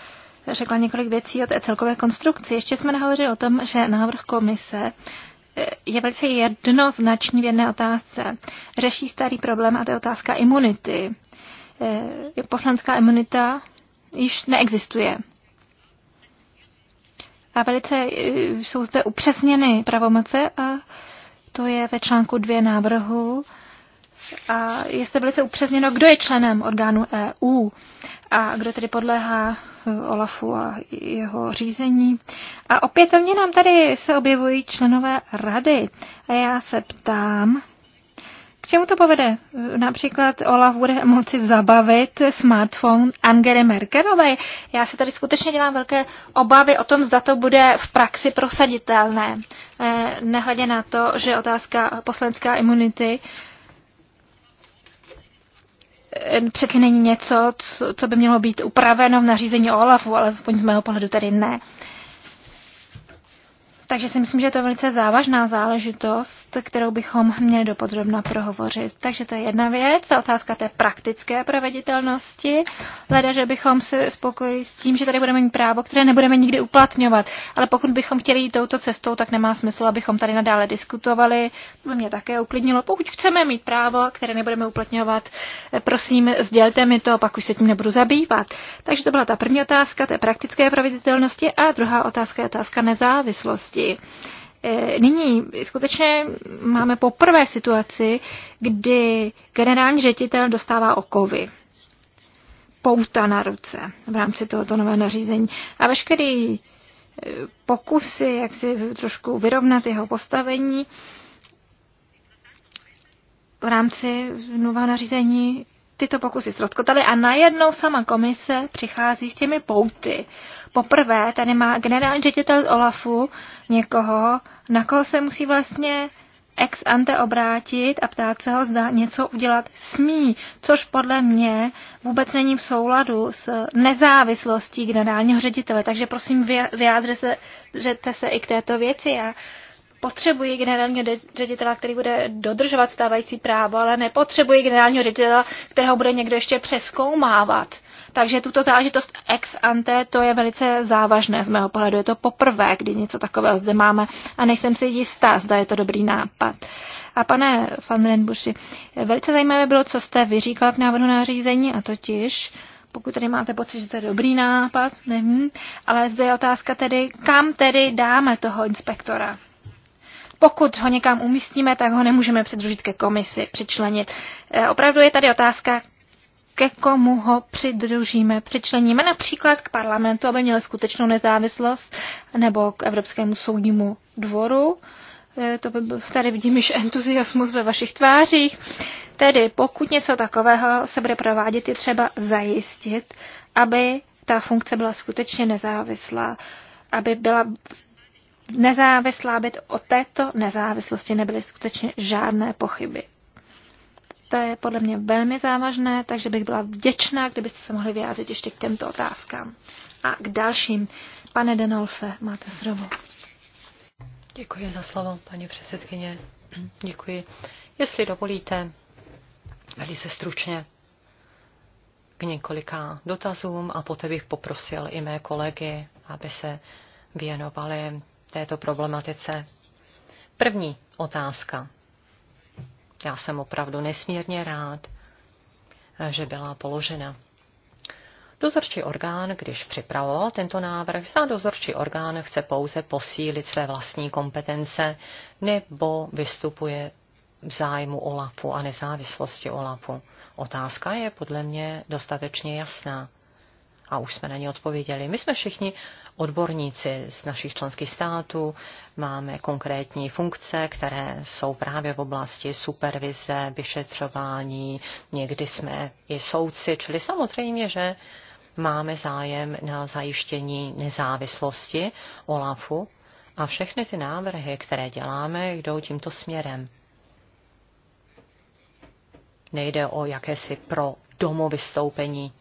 řekla několik věcí o té celkové konstrukci. Ještě jsme nahovořili o tom, že návrh komise eh, je velice jednoznačný v jedné otázce. Řeší starý problém a to je otázka imunity. Eh, poslanská imunita již neexistuje. A velice jsou zde upřesněny pravomoce a to je ve článku dvě návrhu a je zde velice upřesněno, kdo je členem orgánu EU a kdo tedy podléhá eh, Olafu a jeho řízení. A mě nám tady se objevují členové rady. A já se ptám, k čemu to povede? Například Olaf bude moci zabavit smartphone Angely Merkelové. Já se tady skutečně dělám velké obavy o tom, zda to bude v praxi prosaditelné. Eh, nehledě na to, že otázka poslenská imunity přeci není něco, co by mělo být upraveno v nařízení OLAFu, alespoň z mého pohledu tedy ne. Uh, takže si myslím, že je to velice závažná záležitost, kterou bychom měli dopodrobna prohovořit. Takže to je jedna věc, otázka té praktické proveditelnosti. Hleda, že bychom se spokojili s tím, že tady budeme mít právo, které nebudeme nikdy uplatňovat. Ale pokud bychom chtěli jít touto cestou, tak nemá smysl, abychom tady nadále diskutovali. To by mě také uklidnilo. Pokud chceme mít právo, které nebudeme uplatňovat, eh, prosím, sdělte mi to, pak už se tím nebudu zabývat. Takže to byla ta první otázka, té praktické proveditelnosti. A druhá otázka je otázka nezávislosti oblasti. Eh, nyní skutečně máme poprvé situaci, kdy generální ředitel dostává okovy pouta na ruce v rámci tohoto nového nařízení. A veškerý eh, pokusy, jak si trošku vyrovnat jeho postavení v rámci nového nařízení, tyto pokusy ztroskotaly a najednou sama komise přichází s těmi pouty poprvé tady má generální ředitel Olafu někoho, na koho se musí vlastně ex ante obrátit a ptát se ho, zda něco udělat smí, což podle mě vůbec není v souladu s nezávislostí generálního ředitele. Takže prosím, vyjádřete se, se i k této věci. Já potřebuji generálního ředitela, který bude dodržovat stávající právo, ale nepotřebuji generálního ředitela, kterého bude někdo ještě přeskoumávat. Takže tuto záležitost ex ante, to je velice závažné z mého pohledu. Je to poprvé, kdy něco takového zde máme a nejsem si jistá, zda je to dobrý nápad. A pane van Renbuši, velice zajímavé bylo, co jste vyříkal k návrhu na řízení, a totiž, pokud tady máte pocit, že to je dobrý nápad, nevím, ale zde je otázka tedy, kam tedy dáme toho inspektora. Pokud ho někam umístíme, tak ho nemůžeme předružit ke komisi, přičlenit. E, opravdu je tady otázka, ke komu ho přidružíme, přičleníme například k parlamentu, aby měl skutečnou nezávislost, nebo k Evropskému soudnímu dvoru. E, to by, tady vidím již entuziasmus ve vašich tvářích. Tedy pokud něco takového se bude provádět, je třeba zajistit, aby ta funkce byla skutečně nezávislá, aby byla nezávislá, aby od této nezávislosti nebyly skutečně žádné pochyby. To je podle mě velmi závažné, takže bych byla vděčná, kdybyste se mohli vyjádřit ještě k těmto otázkám. A k dalším. Pane Denolfe, máte slovo. Děkuji za slovo, paní předsedkyně. Děkuji. Jestli dovolíte, velice stručně k několika dotazům a poté bych poprosil i mé kolegy, aby se věnovali této problematice. První otázka. Já jsem opravdu nesmírně rád, že byla položena. Dozorčí orgán, když připravoval tento návrh, za dozorčí orgán chce pouze posílit své vlastní kompetence nebo vystupuje v zájmu OLAFu a nezávislosti OLAFu. Otázka je podle mě dostatečně jasná. A už jsme na ně odpověděli. My jsme všichni odborníci z našich členských států, máme konkrétní funkce, které jsou právě v oblasti supervize, vyšetřování, někdy jsme i soudci, čili samozřejmě, že máme zájem na zajištění nezávislosti OLAFu a všechny ty návrhy, které děláme, jdou tímto směrem. Nejde o jakési pro domu vystoupení.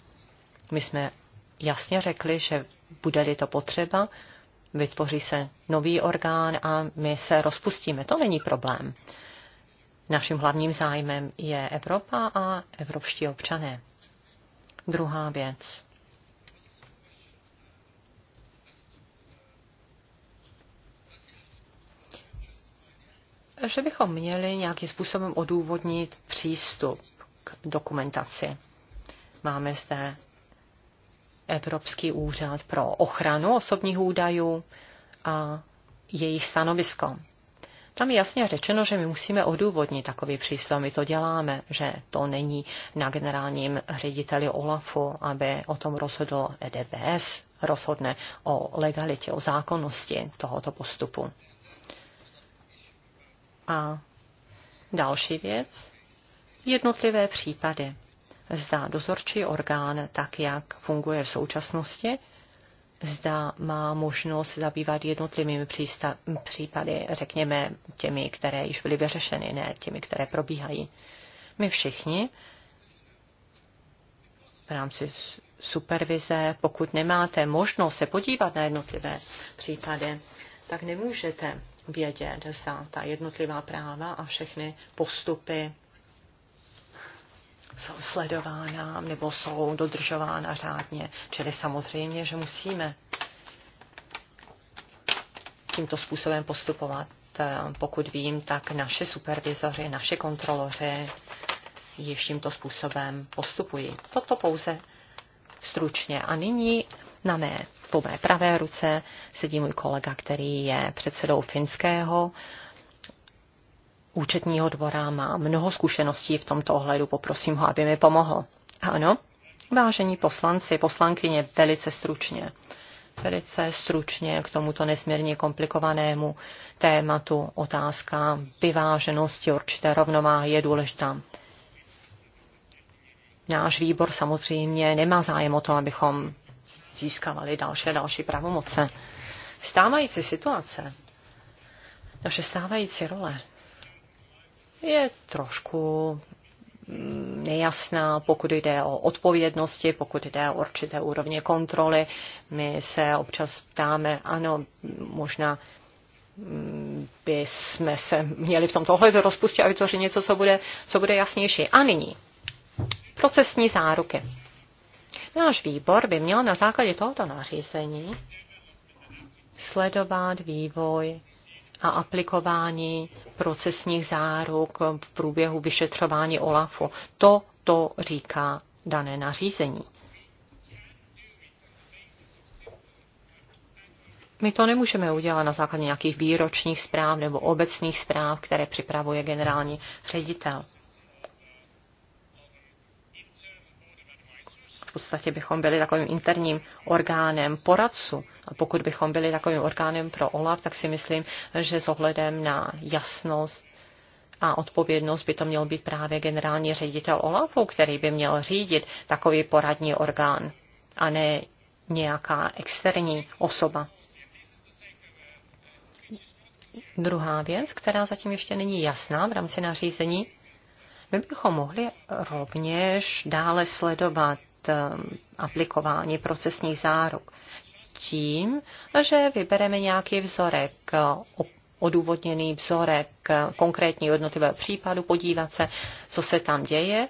My jsme jasně řekli, že bude-li to potřeba, vytvoří se nový orgán a my se rozpustíme. To není problém. Naším hlavním zájmem je Evropa a evropští občané. Druhá věc. Že bychom měli nějakým způsobem odůvodnit přístup k dokumentaci. Máme zde Evropský úřad pro ochranu osobních údajů a jejich stanovisko. Tam je jasně řečeno, že my musíme odůvodnit takový přístup. My to děláme, že to není na generálním řediteli OLAFu, aby o tom rozhodl EDBS, rozhodne o legalitě, o zákonnosti tohoto postupu. A další věc, jednotlivé případy zda dozorčí orgán, tak jak funguje v současnosti, zda má možnost zabývat jednotlivými přísta- případy, řekněme těmi, které již byly vyřešeny, ne těmi, které probíhají. My všichni v rámci supervize, pokud nemáte možnost se podívat na jednotlivé případy, tak nemůžete vědět, zda ta jednotlivá práva a všechny postupy jsou sledována nebo jsou dodržována řádně. Čili samozřejmě, že musíme tímto způsobem postupovat. Pokud vím, tak naše supervizoři, naše kontroloři již tímto způsobem postupují. Toto pouze stručně. A nyní na mé, po mé pravé ruce sedí můj kolega, který je předsedou finského účetního dvora má mnoho zkušeností v tomto ohledu. Poprosím ho, aby mi pomohl. Ano, vážení poslanci, poslankyně, velice stručně. Velice stručně k tomuto nesmírně komplikovanému tématu otázka vyváženosti určité rovnováhy je důležitá. Náš výbor samozřejmě nemá zájem o to, abychom získávali další a další pravomoce. Stávající situace, naše stávající role je trošku mm, nejasná, pokud jde o odpovědnosti, pokud jde o určité úrovně kontroly. My se občas ptáme, ano, možná mm, by jsme se měli v tomto ohledu rozpustit a vytvořit něco, co bude, co bude jasnější. A nyní procesní záruky. Náš výbor by měl na základě tohoto nařízení sledovat vývoj a aplikování procesních záruk v průběhu vyšetřování OLAFu. To to říká dané nařízení. My to nemůžeme udělat na základě nějakých výročních zpráv nebo obecných zpráv, které připravuje generální ředitel. v podstatě bychom byli takovým interním orgánem poradců. A pokud bychom byli takovým orgánem pro OLAF, tak si myslím, že s ohledem na jasnost a odpovědnost by to měl být právě generální ředitel OLAFu, který by měl řídit takový poradní orgán a ne nějaká externí osoba. Druhá věc, která zatím ještě není jasná v rámci nařízení, my bychom mohli rovněž dále sledovat Um, aplikování procesních záruk tím, že vybereme nějaký vzorek, uh, odůvodněný vzorek uh, konkrétního jednotlivého případu, podívat se, co se tam děje.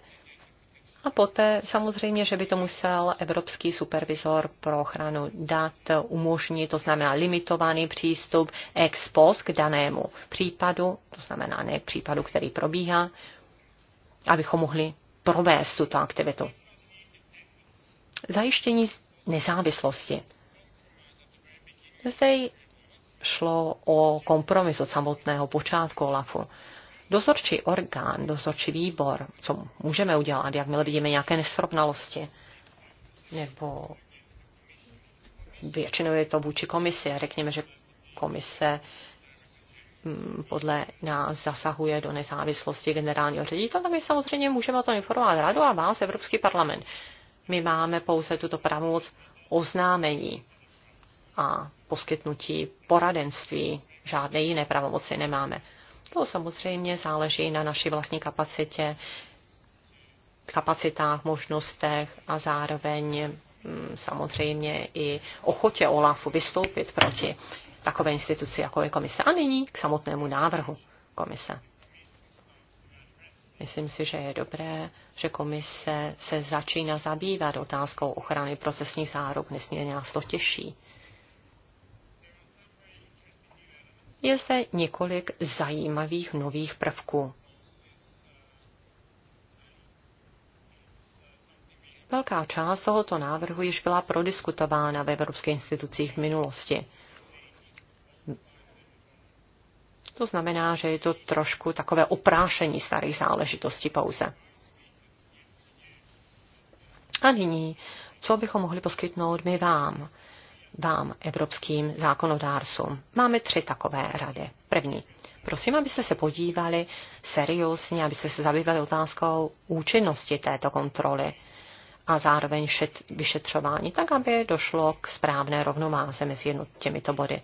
A poté samozřejmě, že by to musel Evropský supervizor pro ochranu dat umožnit, to znamená limitovaný přístup ex post k danému případu, to znamená ne k případu, který probíhá, abychom mohli provést tuto aktivitu zajištění nezávislosti. Zde šlo o kompromis od samotného počátku OLAFu. Dozorčí orgán, dozorčí výbor, co můžeme udělat, jakmile vidíme nějaké nesrovnalosti, nebo většinou je to vůči komisi. Řekněme, že komise mm, podle nás zasahuje do nezávislosti generálního ředitele, tak my samozřejmě můžeme o to informovat radu a vás, Evropský parlament. My máme pouze tuto pravomoc oznámení a poskytnutí poradenství. Žádné jiné pravomoci nemáme. To samozřejmě záleží na naší vlastní kapacitě, kapacitách, možnostech a zároveň mm, samozřejmě i ochotě OLAFu vystoupit proti takové instituci, jako je komise. A nyní k samotnému návrhu komise. Myslím si, že je dobré, že komise se začíná zabývat otázkou ochrany procesních záruk. Nesmírně nás to těší. Je zde několik zajímavých nových prvků. Velká část tohoto návrhu již byla prodiskutována ve evropských institucích v minulosti. To znamená, že je to trošku takové oprášení starých záležitostí pouze. A nyní, co bychom mohli poskytnout my vám, vám, evropským zákonodárcům? Máme tři takové rady. První, prosím, abyste se podívali seriózně, abyste se zabývali otázkou účinnosti této kontroly a zároveň vyšetřování, tak aby došlo k správné rovnováze mezi těmito body.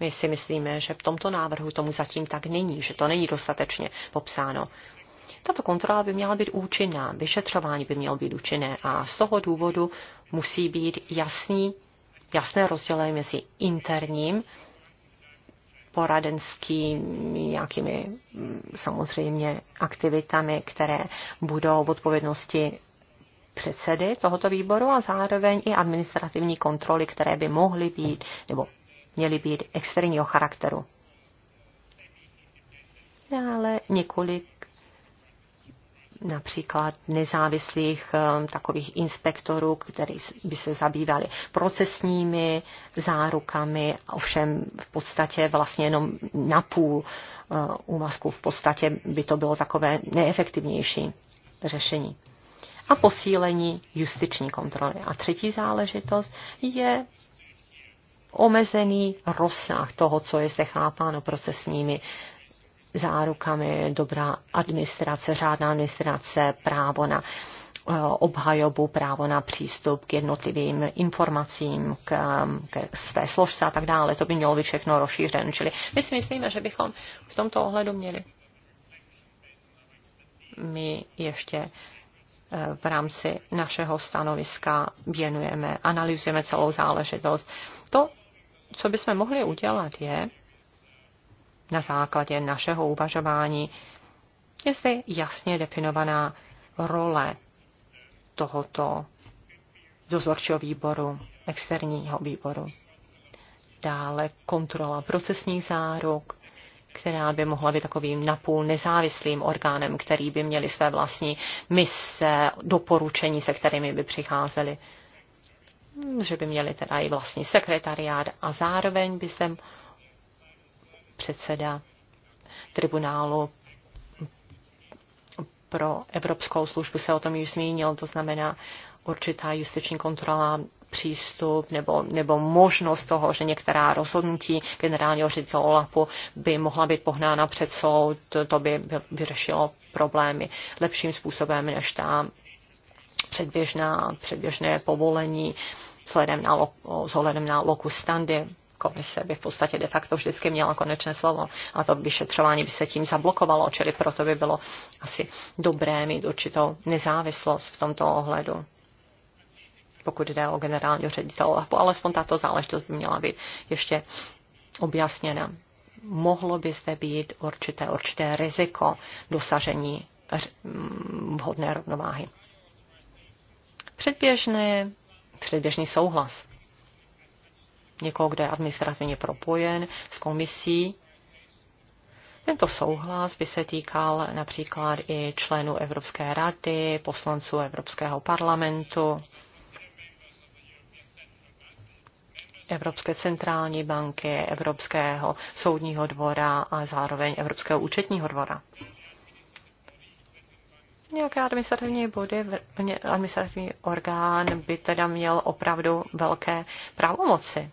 My si myslíme, že v tomto návrhu tomu zatím tak není, že to není dostatečně popsáno. Tato kontrola by měla být účinná, vyšetřování by mělo být účinné a z toho důvodu musí být jasný, jasné rozdělení mezi interním poradenskými nějakými mm, samozřejmě aktivitami, které budou v odpovědnosti předsedy tohoto výboru a zároveň i administrativní kontroly, které by mohly být nebo měly být externího charakteru. Dále několik například nezávislých eh, takových inspektorů, kteří by se zabývali procesními zárukami, ovšem v podstatě vlastně jenom na půl eh, úvazku, v podstatě by to bylo takové neefektivnější řešení. A posílení justiční kontroly. A třetí záležitost je omezený rozsah toho, co je zde chápáno procesními zárukami, dobrá administrace, řádná administrace, právo na eh, obhajobu, právo na přístup k jednotlivým informacím, k, k své složce a tak dále. To by mělo být všechno rozšířeno. Čili my si myslíme, že bychom v tomto ohledu měli. My ještě eh, v rámci našeho stanoviska věnujeme, analyzujeme celou záležitost. To co bychom mohli udělat, je na základě našeho uvažování, je zde jasně definovaná role tohoto dozorčího výboru, externího výboru. Dále kontrola procesních záruk, která by mohla být takovým napůl nezávislým orgánem, který by měli své vlastní mise, doporučení, se kterými by přicházeli. Hmm, že by měli teda i vlastní sekretariát a zároveň by se předseda tribunálu pro Evropskou službu se o tom již zmínil, to znamená určitá justiční kontrola přístup nebo, nebo možnost toho, že některá rozhodnutí generálního ředitele OLAPu by mohla být pohnána před soud, to, to by vyřešilo problémy lepším způsobem než ta předběžná, předběžné povolení vzhledem na, vzhledem na locus standy. Komise by v podstatě de facto vždycky měla konečné slovo a to vyšetřování by se tím zablokovalo, čili proto by bylo asi dobré mít určitou nezávislost v tomto ohledu pokud jde o generálního ředitele. Alespoň tato záležitost by měla být ještě objasněna. Mohlo by zde být určité, určité riziko dosažení vhodné rovnováhy. Předběžné předběžný souhlas. Někoho, kdo je administrativně propojen s komisí. Tento souhlas by se týkal například i členů Evropské rady, poslanců Evropského parlamentu, Evropské centrální banky, Evropského soudního dvora a zároveň Evropského účetního dvora. Nějaké administrativní body, administrativní orgán by teda měl opravdu velké právomoci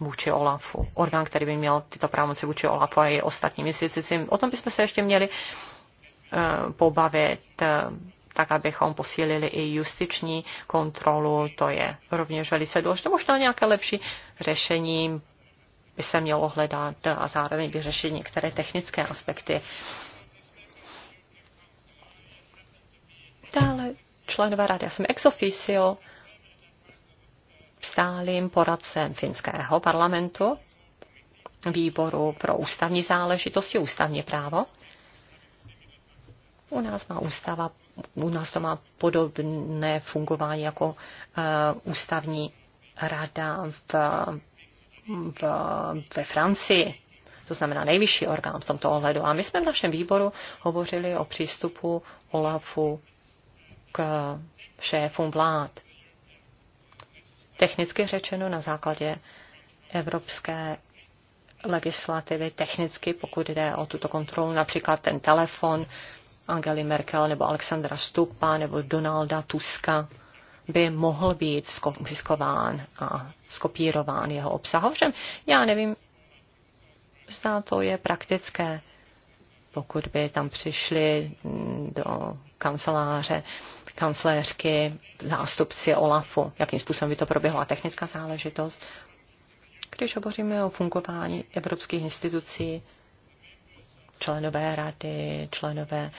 vůči OLAFu. Orgán, který by měl tyto právomoci vůči OLAFu a i ostatním institucím. O tom bychom se ještě měli eh, pobavit, eh, tak abychom posílili i justiční kontrolu. To je rovněž velice důležité. Možná nějaké lepší řešení by se mělo hledat a zároveň vyřešit některé technické aspekty Dále členové rady, já jsem ex officio stálým poradcem finského parlamentu, výboru pro ústavní záležitosti, ústavní právo. U nás má ústava, u nás to má podobné fungování jako uh, ústavní rada v, v, ve Francii. To znamená nejvyšší orgán v tomto ohledu. A my jsme v našem výboru hovořili o přístupu OLAFu k eh, šéfům vlád. Technicky řečeno na základě evropské legislativy, technicky, pokud jde o tuto kontrolu, například ten telefon Angely Merkel nebo Alexandra Stupa nebo Donalda Tuska, by mohl být skonfiskován a skopírován jeho obsah. Ovšem, já nevím, zda to je praktické pokud by tam přišli mm, do kanceláře, kancléřky, zástupci OLAFu, jakým způsobem by to proběhla technická záležitost. Když hovoříme o fungování evropských institucí, členové rady, členové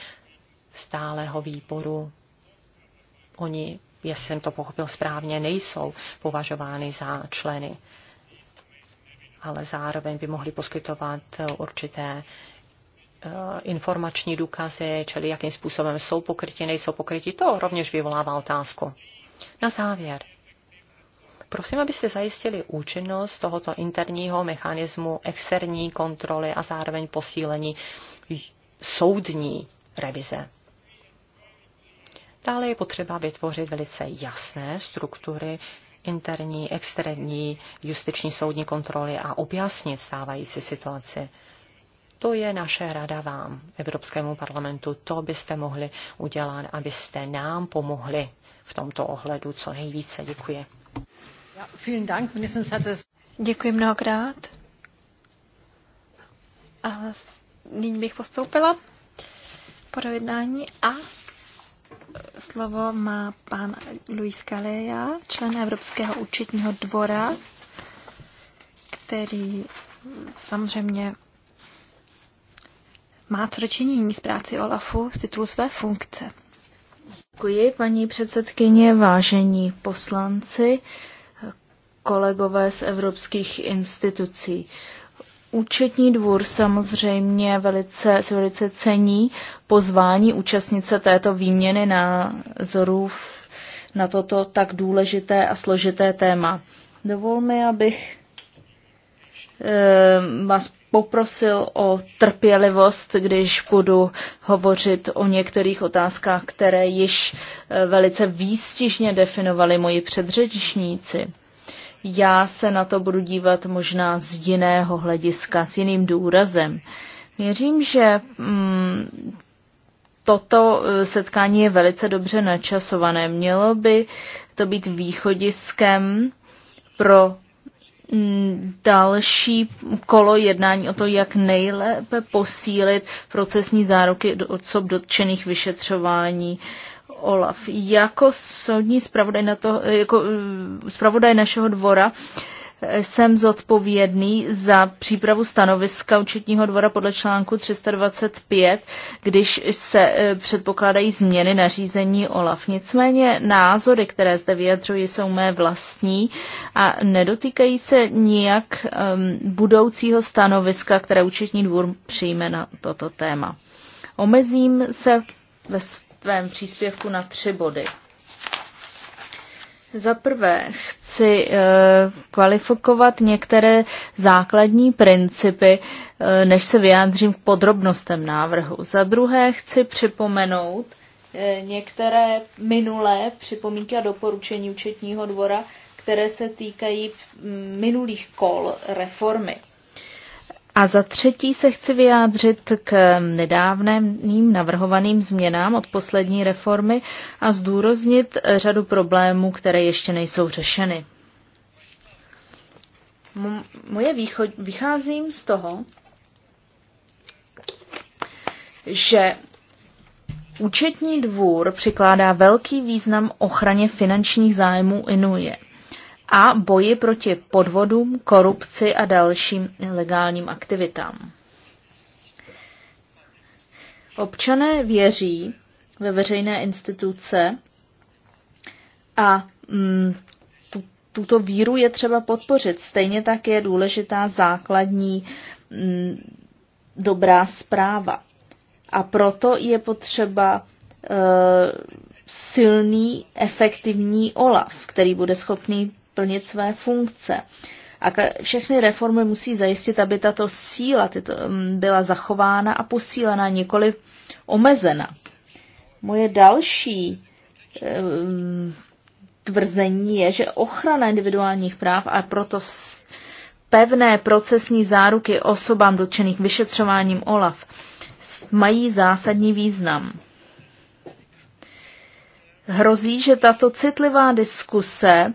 stáleho výboru, oni, jestli jsem to pochopil správně, nejsou považovány za členy ale zároveň by mohli poskytovat určité Eh, informační důkazy, čili jakým způsobem jsou pokryti, nejsou pokryti, to rovněž vyvolává otázku. Na závěr. Prosím, abyste zajistili účinnost tohoto interního mechanismu externí kontroly a zároveň posílení soudní revize. Dále je potřeba vytvořit velice jasné struktury interní, externí, justiční soudní kontroly a objasnit stávající situaci. To je naše rada vám, Evropskému parlamentu. To byste mohli udělat, abyste nám pomohli v tomto ohledu co nejvíce. Děkuji. Děkuji mnohokrát. A nyní bych postoupila po dojednání a slovo má pan Luis Kaleja, člen Evropského účetního dvora, který samozřejmě má co dočinění s práci Olafu z titulu své funkce. Děkuji, paní předsedkyně, vážení poslanci, kolegové z evropských institucí. Účetní dvůr samozřejmě velice, se velice cení pozvání účastnice této výměny názorů na toto tak důležité a složité téma. Dovol mi, abych Ehm, vás poprosil o trpělivost, když budu hovořit o některých otázkách, které již e, velice výstižně definovali moji předřečníci. Já se na to budu dívat možná z jiného hlediska, s jiným důrazem. Věřím, že mm, toto e, setkání je velice dobře načasované. Mělo by to být východiskem pro Mm, další kolo jednání o to, jak nejlépe posílit procesní zároky osob dotčených vyšetřování OLAF. Jako soudní zpravodaj, na to, jako eh, zpravodaj našeho dvora jsem zodpovědný za přípravu stanoviska účetního dvora podle článku 325, když se e, předpokládají změny nařízení OLAF. Nicméně názory, které zde vyjadřuji, jsou mé vlastní a nedotýkají se nijak budoucího stanoviska, které účetní dvůr přijme na toto téma. Omezím se ve svém příspěvku na tři body. Za prvé chci eh, kvalifikovat některé základní principy, eh, než se vyjádřím k podrobnostem návrhu. Za druhé chci připomenout eh, některé minulé připomínky a doporučení účetního dvora, které se týkají mm, minulých kol reformy. A za třetí se chci vyjádřit k nedávným navrhovaným změnám od poslední reformy a zdůraznit řadu problémů, které ještě nejsou řešeny. Moje východ, vycházím z toho, že účetní dvůr přikládá velký význam ochraně finančních zájmů Inuje a boji proti podvodům, korupci a dalším legálním aktivitám. Občané věří ve veřejné instituce a mm, tu, tuto víru je třeba podpořit. Stejně tak je důležitá základní mm, dobrá zpráva. A proto je potřeba e, silný, efektivní OLAF, který bude schopný plnit své funkce. A všechny reformy musí zajistit, aby tato síla tyto, mm, byla zachována a posílena, nikoli omezena. Moje další um, tvrzení je, že ochrana individuálních práv a proto pevné procesní záruky osobám dotčených vyšetřováním OLAF mají zásadní význam. Hrozí, že tato citlivá diskuse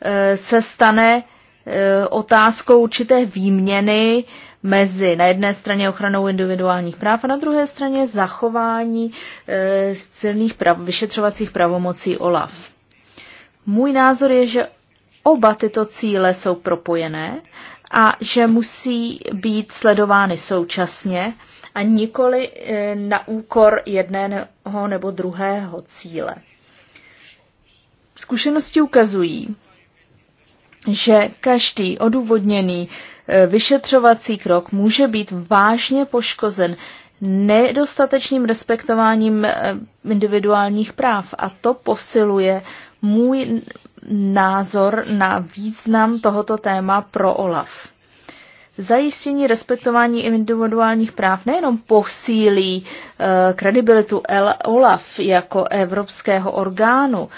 Eh, se stane eh, otázkou určité výměny mezi na jedné straně ochranou individuálních práv a na druhé straně zachování eh, silných prav, vyšetřovacích pravomocí OLAF. Můj názor je, že oba tyto cíle jsou propojené a že musí být sledovány současně a nikoli na úkor jedného nebo druhého cíle. Zkušenosti ukazují, že každý odůvodněný eh, vyšetřovací krok může být vážně poškozen nedostatečným respektováním eh, individuálních práv. A to posiluje můj názor na význam tohoto téma pro OLAF. Zajištění respektování individuálních práv nejenom posílí eh, kredibilitu OLAF jako evropského orgánu,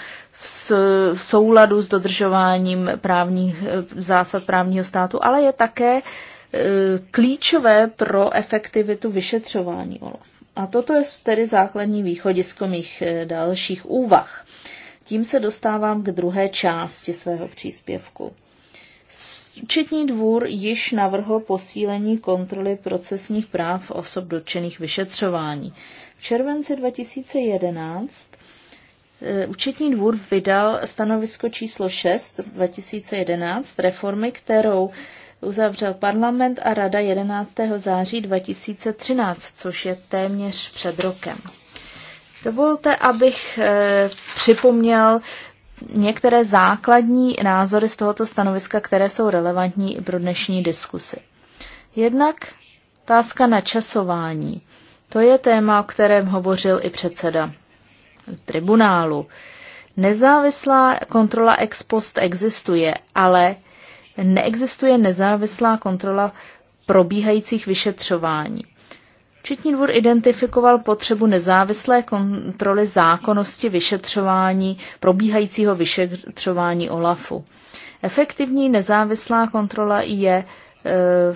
v souladu s dodržováním právních, eh, zásad právního státu, ale je také eh, klíčové pro efektivitu vyšetřování OLAF. A toto je tedy základní východisko mých eh, dalších úvah. Tím se dostávám k druhé části svého příspěvku. Četní dvůr již navrhl posílení kontroly procesních práv osob dotčených vyšetřování. V červenci 2011 Eh, účetní dvůr vydal stanovisko číslo 6 2011 reformy, kterou uzavřel parlament a rada 11. září 2013, což je téměř před rokem. Dovolte, abych eh, připomněl některé základní názory z tohoto stanoviska, které jsou relevantní i pro dnešní diskusy. Jednak tázka na časování. To je téma, o kterém hovořil i předseda tribunálu. Nezávislá kontrola ex post existuje, ale neexistuje nezávislá kontrola probíhajících vyšetřování. Četní dvůr identifikoval potřebu nezávislé kontroly zákonnosti vyšetřování, probíhajícího vyšetřování OLAFu. Efektivní nezávislá kontrola je e,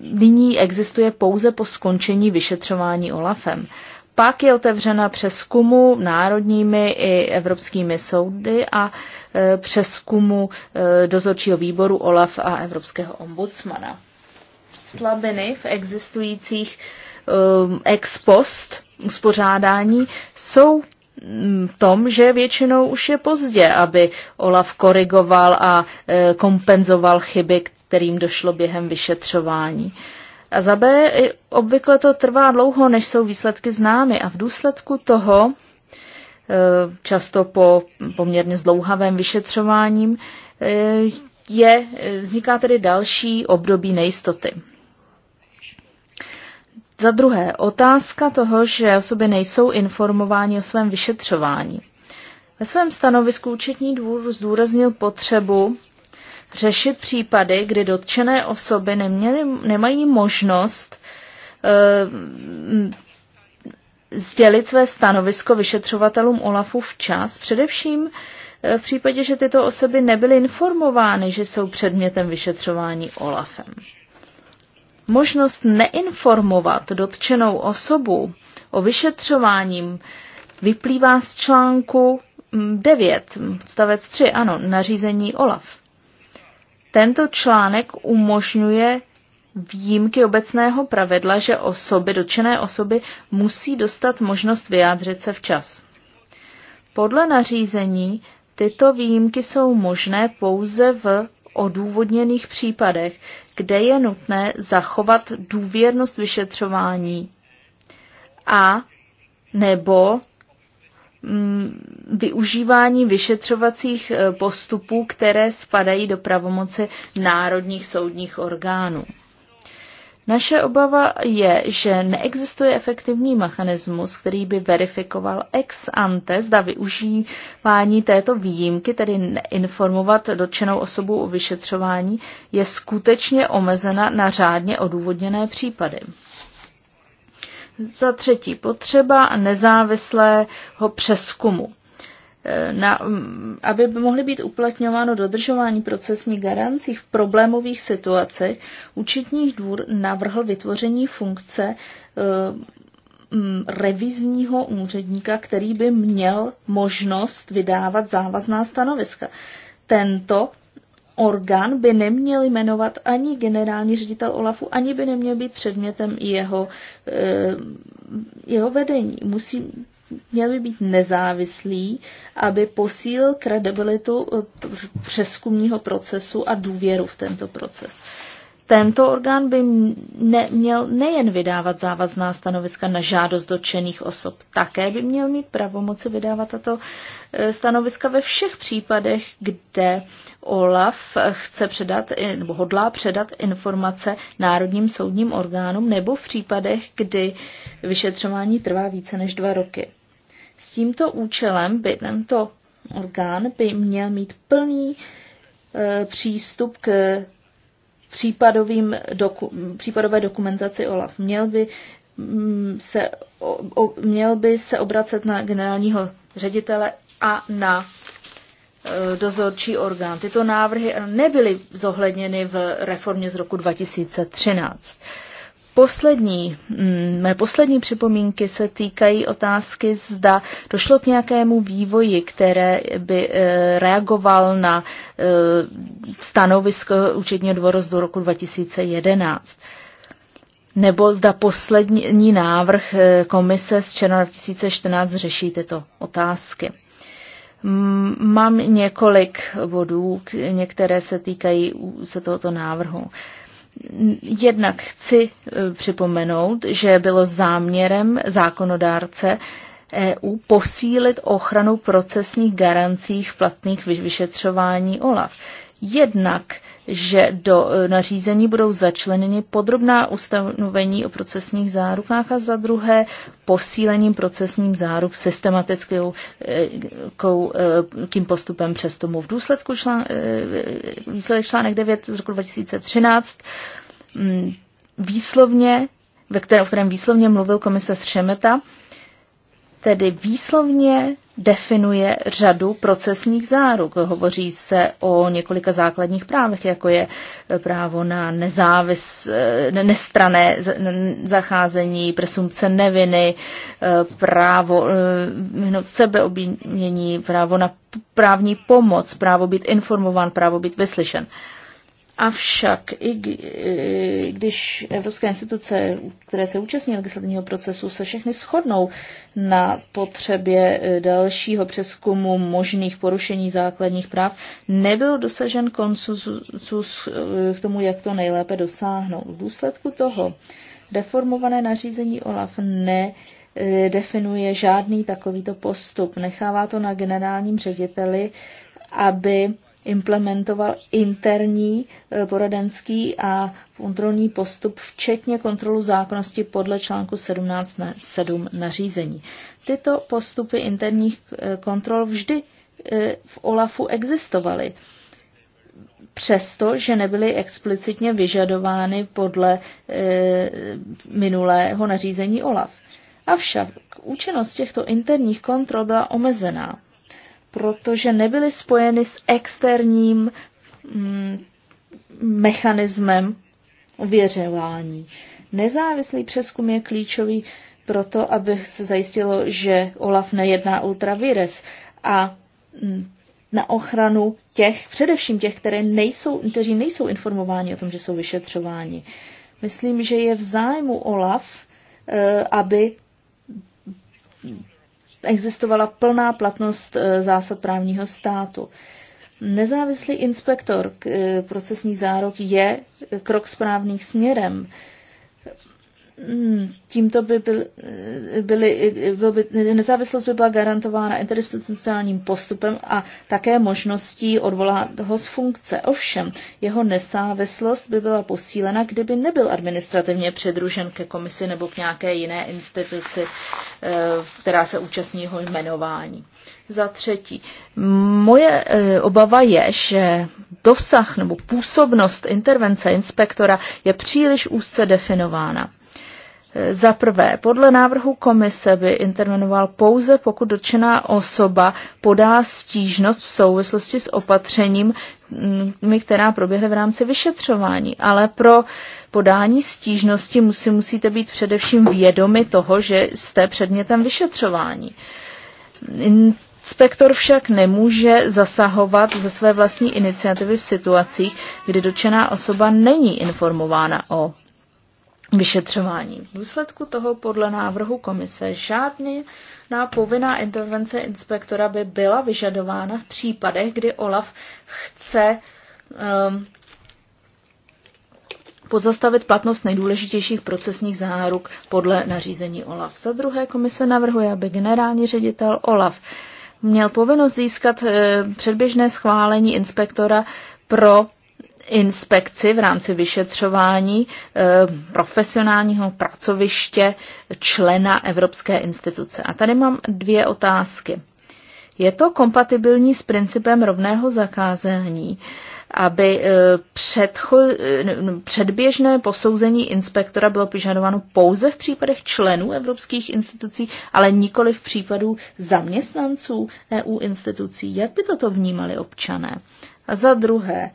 nyní existuje pouze po skončení vyšetřování OLAFem pak je otevřena přeskumu národními i evropskými soudy a e, přeskumu e, dozorčího výboru OLAF a evropského ombudsmana. Slabiny v existujících e, ex post uspořádání jsou mm, tom, že většinou už je pozdě, aby Olaf korigoval a kompenzoval chyby, kterým došlo během vyšetřování. A za B obvykle to trvá dlouho, než jsou výsledky známy a v důsledku toho, e, často po poměrně zdlouhavém vyšetřováním, e, je, e, vzniká tedy další období nejistoty. Za druhé, otázka toho, že osoby nejsou informováni o svém vyšetřování. Ve svém stanovisku účetní dvůr zdůraznil potřebu řešit případy, kdy dotčené osoby neměly, nemají možnost e, sdělit své stanovisko vyšetřovatelům OLAFu včas, především eh, v případě, že tyto osoby nebyly informovány, že jsou předmětem vyšetřování OLAFem. Možnost neinformovat dotčenou osobu o vyšetřováním vyplývá z článku 9, stavec 3, ano, nařízení OLAF. Tento článek umožňuje výjimky obecného pravidla, že osoby, dotčené osoby, musí dostat možnost vyjádřit se včas. Podle nařízení tyto výjimky jsou možné pouze v odůvodněných případech, kde je nutné zachovat důvěrnost vyšetřování a nebo Mm, využívání vyšetřovacích eh, postupů, které spadají do pravomoci národních soudních orgánů. Naše obava je, že neexistuje efektivní mechanismus, který by verifikoval ex ante, zda využívání této výjimky, tedy informovat dotčenou osobu o vyšetřování, je skutečně omezena na řádně odůvodněné případy. Za třetí potřeba nezávislého přeskumu. E, na, aby mohly být uplatňováno dodržování procesních garancí v problémových situacích, účetní dvůr navrhl vytvoření funkce e, revizního úředníka, který by měl možnost vydávat závazná stanoviska. Tento orgán by neměl jmenovat ani generální ředitel Olafu, ani by neměl být předmětem jeho, eh, jeho vedení. Musí, měl by být nezávislý, aby posílil kredibilitu eh, přeskumního procesu a důvěru v tento proces. Tento orgán by ne, měl nejen vydávat závazná stanoviska na žádost dotčených osob, také by měl mít pravomoci vydávat tato eh, stanoviska ve všech případech, kde OLAF chce předat nebo hodlá předat informace národním soudním orgánům nebo v případech, kdy vyšetřování trvá více než dva roky. S tímto účelem by tento orgán by měl mít plný eh, přístup k případovým doku, případové dokumentaci OLAF. Měl by mm, se, o, měl by se obracet na generálního ředitele a na e, dozorčí orgán. Tyto návrhy nebyly zohledněny v reformě z roku 2013 poslední, mm, mé poslední připomínky se týkají otázky, zda došlo k nějakému vývoji, které by eh, reagoval na eh, stanovisko účetního dvoru z do roku 2011. Nebo zda poslední návrh eh, komise z června 2014 řeší tyto otázky. Mám několik bodů, některé se týkají se tohoto návrhu. Jednak chci e, připomenout, že bylo záměrem zákonodárce EU posílit ochranu procesních garancích platných vyšetřování OLAF. Jednak že do e, nařízení budou začleněny podrobná ustanovení o procesních zárukách a za druhé posílením procesním záruk e, e, tím postupem přes tomu. V důsledku člán, výsledek článek 9 z roku 2013 mm, výslovně, ve kterém, o kterém výslovně mluvil komisař Šemeta, tedy výslovně definuje řadu procesních záruk. Hovoří se o několika základních právech, jako je právo na nezávis, eh, nestrané zacházení, presumpce neviny, eh, právo eh, hnout sebeobvinění, právo na právní pomoc, právo být informován, právo být vyslyšen. Uh, Avšak i když evropské instituce, které se účastní legislativního procesu, se všechny shodnou na potřebě e, dalšího přeskumu možných porušení základních práv, nebyl dosažen konsensus e, k tomu, jak to nejlépe dosáhnout. V důsledku toho reformované nařízení OLAF ne e, definuje žádný takovýto postup. Nechává to na generálním řediteli, aby implementoval interní eh, poradenský a kontrolní postup, včetně kontrolu zákonnosti podle článku 17 na 7 nařízení. Tyto postupy interních eh, kontrol vždy eh, v OLAFu existovaly přestože nebyly explicitně vyžadovány podle minulého nařízení OLAF. Avšak účinnost těchto interních kontrol byla omezená protože nebyly spojeny s externím mm, mechanismem ověřování. Nezávislý přeskum je klíčový proto, aby se zajistilo, že OLAF nejedná ultravires a mm, na ochranu těch, především těch, které nejsou, kteří nejsou informováni o tom, že jsou vyšetřováni. Myslím, že je v zájmu OLAF, eh, aby existovala plná platnost e, zásad právního státu. Nezávislý inspektor e, procesní zárok je krok správným směrem. Hmm, tímto by byl, byly, byl by, nezávislost by byla garantována interinstitucionálním postupem a také možností odvolat ho z funkce. Ovšem, jeho nezávislost by byla posílena, kdyby nebyl administrativně předružen ke komisi nebo k nějaké jiné instituci, eh, která se účastní jeho jmenování. Za třetí, moje eh, obava je, že dosah nebo působnost intervence inspektora je příliš úzce definována za prvé, podle návrhu komise by intervenoval pouze, pokud dotčená osoba podá stížnost v souvislosti s opatřením, mm, která proběhly v rámci vyšetřování. Ale pro podání stížnosti musí, musíte být především vědomi toho, že jste předmětem vyšetřování. Inspektor však nemůže zasahovat ze své vlastní iniciativy v situacích, kdy dočená osoba není informována o vyšetřování. V důsledku toho podle návrhu komise žádný na povinná intervence inspektora by byla vyžadována v případech, kdy OLAF chce um, pozastavit platnost nejdůležitějších procesních záruk podle nařízení OLAF. Za druhé komise navrhuje, aby generální ředitel OLAF měl povinnost získat e, předběžné schválení inspektora pro inspekci v rámci vyšetřování eh, profesionálního pracoviště člena Evropské instituce. A tady mám dvě otázky. Je to kompatibilní s principem rovného zakázání, aby eh, předcho, eh, předběžné posouzení inspektora bylo požadováno pouze v případech členů evropských institucí, ale nikoli v případu zaměstnanců EU institucí. Jak by toto vnímali občané? A za druhé,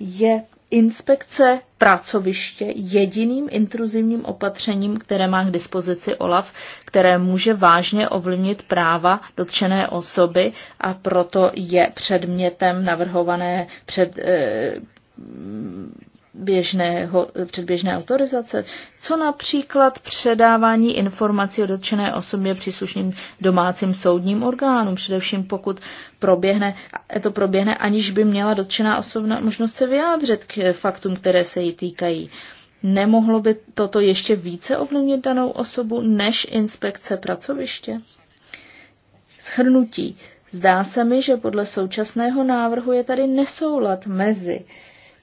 je inspekce pracoviště jediným intruzivním opatřením, které má k dispozici OLAF, které může vážně ovlivnit práva dotčené osoby a proto je předmětem navrhované před, eh, běžného, předběžné autorizace, co například předávání informací o dotčené osobě příslušným domácím soudním orgánům, především pokud proběhne, to proběhne, aniž by měla dotčená osoba možnost se vyjádřit k faktům, které se jí týkají. Nemohlo by toto ještě více ovlivnit danou osobu než inspekce pracoviště? Shrnutí. Zdá se mi, že podle současného návrhu je tady nesoulad mezi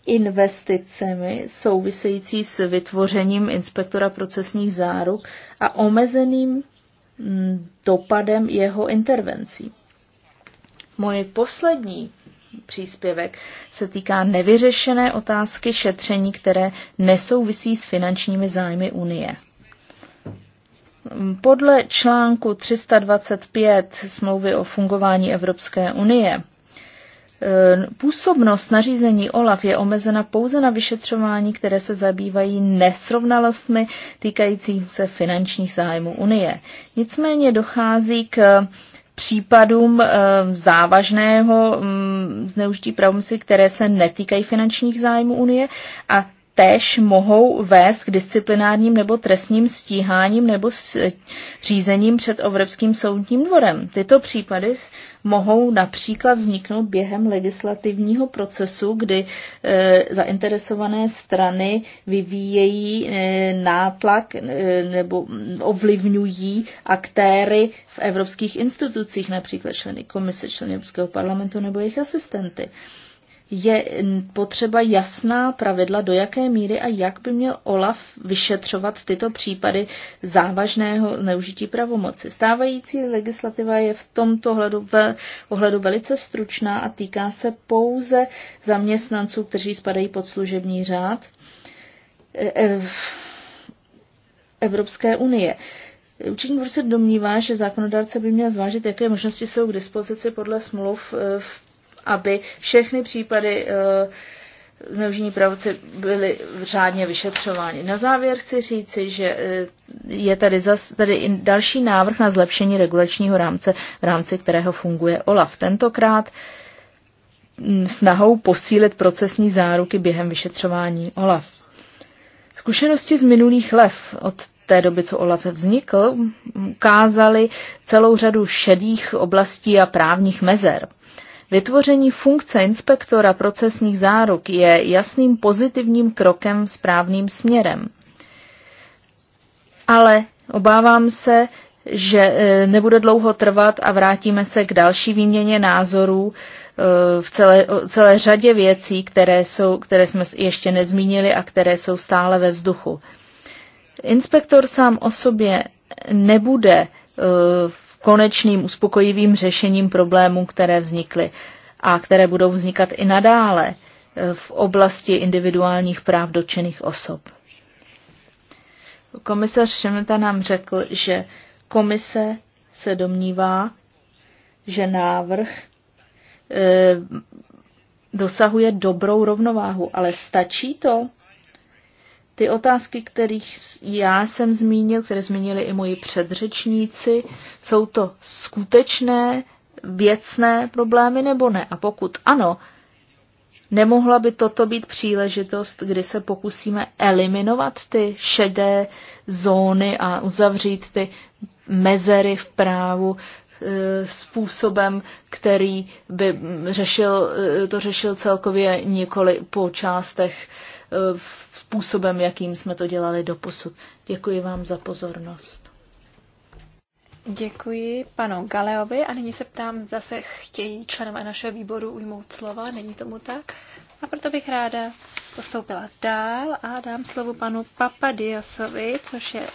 investicemi související s vytvořením inspektora procesních záruk a omezeným mm, dopadem jeho intervencí. Můj poslední příspěvek se týká nevyřešené otázky šetření, které nesouvisí s finančními zájmy Unie. Podle článku 325 smlouvy o fungování Evropské unie Eh, působnost nařízení OLAF je omezena pouze na vyšetřování, které se zabývají nesrovnalostmi týkajících se finančních zájmů Unie. Nicméně dochází k případům eh, závažného mm, zneužití pravomoci, které se netýkají finančních zájmů Unie a tež mohou vést k disciplinárním nebo trestním stíháním nebo s eh, řízením před Evropským soudním dvorem. Tyto případy mohou například vzniknout během legislativního procesu, kdy e, zainteresované strany vyvíjejí e, nátlak e, nebo mm, ovlivňují aktéry v evropských institucích, například členy komise, členy Evropského parlamentu nebo jejich asistenty. E, je potřeba jasná pravidla, do jaké míry a jak by měl OLAF vyšetřovat tyto případy závažného neužití pravomoci. Stávající legislativa je v tomto ohledu, ve, ohledu velice stručná a týká se pouze zaměstnanců, kteří spadají pod služební řád e, e, Evropské unie. Učení se domnívá, že zákonodárce by měl zvážit, jaké možnosti jsou k dispozici podle smluv e, v aby všechny případy eh, zneužití pravoci byly řádně vyšetřovány. Na závěr chci říci, že eh, je tady, zas, tady další návrh na zlepšení regulačního rámce, v rámci kterého funguje OLAF. Tentokrát hm, snahou posílit procesní záruky během vyšetřování OLAF. Zkušenosti z minulých lev od té doby, co OLAF vznikl, hm, ukázaly celou řadu šedých oblastí a právních mezer. Vytvoření funkce inspektora procesních záruk je jasným pozitivním krokem správným směrem. Ale obávám se, že e, nebude dlouho trvat a vrátíme se k další výměně názorů e, v celé, celé řadě věcí, které, jsou, které jsme ještě nezmínili a které jsou stále ve vzduchu. Inspektor sám o sobě nebude e, konečným uspokojivým řešením problémů, které vznikly a které budou vznikat i nadále eh, v oblasti individuálních práv dotčených osob. Komisař Šemeta nám řekl, že komise se domnívá, že návrh e, dosahuje dobrou rovnováhu, ale stačí to? Ty otázky, kterých já jsem zmínil, které zmínili i moji předřečníci, jsou to skutečné věcné problémy nebo ne? A pokud ano, nemohla by toto být příležitost, kdy se pokusíme eliminovat ty šedé zóny a uzavřít ty mezery v právu e, způsobem, který by řešil, e, to řešil celkově nikoli po částech e, v způsobem, jakým jsme to dělali do posud. Děkuji vám za pozornost. Děkuji panu Galeovi a nyní se ptám, zda se chtějí členové našeho výboru ujmout slova, není tomu tak. A proto bych ráda postoupila dál a dám slovo panu Papadiosovi, což je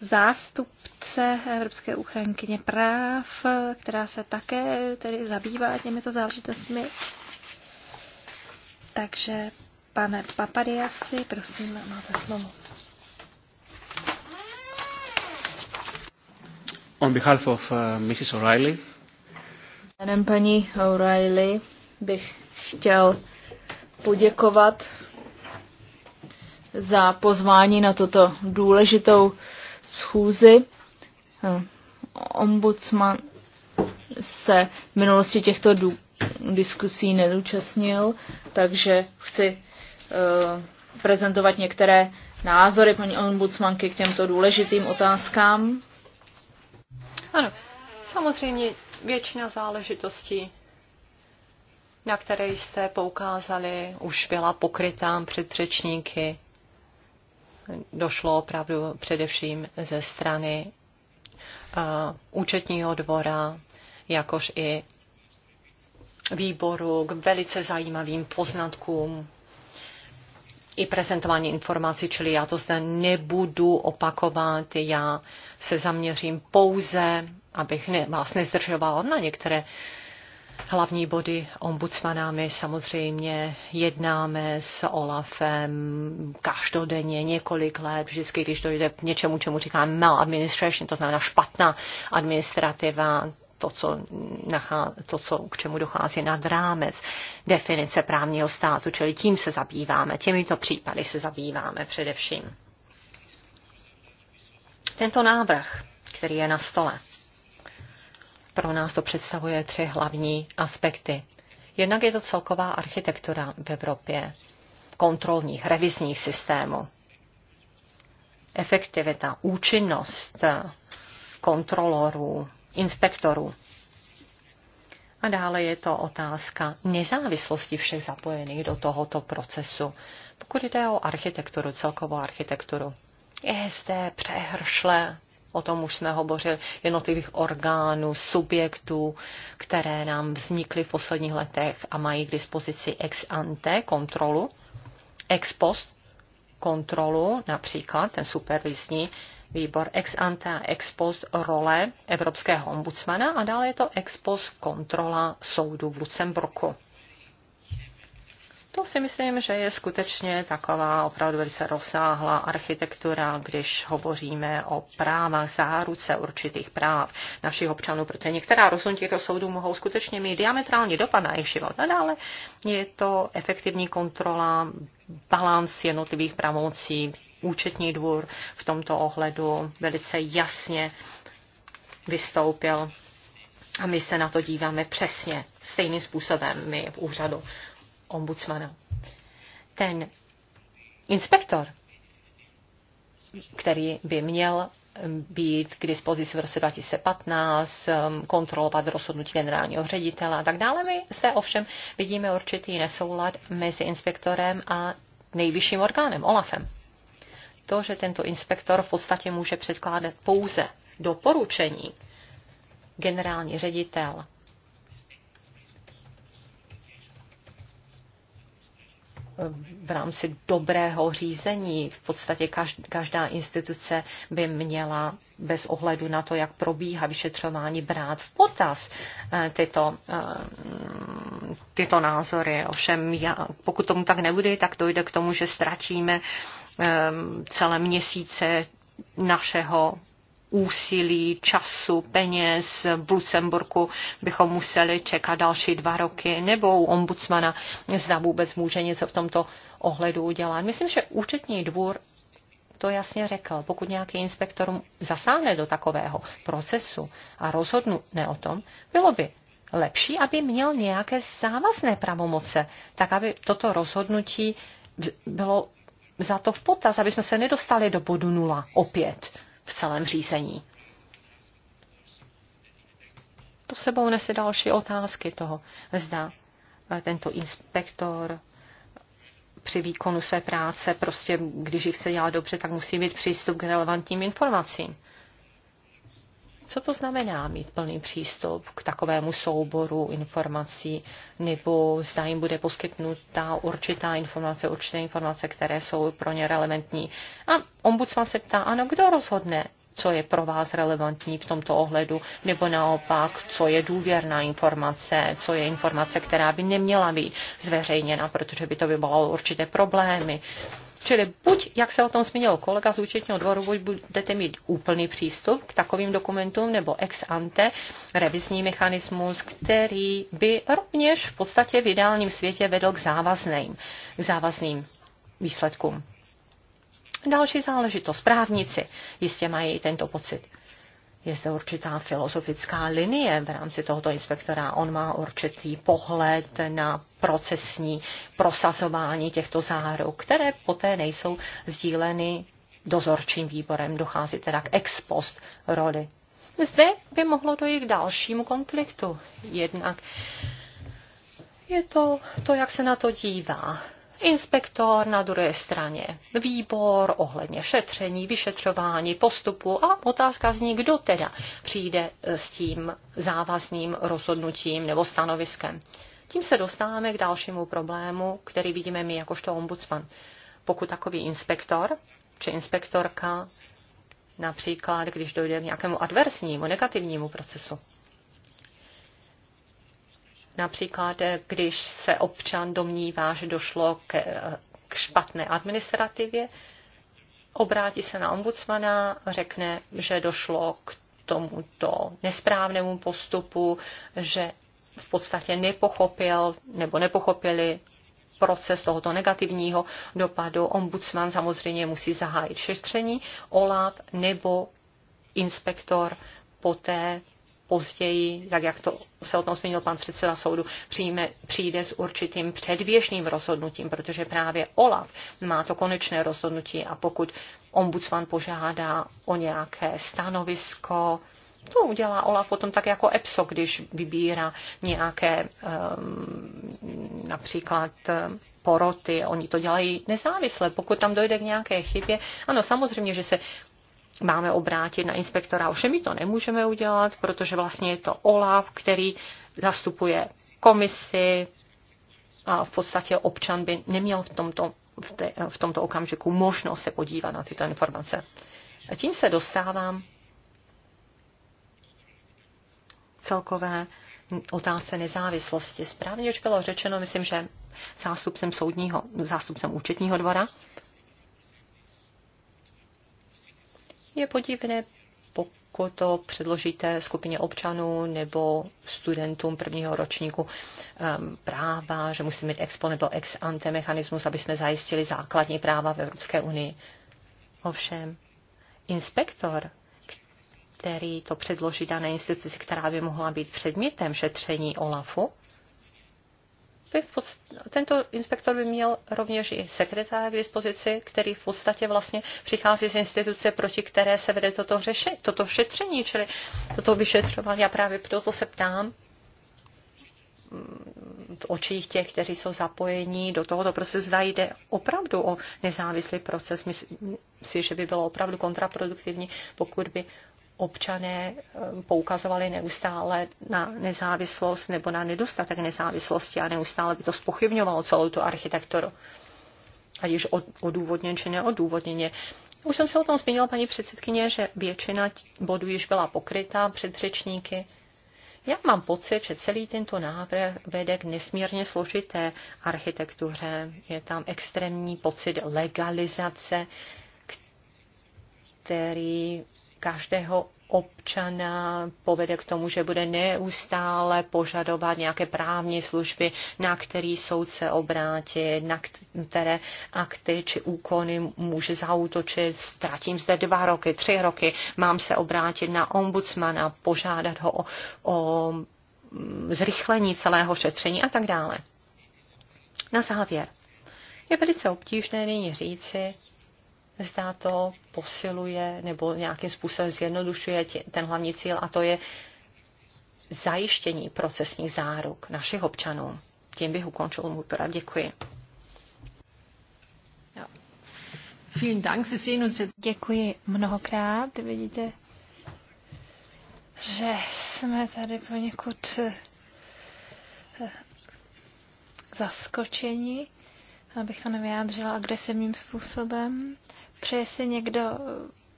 zástupce Evropské uchrankyně práv, která se také tedy zabývá těmito záležitostmi. Takže Pane Papadiasi, prosím, máte slovo. On behalf of uh, Mrs. O'Reilly. Jménem paní O'Reilly bych chtěl poděkovat za pozvání na tuto důležitou schůzi. Ombudsman se v minulosti těchto diskusí nedúčastnil, takže chci Eh, prezentovat některé názory paní ombudsmanky k těmto důležitým otázkám? Ano, samozřejmě většina záležitostí, na které jste poukázali, už byla pokrytá před řečníky. Došlo opravdu především ze strany uh, účetního dvora, jakož i výboru k velice zajímavým poznatkům i prezentování informací, čili já to zde nebudu opakovat, já se zaměřím pouze, abych ne, vás nezdržoval na některé hlavní body ombudsmana. My samozřejmě jednáme s Olafem každodenně několik let, vždycky, když dojde k něčemu, čemu říkáme maladministration, to znamená špatná administrativa, to, co, nachá, to, co k čemu dochází nad rámec definice právního státu, čili tím se zabýváme, těmito případy se zabýváme především. Tento návrh, který je na stole, pro nás to představuje tři hlavní aspekty. Jednak je to celková architektura v Evropě, kontrolních, revizních systémů, efektivita, účinnost kontrolorů, inspektorů. A dále je to otázka nezávislosti všech zapojených do tohoto procesu. Pokud jde o architekturu, celkovou architekturu, je zde přehršle, o tom už jsme hovořili, jednotlivých orgánů, subjektů, které nám vznikly v posledních letech a mají k dispozici ex ante kontrolu, ex post kontrolu, například ten supervizní výbor ex ante a ex post role Evropského ombudsmana a dále je to ex post kontrola soudu v Lucemburku. To si myslím, že je skutečně taková opravdu velice rozsáhlá architektura, když hovoříme o právách, záruce určitých práv našich občanů, protože některá rozhodnutí těchto soudů mohou skutečně mít diametrální dopad na jejich život. A dále je to efektivní kontrola, balans jednotlivých pravomocí, účetní dvůr v tomto ohledu velice jasně vystoupil. A my se na to díváme přesně stejným způsobem my v úřadu ombudsmana. Ten inspektor, který by měl um, být k dispozici v roce 2015, um, kontrolovat rozhodnutí generálního ředitele a tak dále. My se ovšem vidíme určitý nesoulad mezi inspektorem a nejvyšším orgánem, OLAFem to, že tento inspektor v podstatě může předkládat pouze doporučení. Generální ředitel v rámci dobrého řízení. V podstatě každá instituce by měla bez ohledu na to, jak probíhá vyšetřování, brát v potaz eh, tyto, eh, tyto názory. Ovšem, já, pokud tomu tak nebude, tak dojde k tomu, že ztratíme Ehm, celé měsíce našeho úsilí, času, peněz v Lucemburku bychom museli čekat další dva roky, nebo u ombudsmana zda vůbec může něco v tomto ohledu udělat. Myslím, že účetní dvůr to jasně řekl. Pokud nějaký inspektor zasáhne do takového procesu a rozhodne o tom, bylo by lepší, aby měl nějaké závazné pravomoce, tak aby toto rozhodnutí bylo za to v potaz, aby jsme se nedostali do bodu nula opět v celém řízení. To sebou nese další otázky toho, zda eh, tento inspektor při výkonu své práce, prostě když ji chce dělat dobře, tak musí mít přístup k relevantním informacím. Co to znamená mít plný přístup k takovému souboru informací, nebo zda jim bude poskytnuta určitá informace, určité informace, které jsou pro ně relevantní. A ombudsman se ptá, ano, kdo rozhodne, co je pro vás relevantní v tomto ohledu, nebo naopak, co je důvěrná informace, co je informace, která by neměla být zveřejněna, protože by to vyvolalo určité problémy Čili buď, jak se o tom zmínil kolega z účetního dvoru, buď budete mít úplný přístup k takovým dokumentům, nebo ex ante revizní mechanismus, který by rovněž v podstatě v ideálním světě vedl k závazným, k závazným výsledkům. Další záležitost. Právníci jistě mají tento pocit je zde určitá filozofická linie v rámci tohoto inspektora. On má určitý pohled na procesní prosazování těchto záruk, které poté nejsou sdíleny dozorčím výborem. Dochází teda k ex post roli. Zde by mohlo dojít k dalšímu konfliktu. Jednak je to to, jak se na to dívá inspektor na druhé straně, výbor ohledně šetření, vyšetřování, postupu a otázka zní, kdo teda přijde s tím závazným rozhodnutím nebo stanoviskem. Tím se dostáváme k dalšímu problému, který vidíme my jakožto ombudsman. Pokud takový inspektor či inspektorka, například když dojde k nějakému adversnímu, negativnímu procesu, Například, když se občan domnívá, že došlo k, k špatné administrativě, obrátí se na ombudsmana, řekne, že došlo k tomuto nesprávnému postupu, že v podstatě nepochopil nebo nepochopili proces tohoto negativního dopadu. Ombudsman samozřejmě musí zahájit šetření, OLAP nebo inspektor poté později, tak jak to se o tom zmínil pan předseda soudu, přijme, přijde s určitým předběžným rozhodnutím, protože právě OLAF má to konečné rozhodnutí a pokud ombudsman požádá o nějaké stanovisko, to udělá Olaf potom tak jako EPSO, když vybírá nějaké um, například poroty. Oni to dělají nezávisle. Pokud tam dojde k nějaké chybě, ano, samozřejmě, že se máme obrátit na inspektora. Ovšem my to nemůžeme udělat, protože vlastně je to OLAF, který zastupuje komisi a v podstatě občan by neměl v tomto, v, te, v tomto okamžiku možnost se podívat na tyto informace. A tím se dostávám celkové otázce nezávislosti. Správně už bylo řečeno, myslím, že zástupcem soudního, zástupcem účetního dvora, Je podivné, pokud to předložíte skupině občanů nebo studentům prvního ročníku um, práva, že musí mít expo nebo ex ante mechanismus, aby jsme zajistili základní práva v Evropské unii. Ovšem, inspektor, který to předloží dané instituci, která by mohla být předmětem šetření OLAFu, by podst- tento inspektor by měl rovněž i sekretář k dispozici, který v podstatě vlastně přichází z instituce, proti které se vede toto, řešení, toto šetření, čili toto vyšetřování. Já právě proto se ptám, mm, v očích těch, kteří jsou zapojení do tohoto procesu, zda jde opravdu o nezávislý proces. Myslím si, že by bylo opravdu kontraproduktivní, pokud by občané eh, poukazovali neustále na nezávislost nebo na nedostatek nezávislosti a neustále by to spochybňovalo celou tu architekturu. A již odůvodněně či neodůvodněně. Už jsem se o tom zmínila, paní předsedkyně, že většina bodů již byla pokrytá před řečníky. Já mám pocit, že celý tento návrh vede k nesmírně složité architektuře. Je tam extrémní pocit legalizace, který každého občana povede k tomu, že bude neustále požadovat nějaké právní služby, na který soud se obrátí, na které akty či úkony může zautočit. Ztratím zde dva roky, tři roky, mám se obrátit na ombudsmana, požádat ho o, o zrychlení celého šetření a tak dále. Na závěr. Je velice obtížné nyní říci, zda to posiluje nebo nějakým způsobem zjednodušuje ten hlavní cíl a to je zajištění procesních záruk našich občanů. Tím bych ukončil můj prav. Děkuji. Děkuji mnohokrát. Vidíte, že jsme tady poněkud eh, zaskočeni abych to nevyjádřila agresivním způsobem. Přeje si někdo eh,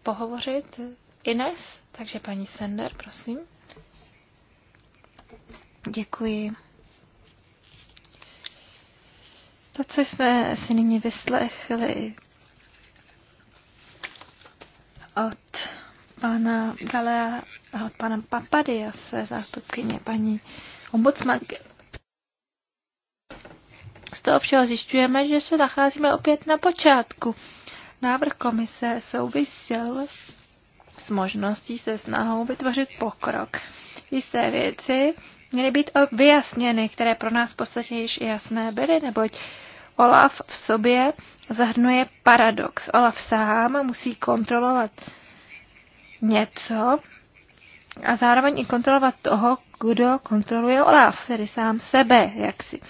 pohovořit? Ines? Takže paní Sender, prosím. Děkuji. To, co jsme si nyní vyslechli od pana Galea a od pana Papadiase, zástupkyně paní ombudsmanky, z toho všeho zjišťujeme, že se nacházíme opět na počátku. Návrh komise souvisel s možností se snahou vytvořit pokrok. Jisté věci měly být vyjasněny, které pro nás v podstatě již jasné byly, neboť Olaf v sobě zahrnuje paradox. Olaf sám musí kontrolovat něco a zároveň i kontrolovat toho, kdo kontroluje Olaf, tedy sám sebe, jaksi.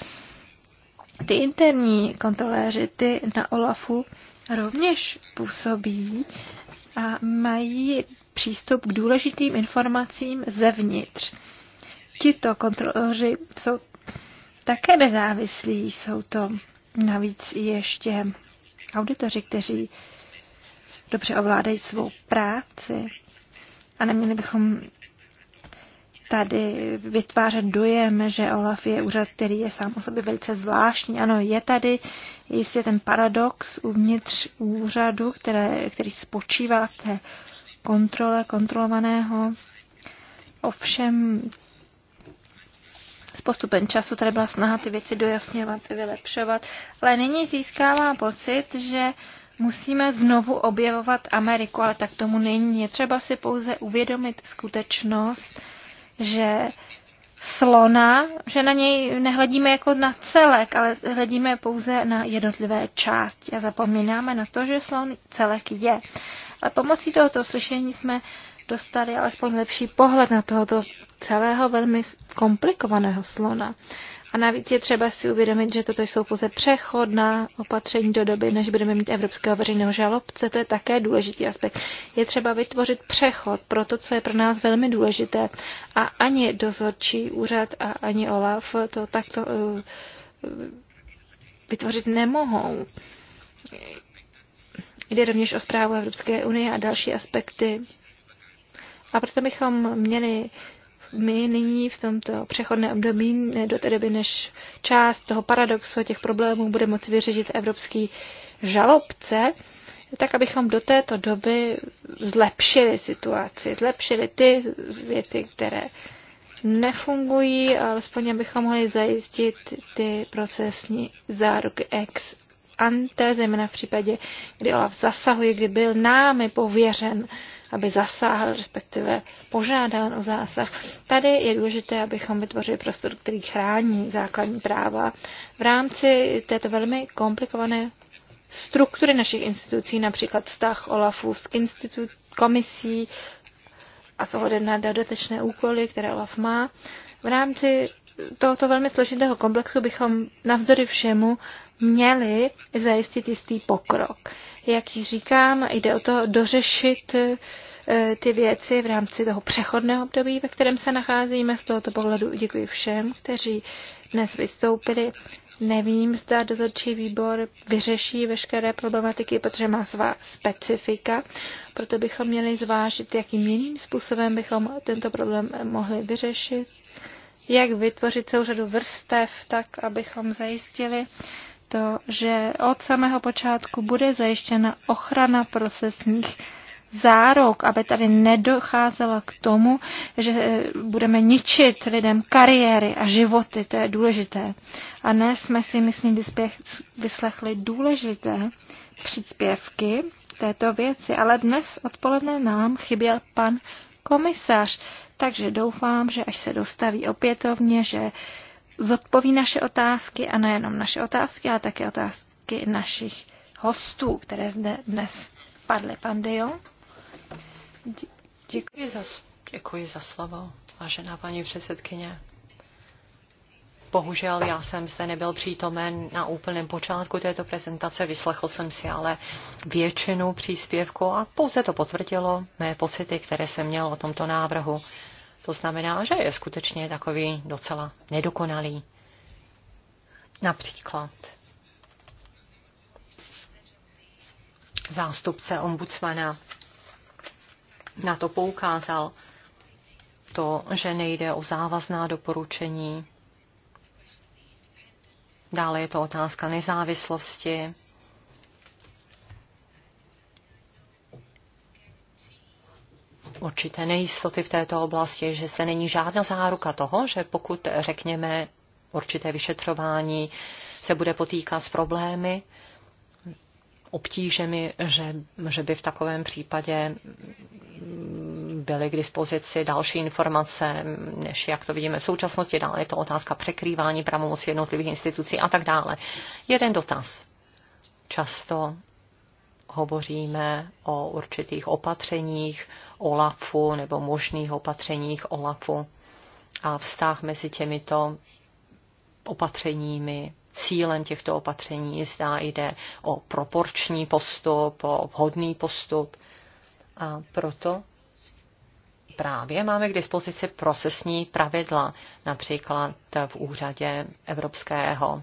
Ty interní kontroléři, ty na OLAFu rovněž působí a mají přístup k důležitým informacím zevnitř. Tito kontroloři jsou také nezávislí, jsou to navíc ještě auditoři, kteří dobře ovládají svou práci. A neměli bychom tady vytvářet dojem, že Olaf je úřad, který je sám o sobě velice zvláštní. Ano, je tady jistě ten paradox uvnitř úřadu, které, který spočívá v té kontrole kontrolovaného. Ovšem s postupem času tady byla snaha ty věci dojasňovat, vylepšovat, ale nyní získává pocit, že musíme znovu objevovat Ameriku, ale tak tomu není. Je třeba si pouze uvědomit skutečnost, že slona, že na něj nehledíme jako na celek, ale hledíme pouze na jednotlivé části a zapomínáme na to, že slon celek je. Ale pomocí tohoto slyšení jsme dostali alespoň lepší pohled na tohoto celého velmi komplikovaného slona. A navíc je třeba si uvědomit, že toto jsou pouze přechodná opatření do doby, než budeme mít evropského veřejného žalobce. To je také důležitý aspekt. Je třeba vytvořit přechod pro to, co je pro nás velmi důležité. A ani dozorčí úřad a ani OLAF to takto eh, vytvořit nemohou. Jde rovněž o zprávu Evropské unie a další aspekty. A proto bychom měli my nyní v tomto přechodné období, eh, do té doby, než část toho paradoxu těch problémů bude moci vyřešit evropský žalobce, tak abychom do této doby zlepšili situaci, zlepšili ty věci, které nefungují, alespoň abychom mohli zajistit ty procesní záruky ex ante, zejména v případě, kdy Olaf zasahuje, kdy byl námi pověřen aby zasáhl, respektive požádal o zásah. Tady je důležité, abychom vytvořili prostor, který chrání základní práva. V rámci této velmi komplikované struktury našich institucí, například vztah OLAFu s institut, komisí a s ohledem na dodatečné úkoly, které OLAF má, v rámci tohoto velmi složitého komplexu bychom navzdory všemu měli zajistit jistý pokrok. Jak ji říkám, jde o to dořešit eh, ty věci v rámci toho přechodného období, ve kterém se nacházíme. Z tohoto pohledu děkuji všem, kteří dnes vystoupili. Nevím, zda dozorčí výbor vyřeší veškeré problematiky, protože má svá specifika. Proto bychom měli zvážit, jakým jiným způsobem bychom tento problém mohli vyřešit, jak vytvořit celou řadu vrstev, tak abychom zajistili, to, že od samého počátku bude zajištěna ochrana procesních zárok, aby tady nedocházelo k tomu, že eh, budeme ničit lidem kariéry a životy, to je důležité. A ne jsme si, myslím, vyslechli důležité příspěvky této věci, ale dnes odpoledne nám chyběl pan komisař, takže doufám, že až se dostaví opětovně, že zodpoví naše otázky a nejenom naše otázky, ale také otázky našich hostů, které zde dnes padly. Pan Dejo? Děkuji za, děkuji za slovo, vážená paní předsedkyně. Bohužel já jsem zde nebyl přítomen na úplném počátku této prezentace, vyslechl jsem si ale většinu příspěvku a pouze to potvrdilo mé pocity, které jsem měl o tomto návrhu. To znamená, že je skutečně takový docela nedokonalý. Například zástupce ombudsmana na to poukázal, to, že nejde o závazná doporučení. Dále je to otázka nezávislosti určité nejistoty v této oblasti, že zde není žádná záruka toho, že pokud, řekněme, určité vyšetřování se bude potýkat s problémy, obtížemi, že, že by v takovém případě byly k dispozici další informace, než jak to vidíme v současnosti. Dále je to otázka překrývání pravomocí jednotlivých institucí a tak dále. Jeden dotaz. Často hovoříme o určitých opatřeních OLAFu nebo možných opatřeních OLAFu a vztah mezi těmito opatřeními, cílem těchto opatření, zdá jde o proporční postup, o vhodný postup. A proto právě máme k dispozici procesní pravidla, například v úřadě Evropského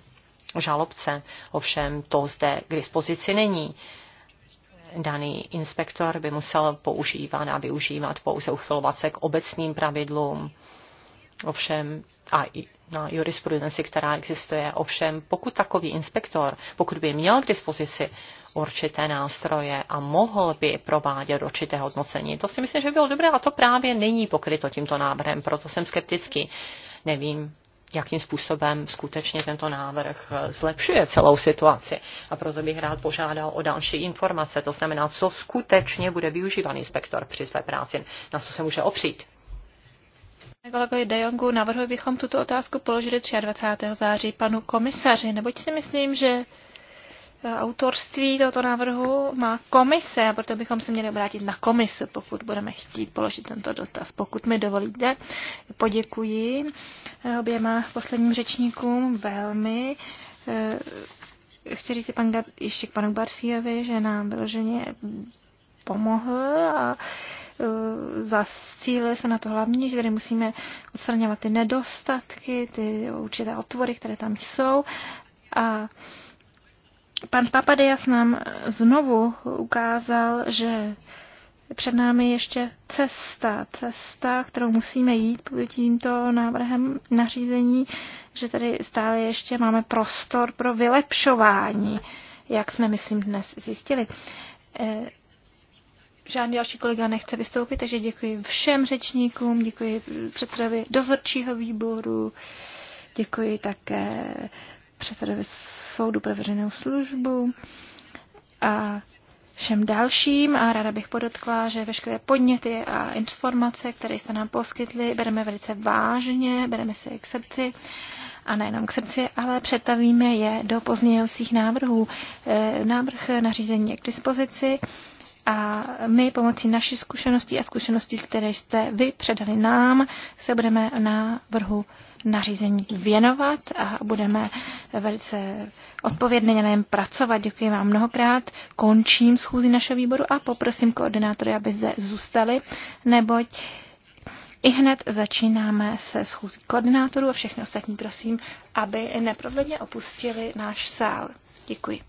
žalobce. Ovšem to zde k dispozici není daný inspektor by musel používat a využívat pouze uchylovat se k obecným pravidlům. Ovšem, a i na jurisprudenci, která existuje. Ovšem, pokud takový inspektor, pokud by měl k dispozici určité nástroje a mohl by provádět určité hodnocení, to si myslím, že by bylo dobré a to právě není pokryto tímto návrhem, proto jsem skeptický. Nevím, jakým způsobem skutečně tento návrh eh, zlepšuje celou situaci. A proto bych rád požádal o další informace, to znamená, co skutečně bude využívan inspektor při své práci, na co se může opřít. kolegovi De Jongu, navrhuji, bychom tuto otázku položili 23. září panu komisaři, neboť si myslím, že autorství tohoto návrhu má komise, a proto bychom se měli obrátit na komise, pokud budeme chtít položit tento dotaz. Pokud mi dovolíte, poděkuji eh, oběma posledním řečníkům velmi. Eh, chci říct pan Gar- ještě k panu Barsíjovi, že nám vyloženě pomohl a eh, zasílil se na to hlavní, že tady musíme odstraňovat ty nedostatky, ty určité otvory, které tam jsou a Pan Papadias nám znovu ukázal, že před námi ještě cesta, cesta, kterou musíme jít tímto návrhem nařízení, že tady stále ještě máme prostor pro vylepšování, jak jsme, myslím, dnes zjistili. Eh, žádný další kolega nechce vystoupit, takže děkuji všem řečníkům, děkuji předsedovi dozorčího výboru, děkuji také předsedovi soudu pro veřejnou službu a všem dalším a ráda bych podotkla, že veškeré podněty a informace, které jste nám poskytli, bereme velice vážně, bereme si k srdci a nejenom k srdci, ale přetavíme je do pozměňovacích návrhů. E, návrh nařízení je k dispozici a my pomocí naší zkušeností a zkušeností, které jste vy předali nám, se budeme na vrhu nařízení věnovat a budeme velice odpovědně na něm pracovat. Děkuji vám mnohokrát. Končím schůzi našeho výboru a poprosím koordinátory, aby zde zůstali, neboť i hned začínáme se schůzí koordinátorů a všechny ostatní prosím, aby neprovedně opustili náš sál. Děkuji.